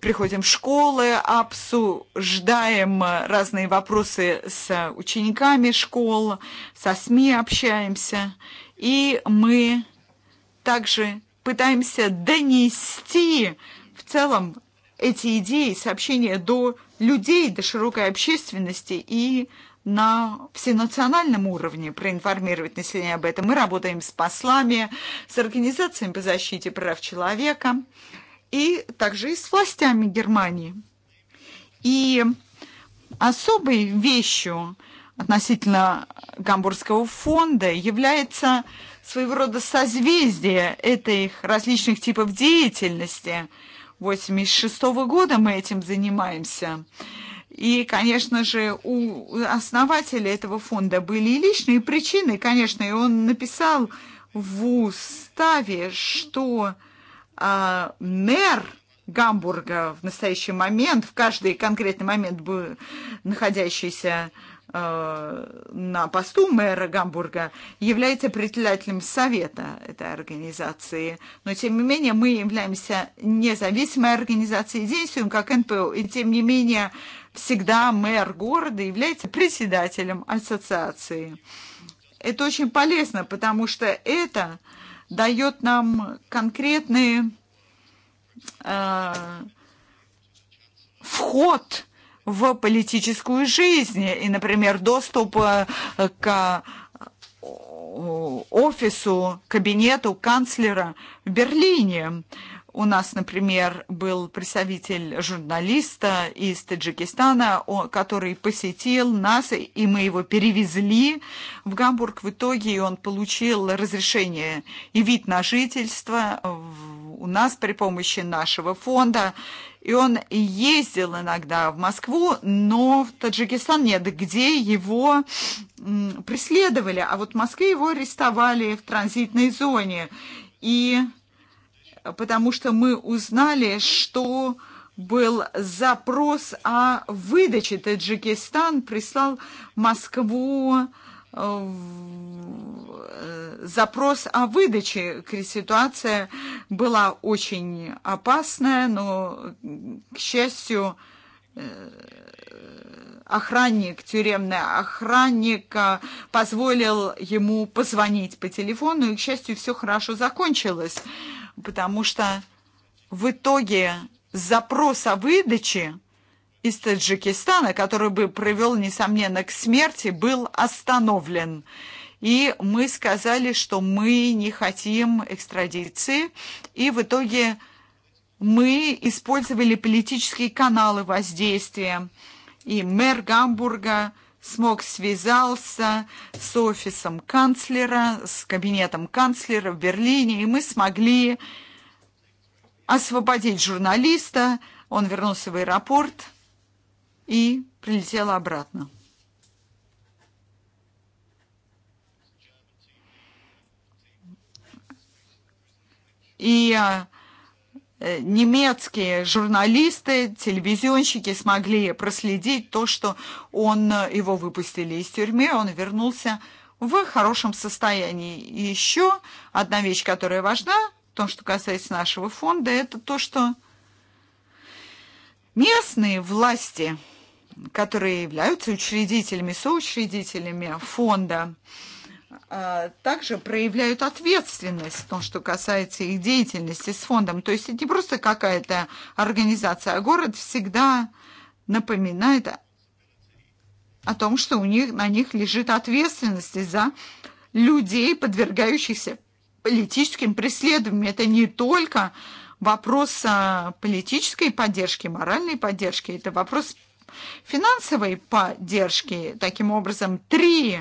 приходим в школы, обсуждаем разные вопросы с учениками школ, со СМИ общаемся. И мы также пытаемся донести в целом эти идеи, сообщения до людей, до широкой общественности и на всенациональном уровне проинформировать население об этом. Мы работаем с послами, с организациями по защите прав человека – и также и с властями Германии. И особой вещью относительно Гамбургского фонда является своего рода созвездие этих различных типов деятельности. 1986 -го года мы этим занимаемся. И, конечно же, у основателя этого фонда были и личные причины, конечно, и он написал в уставе, что а, мэр Гамбурга в настоящий момент, в каждый конкретный момент, находящийся на посту мэра Гамбурга является председателем совета этой организации. Но, тем не менее, мы являемся независимой организацией, действуем как НПО. И, тем не менее, всегда мэр города является председателем ассоциации. Это очень полезно, потому что это дает нам конкретный э, вход в политическую жизнь и, например, доступ к офису, кабинету канцлера в Берлине. У нас, например, был представитель журналиста из Таджикистана, который посетил нас, и мы его перевезли в Гамбург. В итоге он получил разрешение и вид на жительство у нас при помощи нашего фонда. И он ездил иногда в Москву, но в Таджикистан нет, где его преследовали. А вот в Москве его арестовали в транзитной зоне. И потому что мы узнали, что был запрос о выдаче. Таджикистан прислал Москву запрос о выдаче. Ситуация была очень опасная, но, к счастью, охранник, тюремный охранник позволил ему позвонить по телефону, и, к счастью, все хорошо закончилось потому что в итоге запрос о выдаче из Таджикистана, который бы привел, несомненно, к смерти, был остановлен. И мы сказали, что мы не хотим экстрадиции. И в итоге мы использовали политические каналы воздействия. И мэр Гамбурга, смог связался с офисом канцлера, с кабинетом канцлера в Берлине, и мы смогли освободить журналиста. Он вернулся в аэропорт и прилетел обратно. И немецкие журналисты, телевизионщики смогли проследить то, что он его выпустили из тюрьмы, он вернулся в хорошем состоянии. И еще одна вещь, которая важна, в том, что касается нашего фонда, это то, что местные власти, которые являются учредителями, соучредителями фонда, также проявляют ответственность в том, что касается их деятельности с фондом. То есть это не просто какая-то организация, а город всегда напоминает о том, что у них, на них лежит ответственность за людей, подвергающихся политическим преследованиям. Это не только вопрос политической поддержки, моральной поддержки, это вопрос финансовой поддержки. Таким образом, три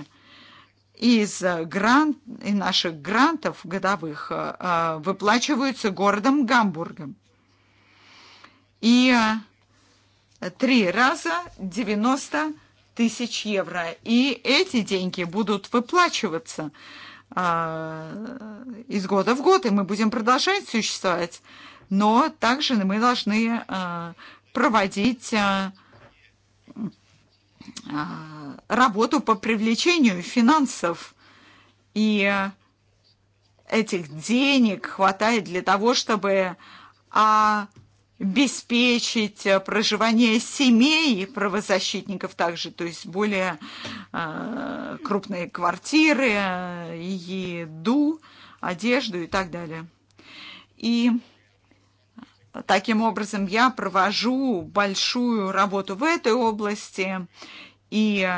из грант, наших грантов годовых выплачиваются городом Гамбургом. И три раза 90 тысяч евро. И эти деньги будут выплачиваться из года в год, и мы будем продолжать существовать. Но также мы должны проводить работу по привлечению финансов. И этих денег хватает для того, чтобы обеспечить проживание семей правозащитников также, то есть более крупные квартиры, еду, одежду и так далее. И Таким образом, я провожу большую работу в этой области, и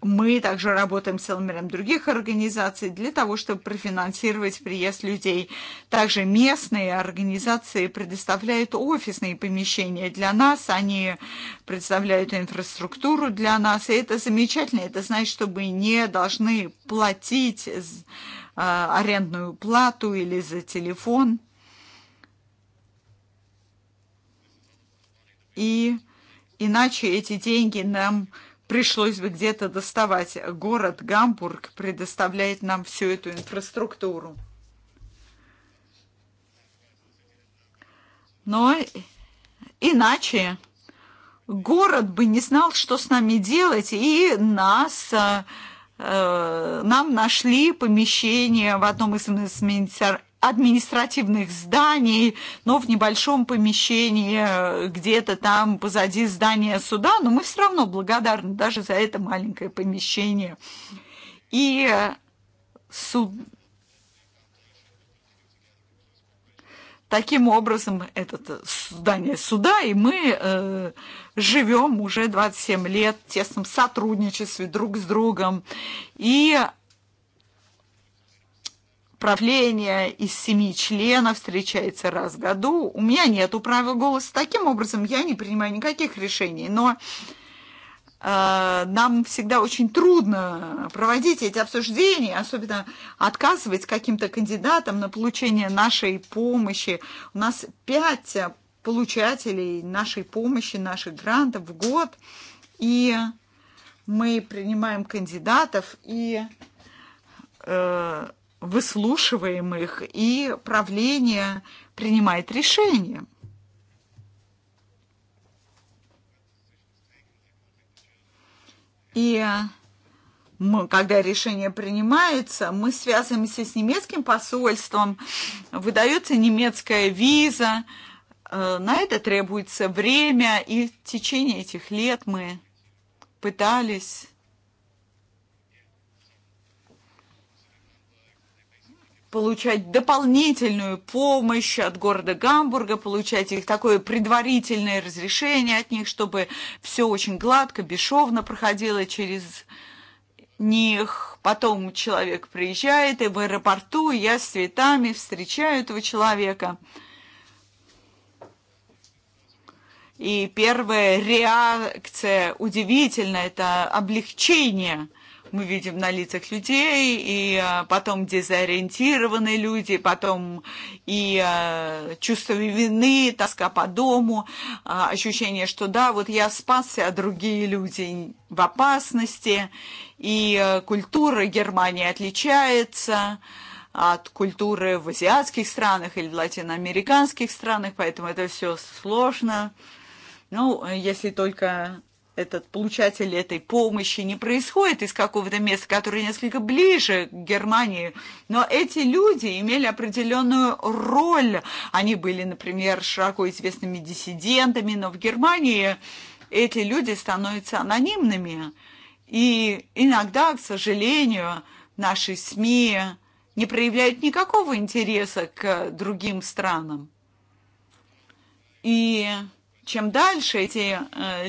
мы также работаем с Элмером других организаций для того, чтобы профинансировать приезд людей. Также местные организации предоставляют офисные помещения для нас, они предоставляют инфраструктуру для нас, и это замечательно. Это значит, что мы не должны платить арендную плату или за телефон. И иначе эти деньги нам пришлось бы где-то доставать. Город Гамбург предоставляет нам всю эту инфраструктуру. Но иначе город бы не знал, что с нами делать, и нас нам нашли помещение в одном из административных зданий, но в небольшом помещении где-то там позади здания суда, но мы все равно благодарны даже за это маленькое помещение. И суд... таким образом это здание суда, и мы э, живем уже 27 лет в тесном сотрудничестве друг с другом. И правление из семи членов встречается раз в году. У меня нет права голоса. Таким образом, я не принимаю никаких решений. Но нам всегда очень трудно проводить эти обсуждения, особенно отказывать каким-то кандидатам на получение нашей помощи. У нас пять получателей нашей помощи, наших грантов в год. И мы принимаем кандидатов и э, выслушиваем их, и правление принимает решение. И мы, когда решение принимается, мы связываемся с немецким посольством, выдается немецкая виза, э, на это требуется время, и в течение этих лет мы пытались получать дополнительную помощь от города Гамбурга, получать их такое предварительное разрешение от них, чтобы все очень гладко, бесшовно проходило через них. Потом человек приезжает, и в аэропорту я с цветами встречаю этого человека – И первая реакция удивительная, это облегчение мы видим на лицах людей, и потом дезориентированные люди, потом и чувство вины, тоска по дому, ощущение, что да, вот я спасся, а другие люди в опасности, и культура Германии отличается от культуры в азиатских странах или в латиноамериканских странах, поэтому это все сложно. Ну, если только этот получатель этой помощи не происходит из какого-то места, которое несколько ближе к Германии. Но эти люди имели определенную роль. Они были, например, широко известными диссидентами, но в Германии эти люди становятся анонимными. И иногда, к сожалению, наши СМИ не проявляют никакого интереса к другим странам. И чем дальше эти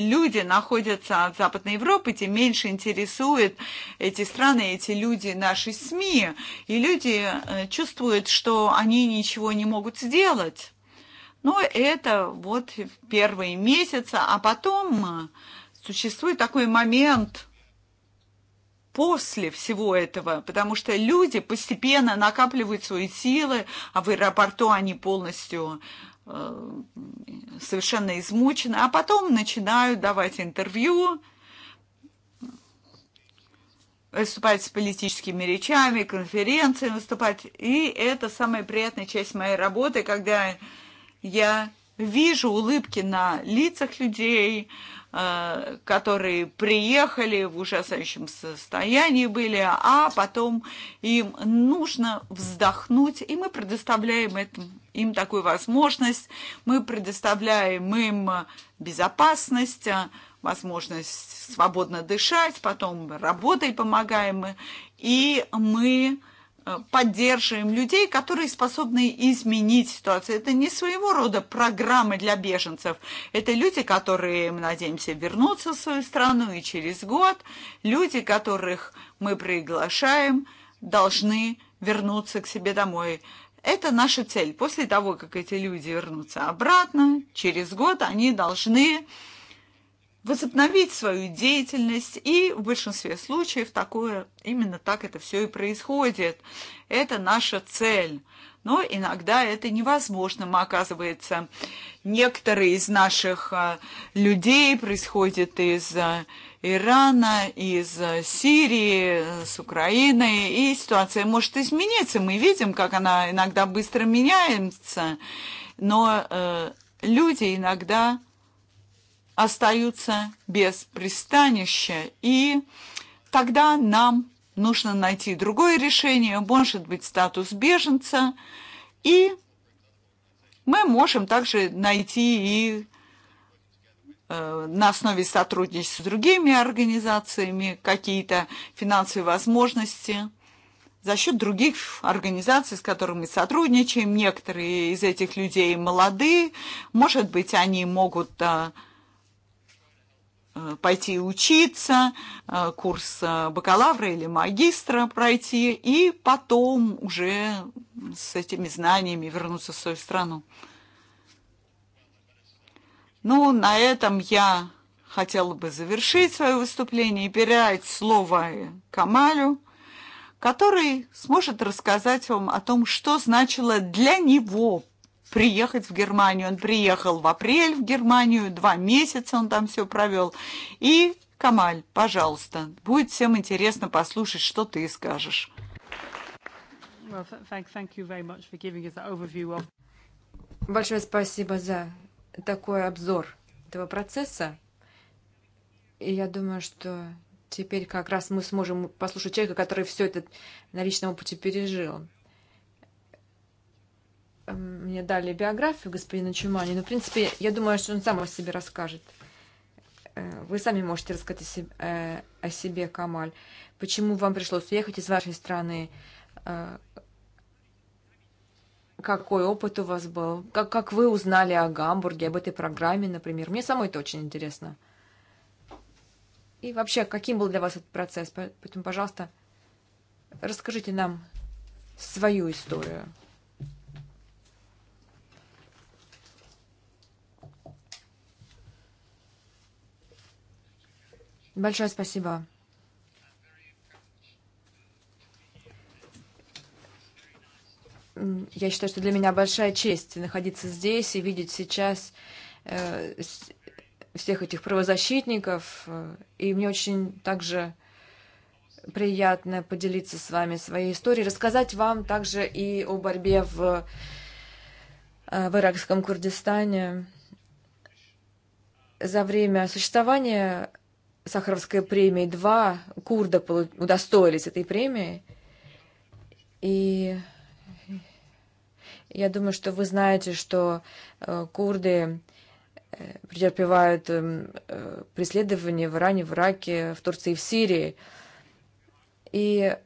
люди находятся от Западной Европы, тем меньше интересуют эти страны, эти люди наши СМИ. И люди чувствуют, что они ничего не могут сделать. Но это вот первые месяцы, а потом существует такой момент после всего этого, потому что люди постепенно накапливают свои силы, а в аэропорту они полностью совершенно измучены, а потом начинают давать интервью, выступать с политическими речами, конференции выступать. И это самая приятная часть моей работы, когда я вижу улыбки на лицах людей, которые приехали в ужасающем состоянии были, а потом им нужно вздохнуть, и мы предоставляем им такую возможность, мы предоставляем им безопасность, возможность свободно дышать, потом работой помогаем, и мы поддерживаем людей, которые способны изменить ситуацию. Это не своего рода программы для беженцев. Это люди, которые, мы надеемся, вернутся в свою страну и через год. Люди, которых мы приглашаем, должны вернуться к себе домой. Это наша цель. После того, как эти люди вернутся обратно, через год они должны возобновить свою деятельность, и в большинстве случаев такое, именно так это все и происходит. Это наша цель. Но иногда это невозможно. Мы, оказывается, некоторые из наших людей происходят из Ирана, из Сирии, с Украины, и ситуация может измениться. Мы видим, как она иногда быстро меняется, но э, люди иногда остаются без пристанища. И тогда нам нужно найти другое решение, может быть, статус беженца. И мы можем также найти и на основе сотрудничества с другими организациями какие-то финансовые возможности за счет других организаций, с которыми мы сотрудничаем. Некоторые из этих людей молодые, может быть, они могут пойти учиться, курс бакалавра или магистра пройти, и потом уже с этими знаниями вернуться в свою страну. Ну, на этом я хотела бы завершить свое выступление и передать слово Камалю, который сможет рассказать вам о том, что значило для него приехать в Германию. Он приехал в апрель в Германию, два месяца он там все провел. И, Камаль, пожалуйста, будет всем интересно послушать, что ты скажешь. Большое спасибо за такой обзор этого процесса. И я думаю, что теперь как раз мы сможем послушать человека, который все это на личном пути пережил мне дали биографию господина Чумани, но, в принципе, я думаю, что он сам о себе расскажет. Вы сами можете рассказать о себе, о себе Камаль. Почему вам пришлось уехать из вашей страны? Какой опыт у вас был? Как, как вы узнали о Гамбурге, об этой программе, например? Мне самой это очень интересно. И вообще, каким был для вас этот процесс? Поэтому, пожалуйста, расскажите нам свою историю. Большое спасибо. Я считаю, что для меня большая честь находиться здесь и видеть сейчас всех этих правозащитников. И мне очень также приятно поделиться с вами своей историей, рассказать вам также и о борьбе в, в иракском Курдистане. За время существования Сахаровской премии. Два курда удостоились этой премии. И я думаю, что вы знаете, что курды претерпевают преследование в Иране, в Ираке, в Турции, в Сирии. И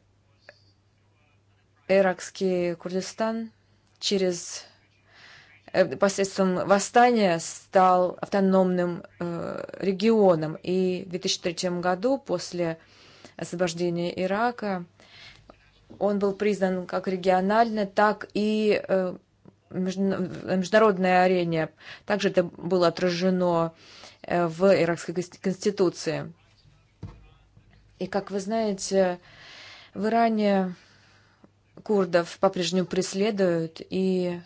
иракский Курдистан через посредством восстания стал автономным регионом. И в 2003 году, после освобождения Ирака, он был признан как регионально, так и на международной арене. Также это было отражено в Иракской конституции. И, как вы знаете, в Иране курдов по-прежнему преследуют, и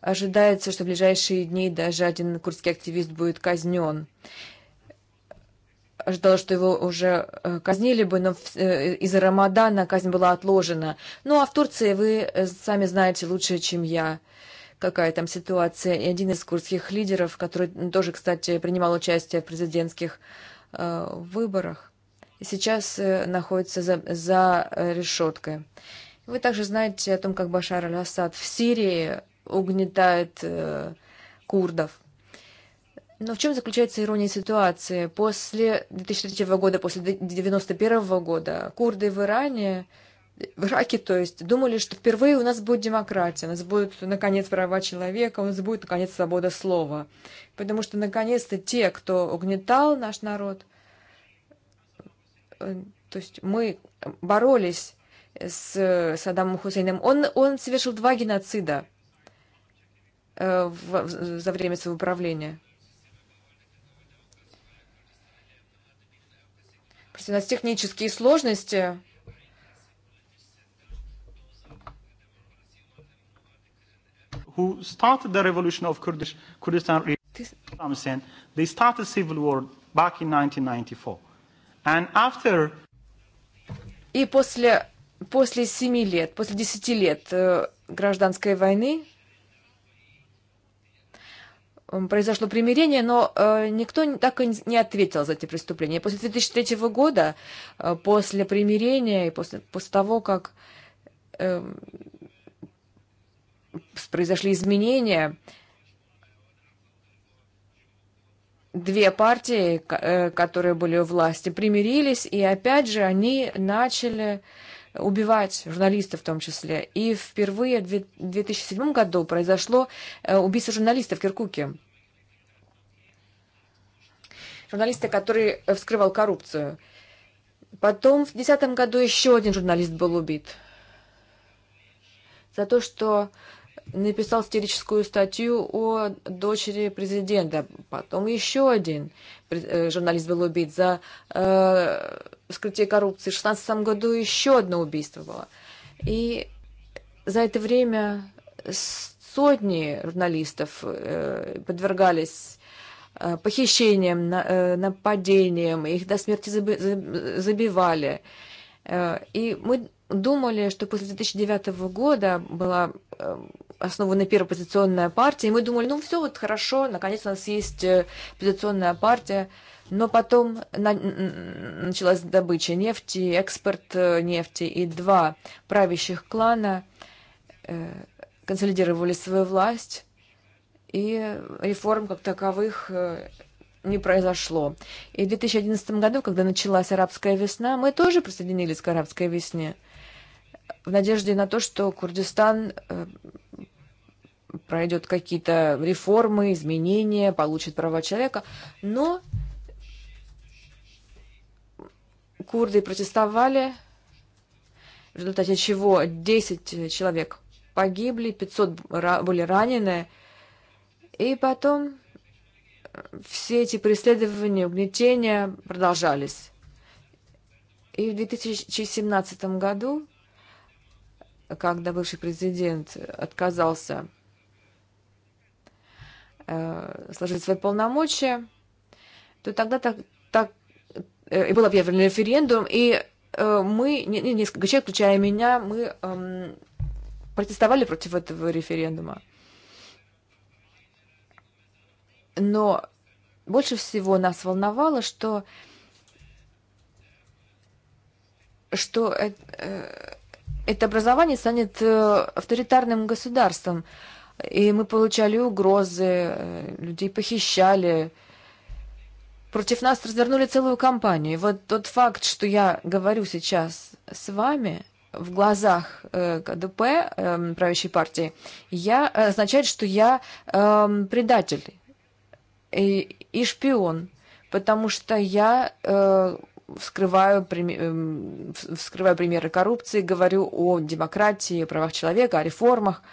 Ожидается, что в ближайшие дни даже один курдский активист будет казнен. Ожидалось, что его уже казнили бы, но из-за Рамадана казнь была отложена. Ну а в Турции вы сами знаете лучше, чем я какая там ситуация. И один из курдских лидеров, который тоже, кстати, принимал участие в президентских э, выборах, сейчас находится за, за решеткой. Вы также знаете о том, как Башар аль-Асад в Сирии угнетает э, курдов. Но в чем заключается ирония ситуации? После 2003 года, после 1991 года курды в Иране, в Ираке, то есть, думали, что впервые у нас будет демократия, у нас будет наконец, права человека, у нас будет, наконец, свобода слова. Потому что, наконец-то, те, кто угнетал наш народ, то есть мы боролись с Саддамом Хусейном. Он, он совершил два геноцида – за время своего управления. Просто у нас технические сложности. Who started the revolution of Kurdish Kurdistan? They started civil war back in 1994. And after... И после, после 7 лет, после 10 лет э, гражданской войны произошло примирение, но никто так и не ответил за эти преступления. После 2003 года, после примирения и после, после того, как произошли изменения, две партии, которые были у власти, примирились, и опять же они начали э, убивать журналистов в том числе. И впервые в 2007 году произошло убийство журналиста в Киркуке. Журналиста, который вскрывал коррупцию. Потом в 2010 году еще один журналист был убит за то, что написал сатирическую статью о дочери президента. Потом еще один журналист был убит за э, скрытие коррупции. В 2016 году еще одно убийство было. И за это время сотни журналистов э, подвергались э, похищениям, на, э, нападениям, их до смерти заби забивали. Э, и мы думали, что после 2009 года была э, основана первая оппозиционная партия, и мы думали, ну все, вот хорошо, наконец у нас есть оппозиционная партия, но потом на... началась добыча нефти, экспорт нефти, и два правящих клана э, консолидировали свою власть, и реформ как таковых не произошло. И в 2011 году, когда началась арабская весна, мы тоже присоединились к арабской весне в надежде на то, что Курдистан пройдет какие-то реформы, изменения, получит права человека, но курды протестовали, в результате чего 10 человек погибли, 500 были ранены, и потом все эти преследования, угнетения продолжались. И в 2017 году, когда бывший президент отказался сложить свои полномочия, то тогда так, так и был объявлен референдум, и мы, несколько человек, включая меня, мы протестовали против этого референдума. Но больше всего нас волновало, что что это образование станет авторитарным государством. И мы получали угрозы, людей похищали. Против нас развернули целую кампанию. И вот тот факт, что я говорю сейчас с вами в глазах КДП, правящей партии, я, означает, что я предатель и, и шпион, потому что я вскрываю, вскрываю примеры коррупции, говорю о демократии, о правах человека, о реформах –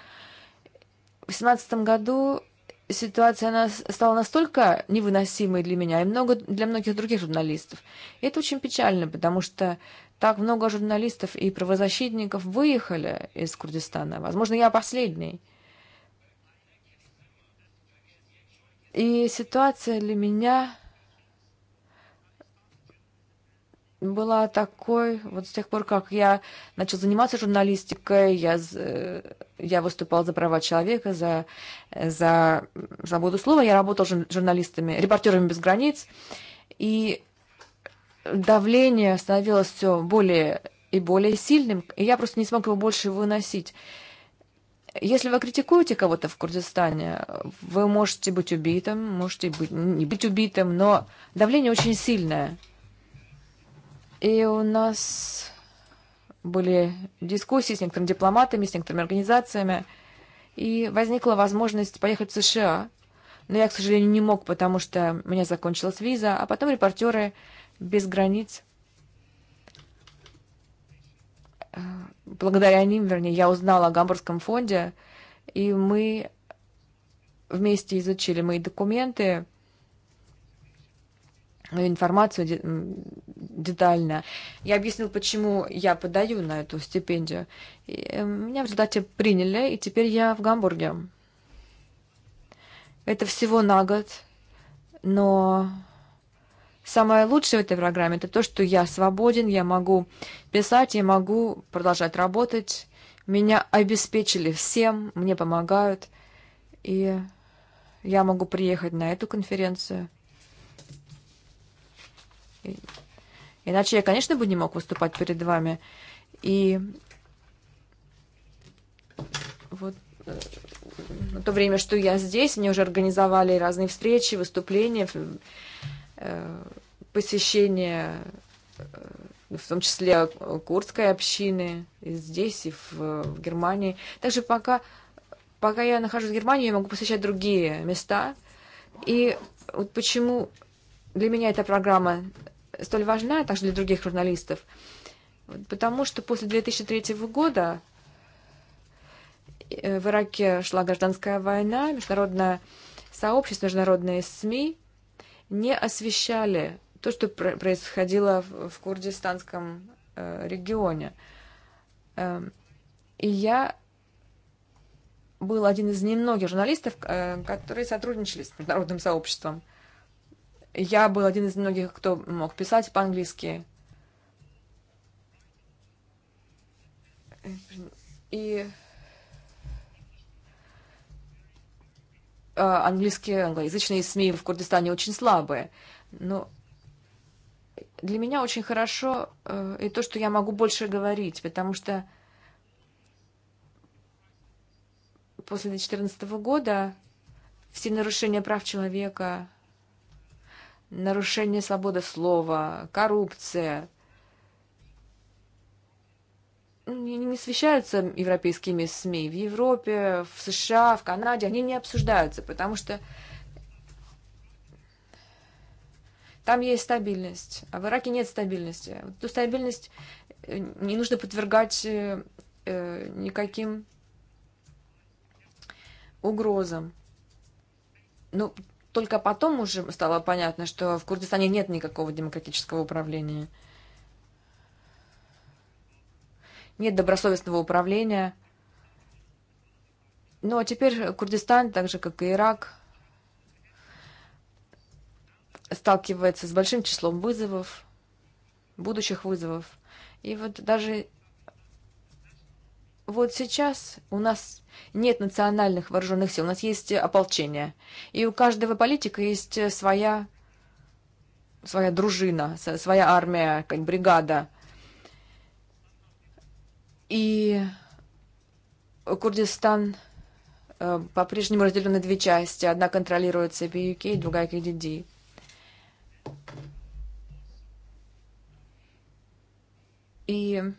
в 2017 году ситуация стала настолько невыносимой для меня и много для многих других журналистов. И это очень печально, потому что так много журналистов и правозащитников выехали из Курдистана. Возможно, я последний. И ситуация для меня была такой, вот с тех пор, как я начал заниматься журналистикой, я, я выступал за права человека, за, за свободу слова, я работал журналистами, репортерами без границ, и давление становилось все более и более сильным, и я просто не смог его больше выносить. Если вы критикуете кого-то в Курдистане, вы можете быть убитым, можете быть, не быть убитым, но давление очень сильное – И у нас были дискуссии с некоторыми дипломатами, с некоторыми организациями, и возникла возможность поехать в США. Но я, к сожалению, не мог, потому что у меня закончилась виза, а потом репортеры без границ. Благодаря ним, вернее, я узнала о Гамбургском фонде, и мы вместе изучили мои документы, информацию, детально. Я объяснил, почему я подаю на эту стипендию. И меня в результате приняли, и теперь я в Гамбурге. Это всего на год, но самое лучшее в этой программе это то, что я свободен, я могу писать, я могу продолжать работать. Меня обеспечили всем, мне помогают, и я могу приехать на эту конференцию. Иначе я, конечно, бы не мог выступать перед вами. И вот на то время, что я здесь, мне уже организовали разные встречи, выступления, посещение, в том числе курдской общины, и здесь, и в, в Германии. Также пока, пока я нахожусь в Германии, я могу посещать другие места. И вот почему для меня эта программа столь важна также для других журналистов, потому что после 2003 года в Ираке шла гражданская война, международное сообщество, международные СМИ не освещали то, что происходило в курдистанском регионе. И я был один из немногих журналистов, которые сотрудничали с международным сообществом – Я был один из многих, кто мог писать по-английски. И английские, англоязычные СМИ в Курдистане очень слабые. Но для меня очень хорошо и то, что я могу больше говорить, потому что после 2014 года все нарушения прав человека нарушение свободы слова, коррупция. Не, не освещаются европейскими СМИ. В Европе, в США, в Канаде они не обсуждаются, потому что там есть стабильность, а в Ираке нет стабильности. Вот эту стабильность не нужно подвергать э, никаким угрозам. Ну, только потом уже стало понятно, что в Курдистане нет никакого демократического управления. Нет добросовестного управления. Ну а теперь Курдистан, так же как и Ирак, сталкивается с большим числом вызовов, будущих вызовов. И вот даже вот сейчас у нас нет национальных вооруженных сил, у нас есть ополчение. И у каждого политика есть своя, своя дружина, своя армия, как бригада. И Курдистан по-прежнему разделен на две части. Одна контролируется БЮК, другая КДД. И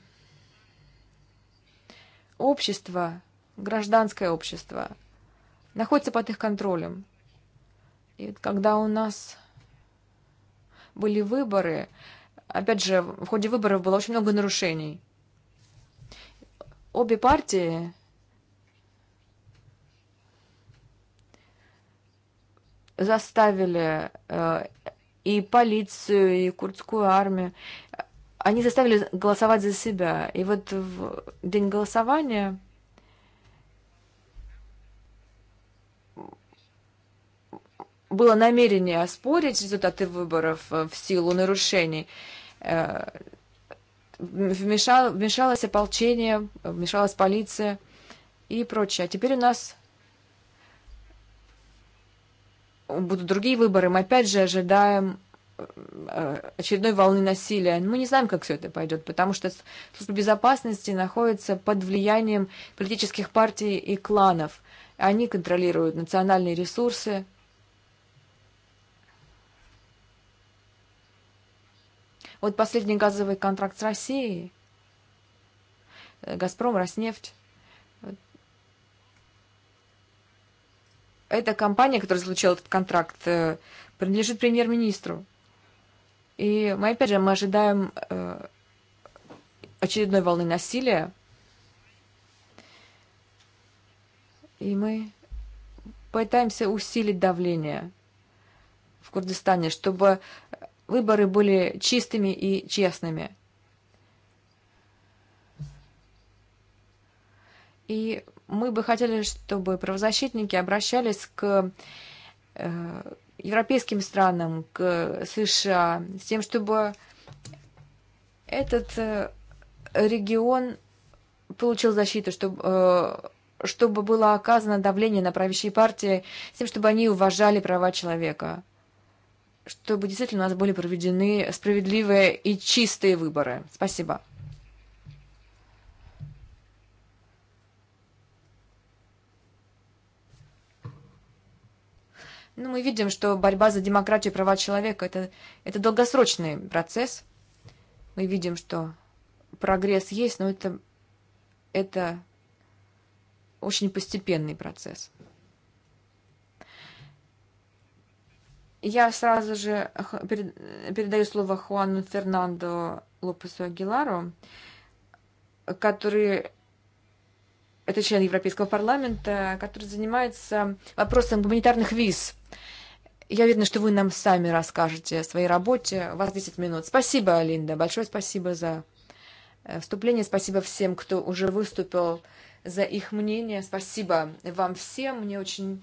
общество, гражданское общество, находится под их контролем. И когда у нас были выборы, опять же, в ходе выборов было очень много нарушений. Обе партии заставили э, и полицию, и курдскую армию они заставили голосовать за себя. И вот в день голосования было намерение оспорить результаты выборов в силу нарушений. Вмешало, вмешалось ополчение, вмешалась полиция и прочее. А теперь у нас будут другие выборы. Мы опять же ожидаем очередной волны насилия. Мы не знаем, как все это пойдет, потому что служба безопасности находится под влиянием политических партий и кланов. Они контролируют национальные ресурсы. Вот последний газовый контракт с Россией, Газпром, Роснефть, эта компания, которая заключила этот контракт, принадлежит премьер-министру. И мы, опять же, мы ожидаем очередной волны насилия. И мы пытаемся усилить давление в Курдистане, чтобы выборы были чистыми и честными. И мы бы хотели, чтобы правозащитники обращались к, европейским странам, к США, с тем, чтобы этот регион получил защиту, чтобы, чтобы было оказано давление на правящие партии, с тем, чтобы они уважали права человека, чтобы действительно у нас были проведены справедливые и чистые выборы. Спасибо. Ну, мы видим, что борьба за демократию и права человека это, – это долгосрочный процесс. Мы видим, что прогресс есть, но это, это очень постепенный процесс. Я сразу же передаю слово Хуану Фернандо Лопесу Агилару, который это член Европейского парламента, который занимается вопросом гуманитарных виз Я видно, что вы нам сами расскажете о своей работе. У вас 10 минут. Спасибо, Линда. Большое спасибо за вступление. Спасибо всем, кто уже выступил за их мнение. Спасибо вам всем. Мне очень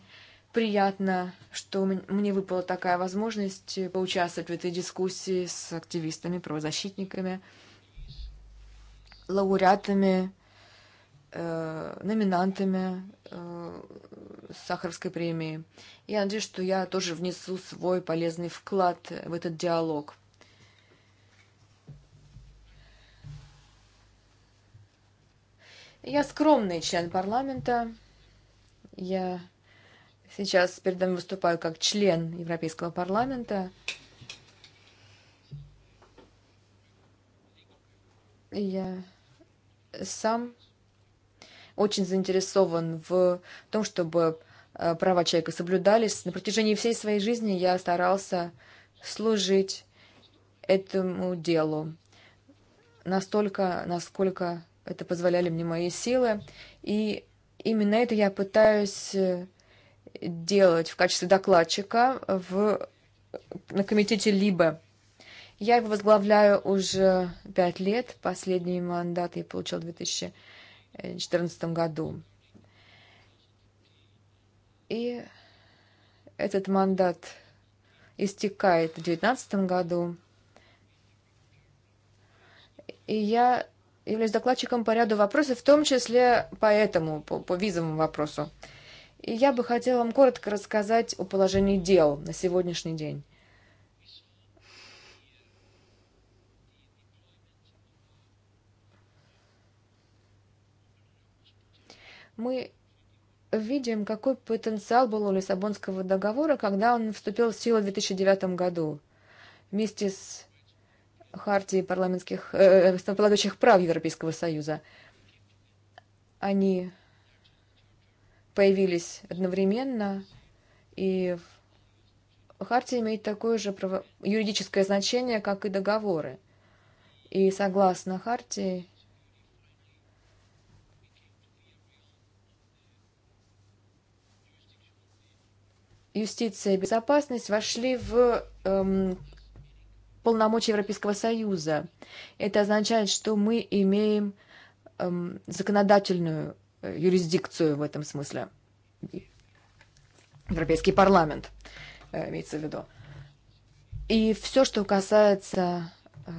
приятно, что мне выпала такая возможность поучаствовать в этой дискуссии с активистами, правозащитниками, лауреатами номинантами Сахаровской премии. Я надеюсь, что я тоже внесу свой полезный вклад в этот диалог. Я скромный член парламента. Я сейчас перед вами выступаю как член Европейского парламента. Я сам очень заинтересован в том, чтобы права человека соблюдались. На протяжении всей своей жизни я старался служить этому делу настолько, насколько это позволяли мне мои силы. И именно это я пытаюсь делать в качестве докладчика в, на комитете Либо. Я его возглавляю уже пять лет. Последний мандат я получил в 2000 2014 году. И этот мандат истекает в 2019 году. И я являюсь докладчиком по ряду вопросов, в том числе по этому, по, по визовому вопросу. И я бы хотела вам коротко рассказать о положении дел на сегодняшний день. мы видим, какой потенциал был у Лиссабонского договора, когда он вступил в силу в 2009 году вместе с Хартией парламентских, э, основополагающих прав Европейского Союза. Они появились одновременно, и Хартия имеет такое же право, юридическое значение, как и договоры. И согласно Хартии, юстиция и безопасность вошли в эм, полномочия Европейского Союза. Это означает, что мы имеем эм, законодательную юрисдикцию в этом смысле. Европейский парламент э, имеется в виду. И все, что касается э,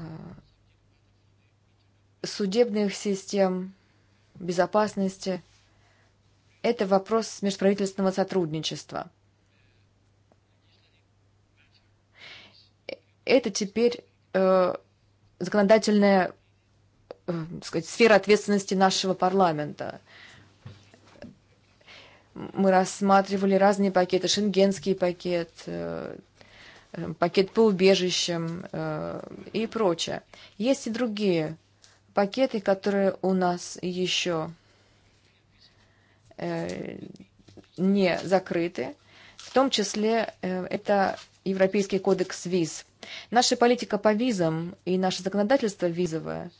судебных систем, безопасности, это вопрос межправительственного сотрудничества – Это теперь э, законодательная э, сказать, сфера ответственности нашего парламента. Мы рассматривали разные пакеты, шенгенский пакет, э, пакет по убежищам э, и прочее. Есть и другие пакеты, которые у нас еще э, не закрыты. В том числе э, это Европейский кодекс виз – Наша политика по визам и наше законодательство визовое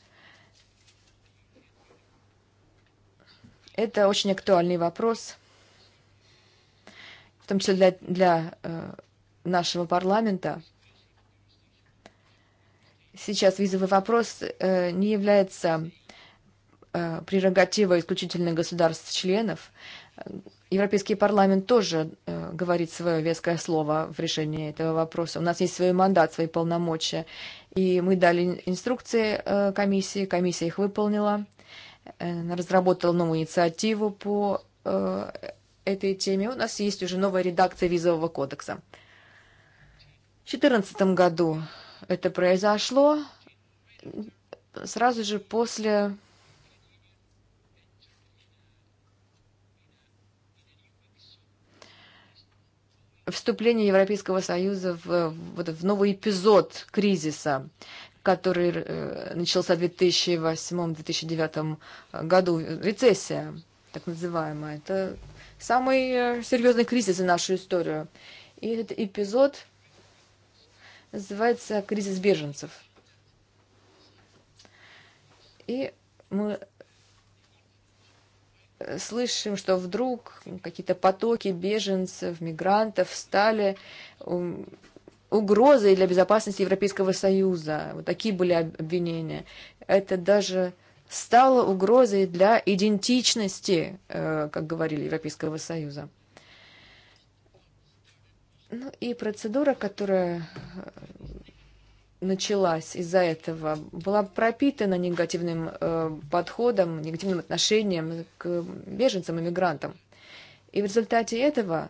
– это очень актуальный вопрос, в том числе для, для э, нашего парламента. Сейчас визовый вопрос э, не является прерогативой исключительно государств-членов. Европейский парламент тоже говорит свое веское слово в решении этого вопроса. У нас есть свой мандат, свои полномочия. И мы дали инструкции комиссии, комиссия их выполнила, э, разработала новую инициативу по э, этой теме. У нас есть уже новая редакция визового кодекса. В 2014 году это произошло сразу же после вступление Европейского Союза в, вот, в новый эпизод кризиса, который начался в 2008-2009 году, рецессия так называемая. Это самый серьезный кризис за нашу историю. И этот эпизод называется «Кризис беженцев». И мы слышим, что вдруг какие-то потоки беженцев, мигрантов стали угрозой для безопасности Европейского Союза. Вот такие были обвинения. Это даже стало угрозой для идентичности, как говорили, Европейского Союза. Ну и процедура, которая началась из-за этого, была пропитана негативным э, подходом, негативным отношением к беженцам и мигрантам. И в результате этого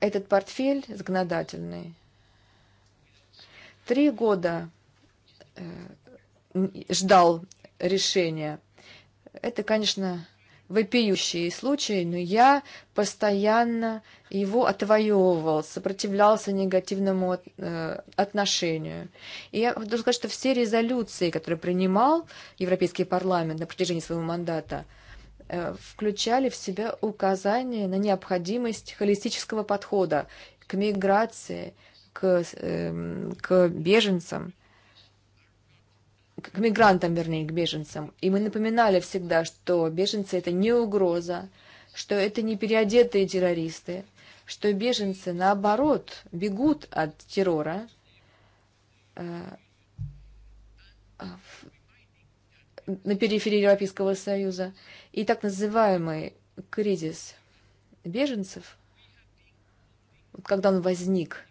этот портфель законодательный три года э, ждал решения. Это, конечно, Вопиющие случай, но я постоянно его отвоевывал, сопротивлялся негативному э, отношению. И я хочу сказать, что все резолюции, которые принимал Европейский парламент на протяжении своего мандата, э, включали в себя указания на необходимость холистического подхода к миграции, к, к беженцам к мигрантам, вернее, к беженцам. И мы напоминали всегда, что беженцы это не угроза, что это не переодетые террористы, что беженцы, наоборот, бегут от террора, на периферии Европейского Союза. И так называемый кризис беженцев, когда он возник,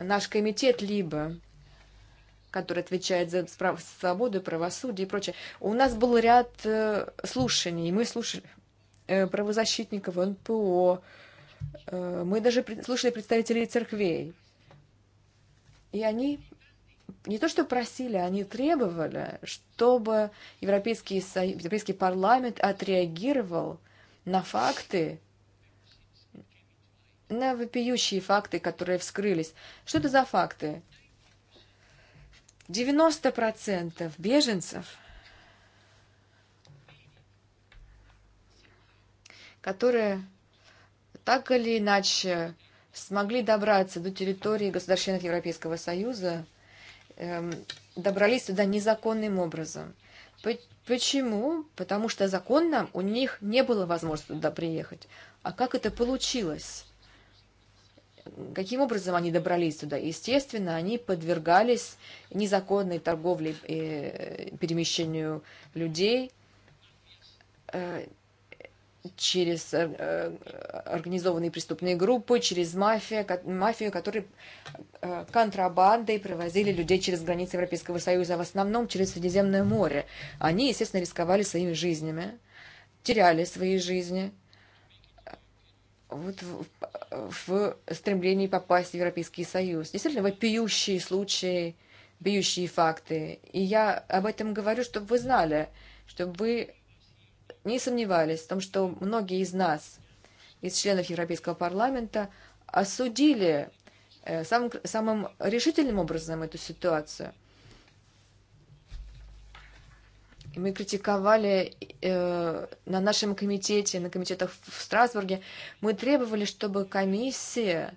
наш комитет либо который отвечает за свободу, правосудие и прочее. У нас был ряд слушаний, слушаний, мы слушали правозащитников, НПО, мы даже слушали представителей церквей. И они не то что просили, они требовали, чтобы Европейский, Союз, Европейский парламент отреагировал на факты, на вопиющие факты, которые вскрылись. Что это за факты? 90% беженцев, которые так или иначе смогли добраться до территории государственных Европейского Союза, добрались туда незаконным образом. Почему? Потому что законно у них не было возможности туда приехать. А как это получилось? каким образом они добрались туда? Естественно, они подвергались незаконной торговле и перемещению людей через организованные преступные группы, через мафию, мафию, которые контрабандой провозили людей через границы Европейского Союза, в основном через Средиземное море. Они, естественно, рисковали своими жизнями, теряли свои жизни – вот в, в стремлении попасть в Европейский Союз. Действительно, вопиющие случаи, бьющие факты. И я об этом говорю, чтобы вы знали, чтобы вы не сомневались в том, что многие из нас, из членов Европейского парламента, осудили самым, самым решительным образом эту ситуацию – Мы критиковали э, на нашем комитете, на комитетах в Страсбурге, мы требовали, чтобы комиссия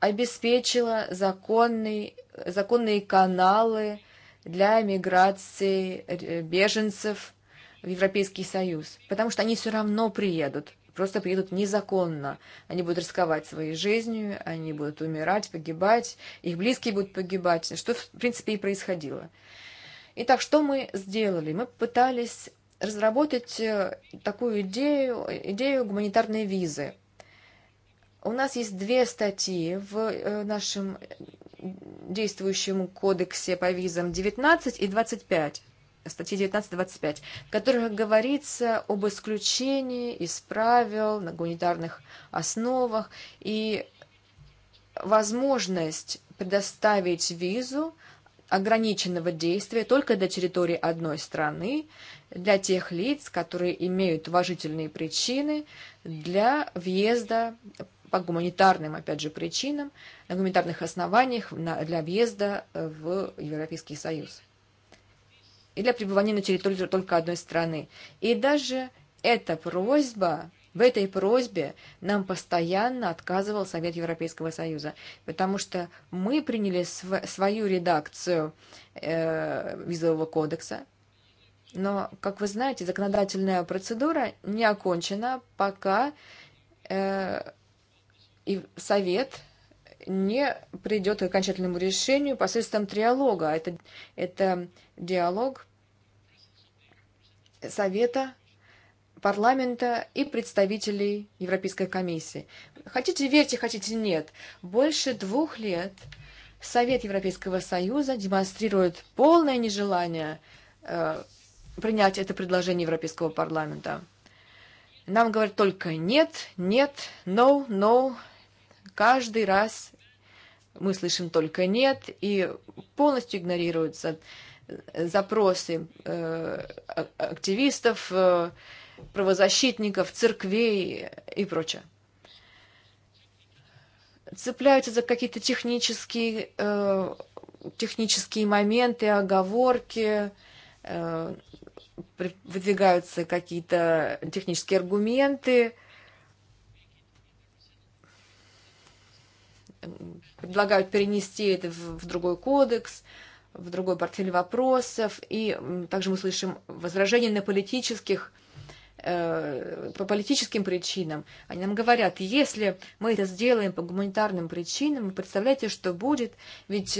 обеспечила законный, законные каналы для миграции беженцев в Европейский Союз, потому что они все равно приедут, просто приедут незаконно. Они будут рисковать своей жизнью, они будут умирать, погибать, их близкие будут погибать, что, в принципе, и происходило. Итак, что мы сделали? Мы пытались разработать такую идею, идею гуманитарной визы. У нас есть две статьи в нашем действующем кодексе по визам 19 и 25 статьи 19-25, в которых говорится об исключении из правил на гуманитарных основах и возможность предоставить визу ограниченного действия только до территории одной страны для тех лиц, которые имеют уважительные причины для въезда по гуманитарным, опять же, причинам, на гуманитарных основаниях для въезда в Европейский Союз. И для пребывания на территории только одной страны. И даже эта просьба В этой просьбе нам постоянно отказывал Совет Европейского Союза, потому что мы приняли св свою редакцию э, визового кодекса, но, как вы знаете, законодательная процедура не окончена, пока э, и Совет не придет к окончательному решению посредством триалога. Это, это диалог Совета парламента и представителей Европейской комиссии. Хотите верьте, хотите нет. Больше двух лет Совет Европейского Союза демонстрирует полное нежелание э, принять это предложение Европейского парламента. Нам говорят только нет, нет, но, но, Каждый раз мы слышим только нет и полностью игнорируются запросы э, активистов, э, правозащитников, церквей и прочее. Цепляются за какие-то технические, э, технические моменты, оговорки, э, выдвигаются какие-то технические аргументы, предлагают перенести это в, в другой кодекс, в другой портфель вопросов. И также мы слышим возражения на политических по политическим причинам. Они нам говорят, если мы это сделаем по гуманитарным причинам, представляете, что будет, ведь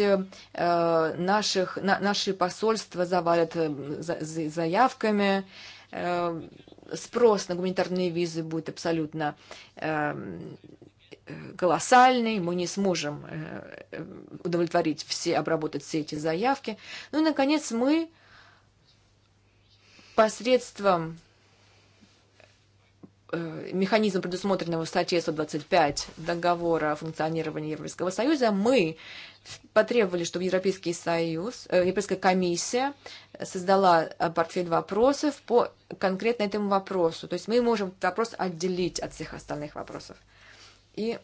наших, наши посольства завалят заявками, спрос на гуманитарные визы будет абсолютно колоссальный, мы не сможем удовлетворить все, обработать все эти заявки. Ну и, наконец, мы посредством механизм, предусмотренного в статье 125 договора о функционировании Европейского Союза, мы потребовали, чтобы Европейский Союз, Европейская комиссия создала портфель вопросов по конкретно этому вопросу. То есть мы можем вопрос отделить от всех остальных вопросов. И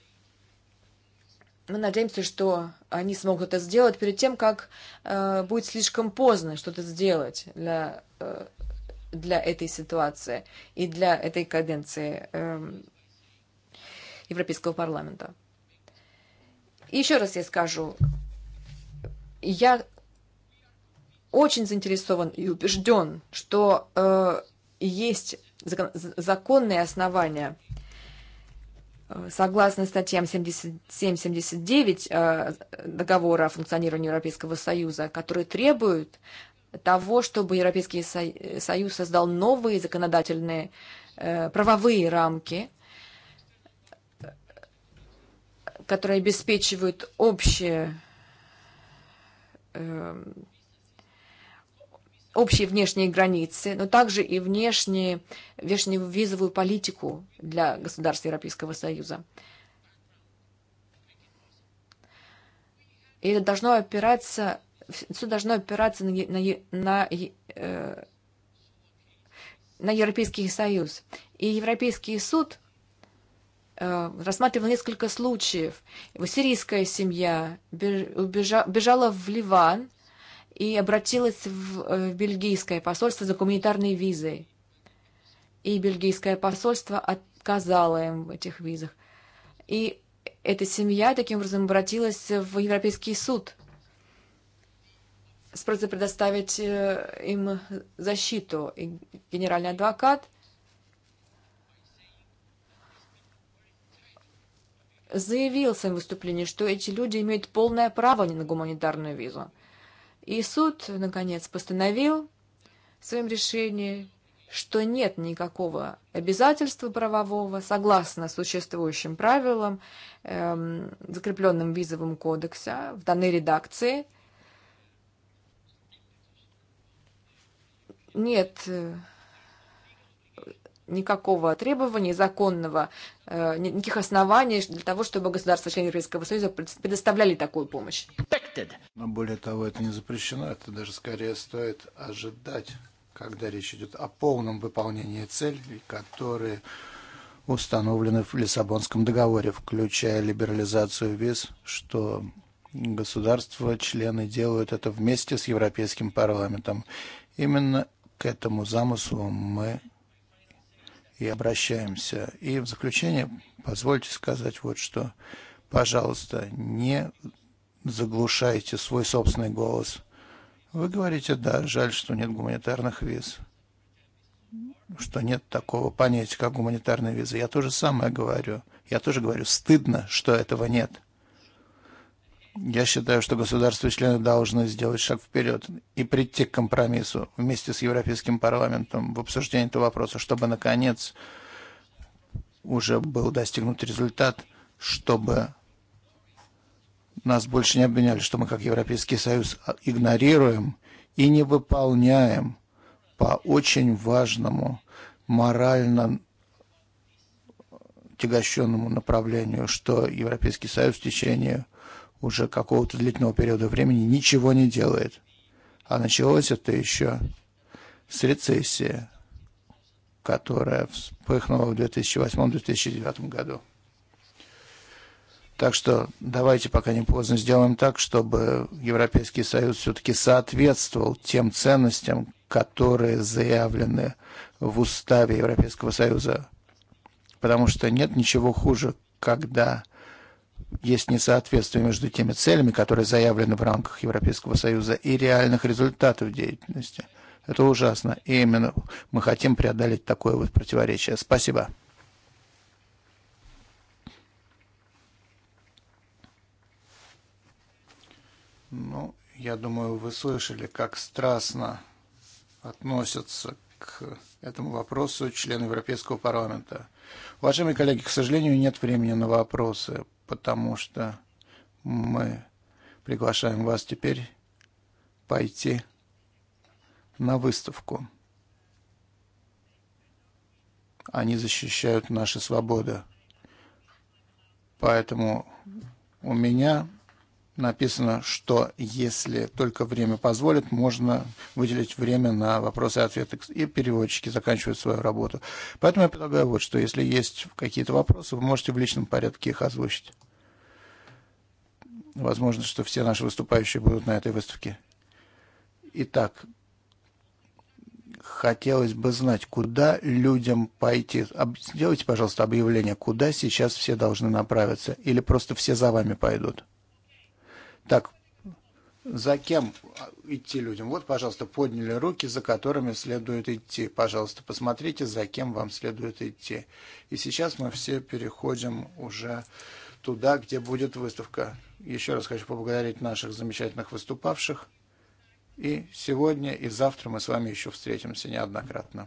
мы надеемся, что они смогут это сделать перед тем, как э, будет слишком поздно что-то сделать для э, для этой ситуации и для этой каденции Европейского парламента. Еще раз я скажу, я очень заинтересован и убежден, что э, есть законные основания, согласно статьям 77-79 э, договора о функционировании Европейского Союза, которые требуют того, чтобы Европейский Союз создал новые законодательные правовые рамки, которые обеспечивают общие, общие внешние границы, но также и внешние, внешнюю визовую политику для государств Европейского Союза. И это должно опираться все должно опираться на, на, на, на Европейский Союз. И Европейский суд рассматривал несколько случаев. сирийская семья бежала в Ливан и обратилась в бельгийское посольство за гуманитарной визой. И бельгийское посольство отказало им в этих визах. И эта семья таким образом обратилась в Европейский суд – с просьбой предоставить им защиту. И генеральный адвокат заявил в своем выступлении, что эти люди имеют полное право на гуманитарную визу. И суд, наконец, постановил в своем решении, что нет никакого обязательства правового, согласно существующим правилам, закрепленным в визовом кодексе в данной редакции – нет никакого требования законного, никаких оснований для того, чтобы государства члены Европейского Союза предоставляли такую помощь. Но более того, это не запрещено, это даже скорее стоит ожидать, когда речь идет о полном выполнении целей, которые установлены в Лиссабонском договоре, включая либерализацию виз, что государства, члены делают это вместе с Европейским парламентом. Именно к этому замыслу мы и обращаемся. И в заключение позвольте сказать вот что. Пожалуйста, не заглушайте свой собственный голос. Вы говорите, да, жаль, что нет гуманитарных виз, что нет такого понятия, как гуманитарные визы. Я то самое говорю. Я тоже говорю, стыдно, что этого нет. Я считаю, что государства-члены должны сделать шаг вперед и прийти к компромиссу вместе с Европейским парламентом в обсуждении этого вопроса, чтобы, наконец, уже был достигнут результат, чтобы нас больше не обвиняли, что мы как Европейский Союз игнорируем и не выполняем по очень важному морально тягощенному направлению, что Европейский Союз в течение уже какого-то длительного периода времени ничего не делает. А началось это еще с рецессии, которая вспыхнула в 2008-2009 году. Так что давайте, пока не поздно, сделаем так, чтобы Европейский Союз все-таки соответствовал тем ценностям, которые заявлены в уставе Европейского Союза. Потому что нет ничего хуже, когда есть несоответствие между теми целями, которые заявлены в рамках Европейского Союза, и реальных результатов деятельности. Это ужасно. И именно мы хотим преодолеть такое вот противоречие. Спасибо. Ну, я думаю, вы слышали, как страстно относятся к этому вопросу члены Европейского парламента. Уважаемые коллеги, к сожалению, нет времени на вопросы, потому что мы приглашаем вас теперь пойти на выставку. Они защищают наши свободы. Поэтому у меня написано, что если только время позволит, можно выделить время на вопросы и ответы, и переводчики заканчивают свою работу. Поэтому я предлагаю вот, что если есть какие-то вопросы, вы можете в личном порядке их озвучить. Возможно, что все наши выступающие будут на этой выставке. Итак, хотелось бы знать, куда людям пойти. Сделайте, пожалуйста, объявление, куда сейчас все должны направиться, или просто все за вами пойдут. Так, за кем идти людям? Вот, пожалуйста, подняли руки, за которыми следует идти. Пожалуйста, посмотрите, за кем вам следует идти. И сейчас мы все переходим уже туда, где будет выставка. Еще раз хочу поблагодарить наших замечательных выступавших. И сегодня и завтра мы с вами еще встретимся неоднократно.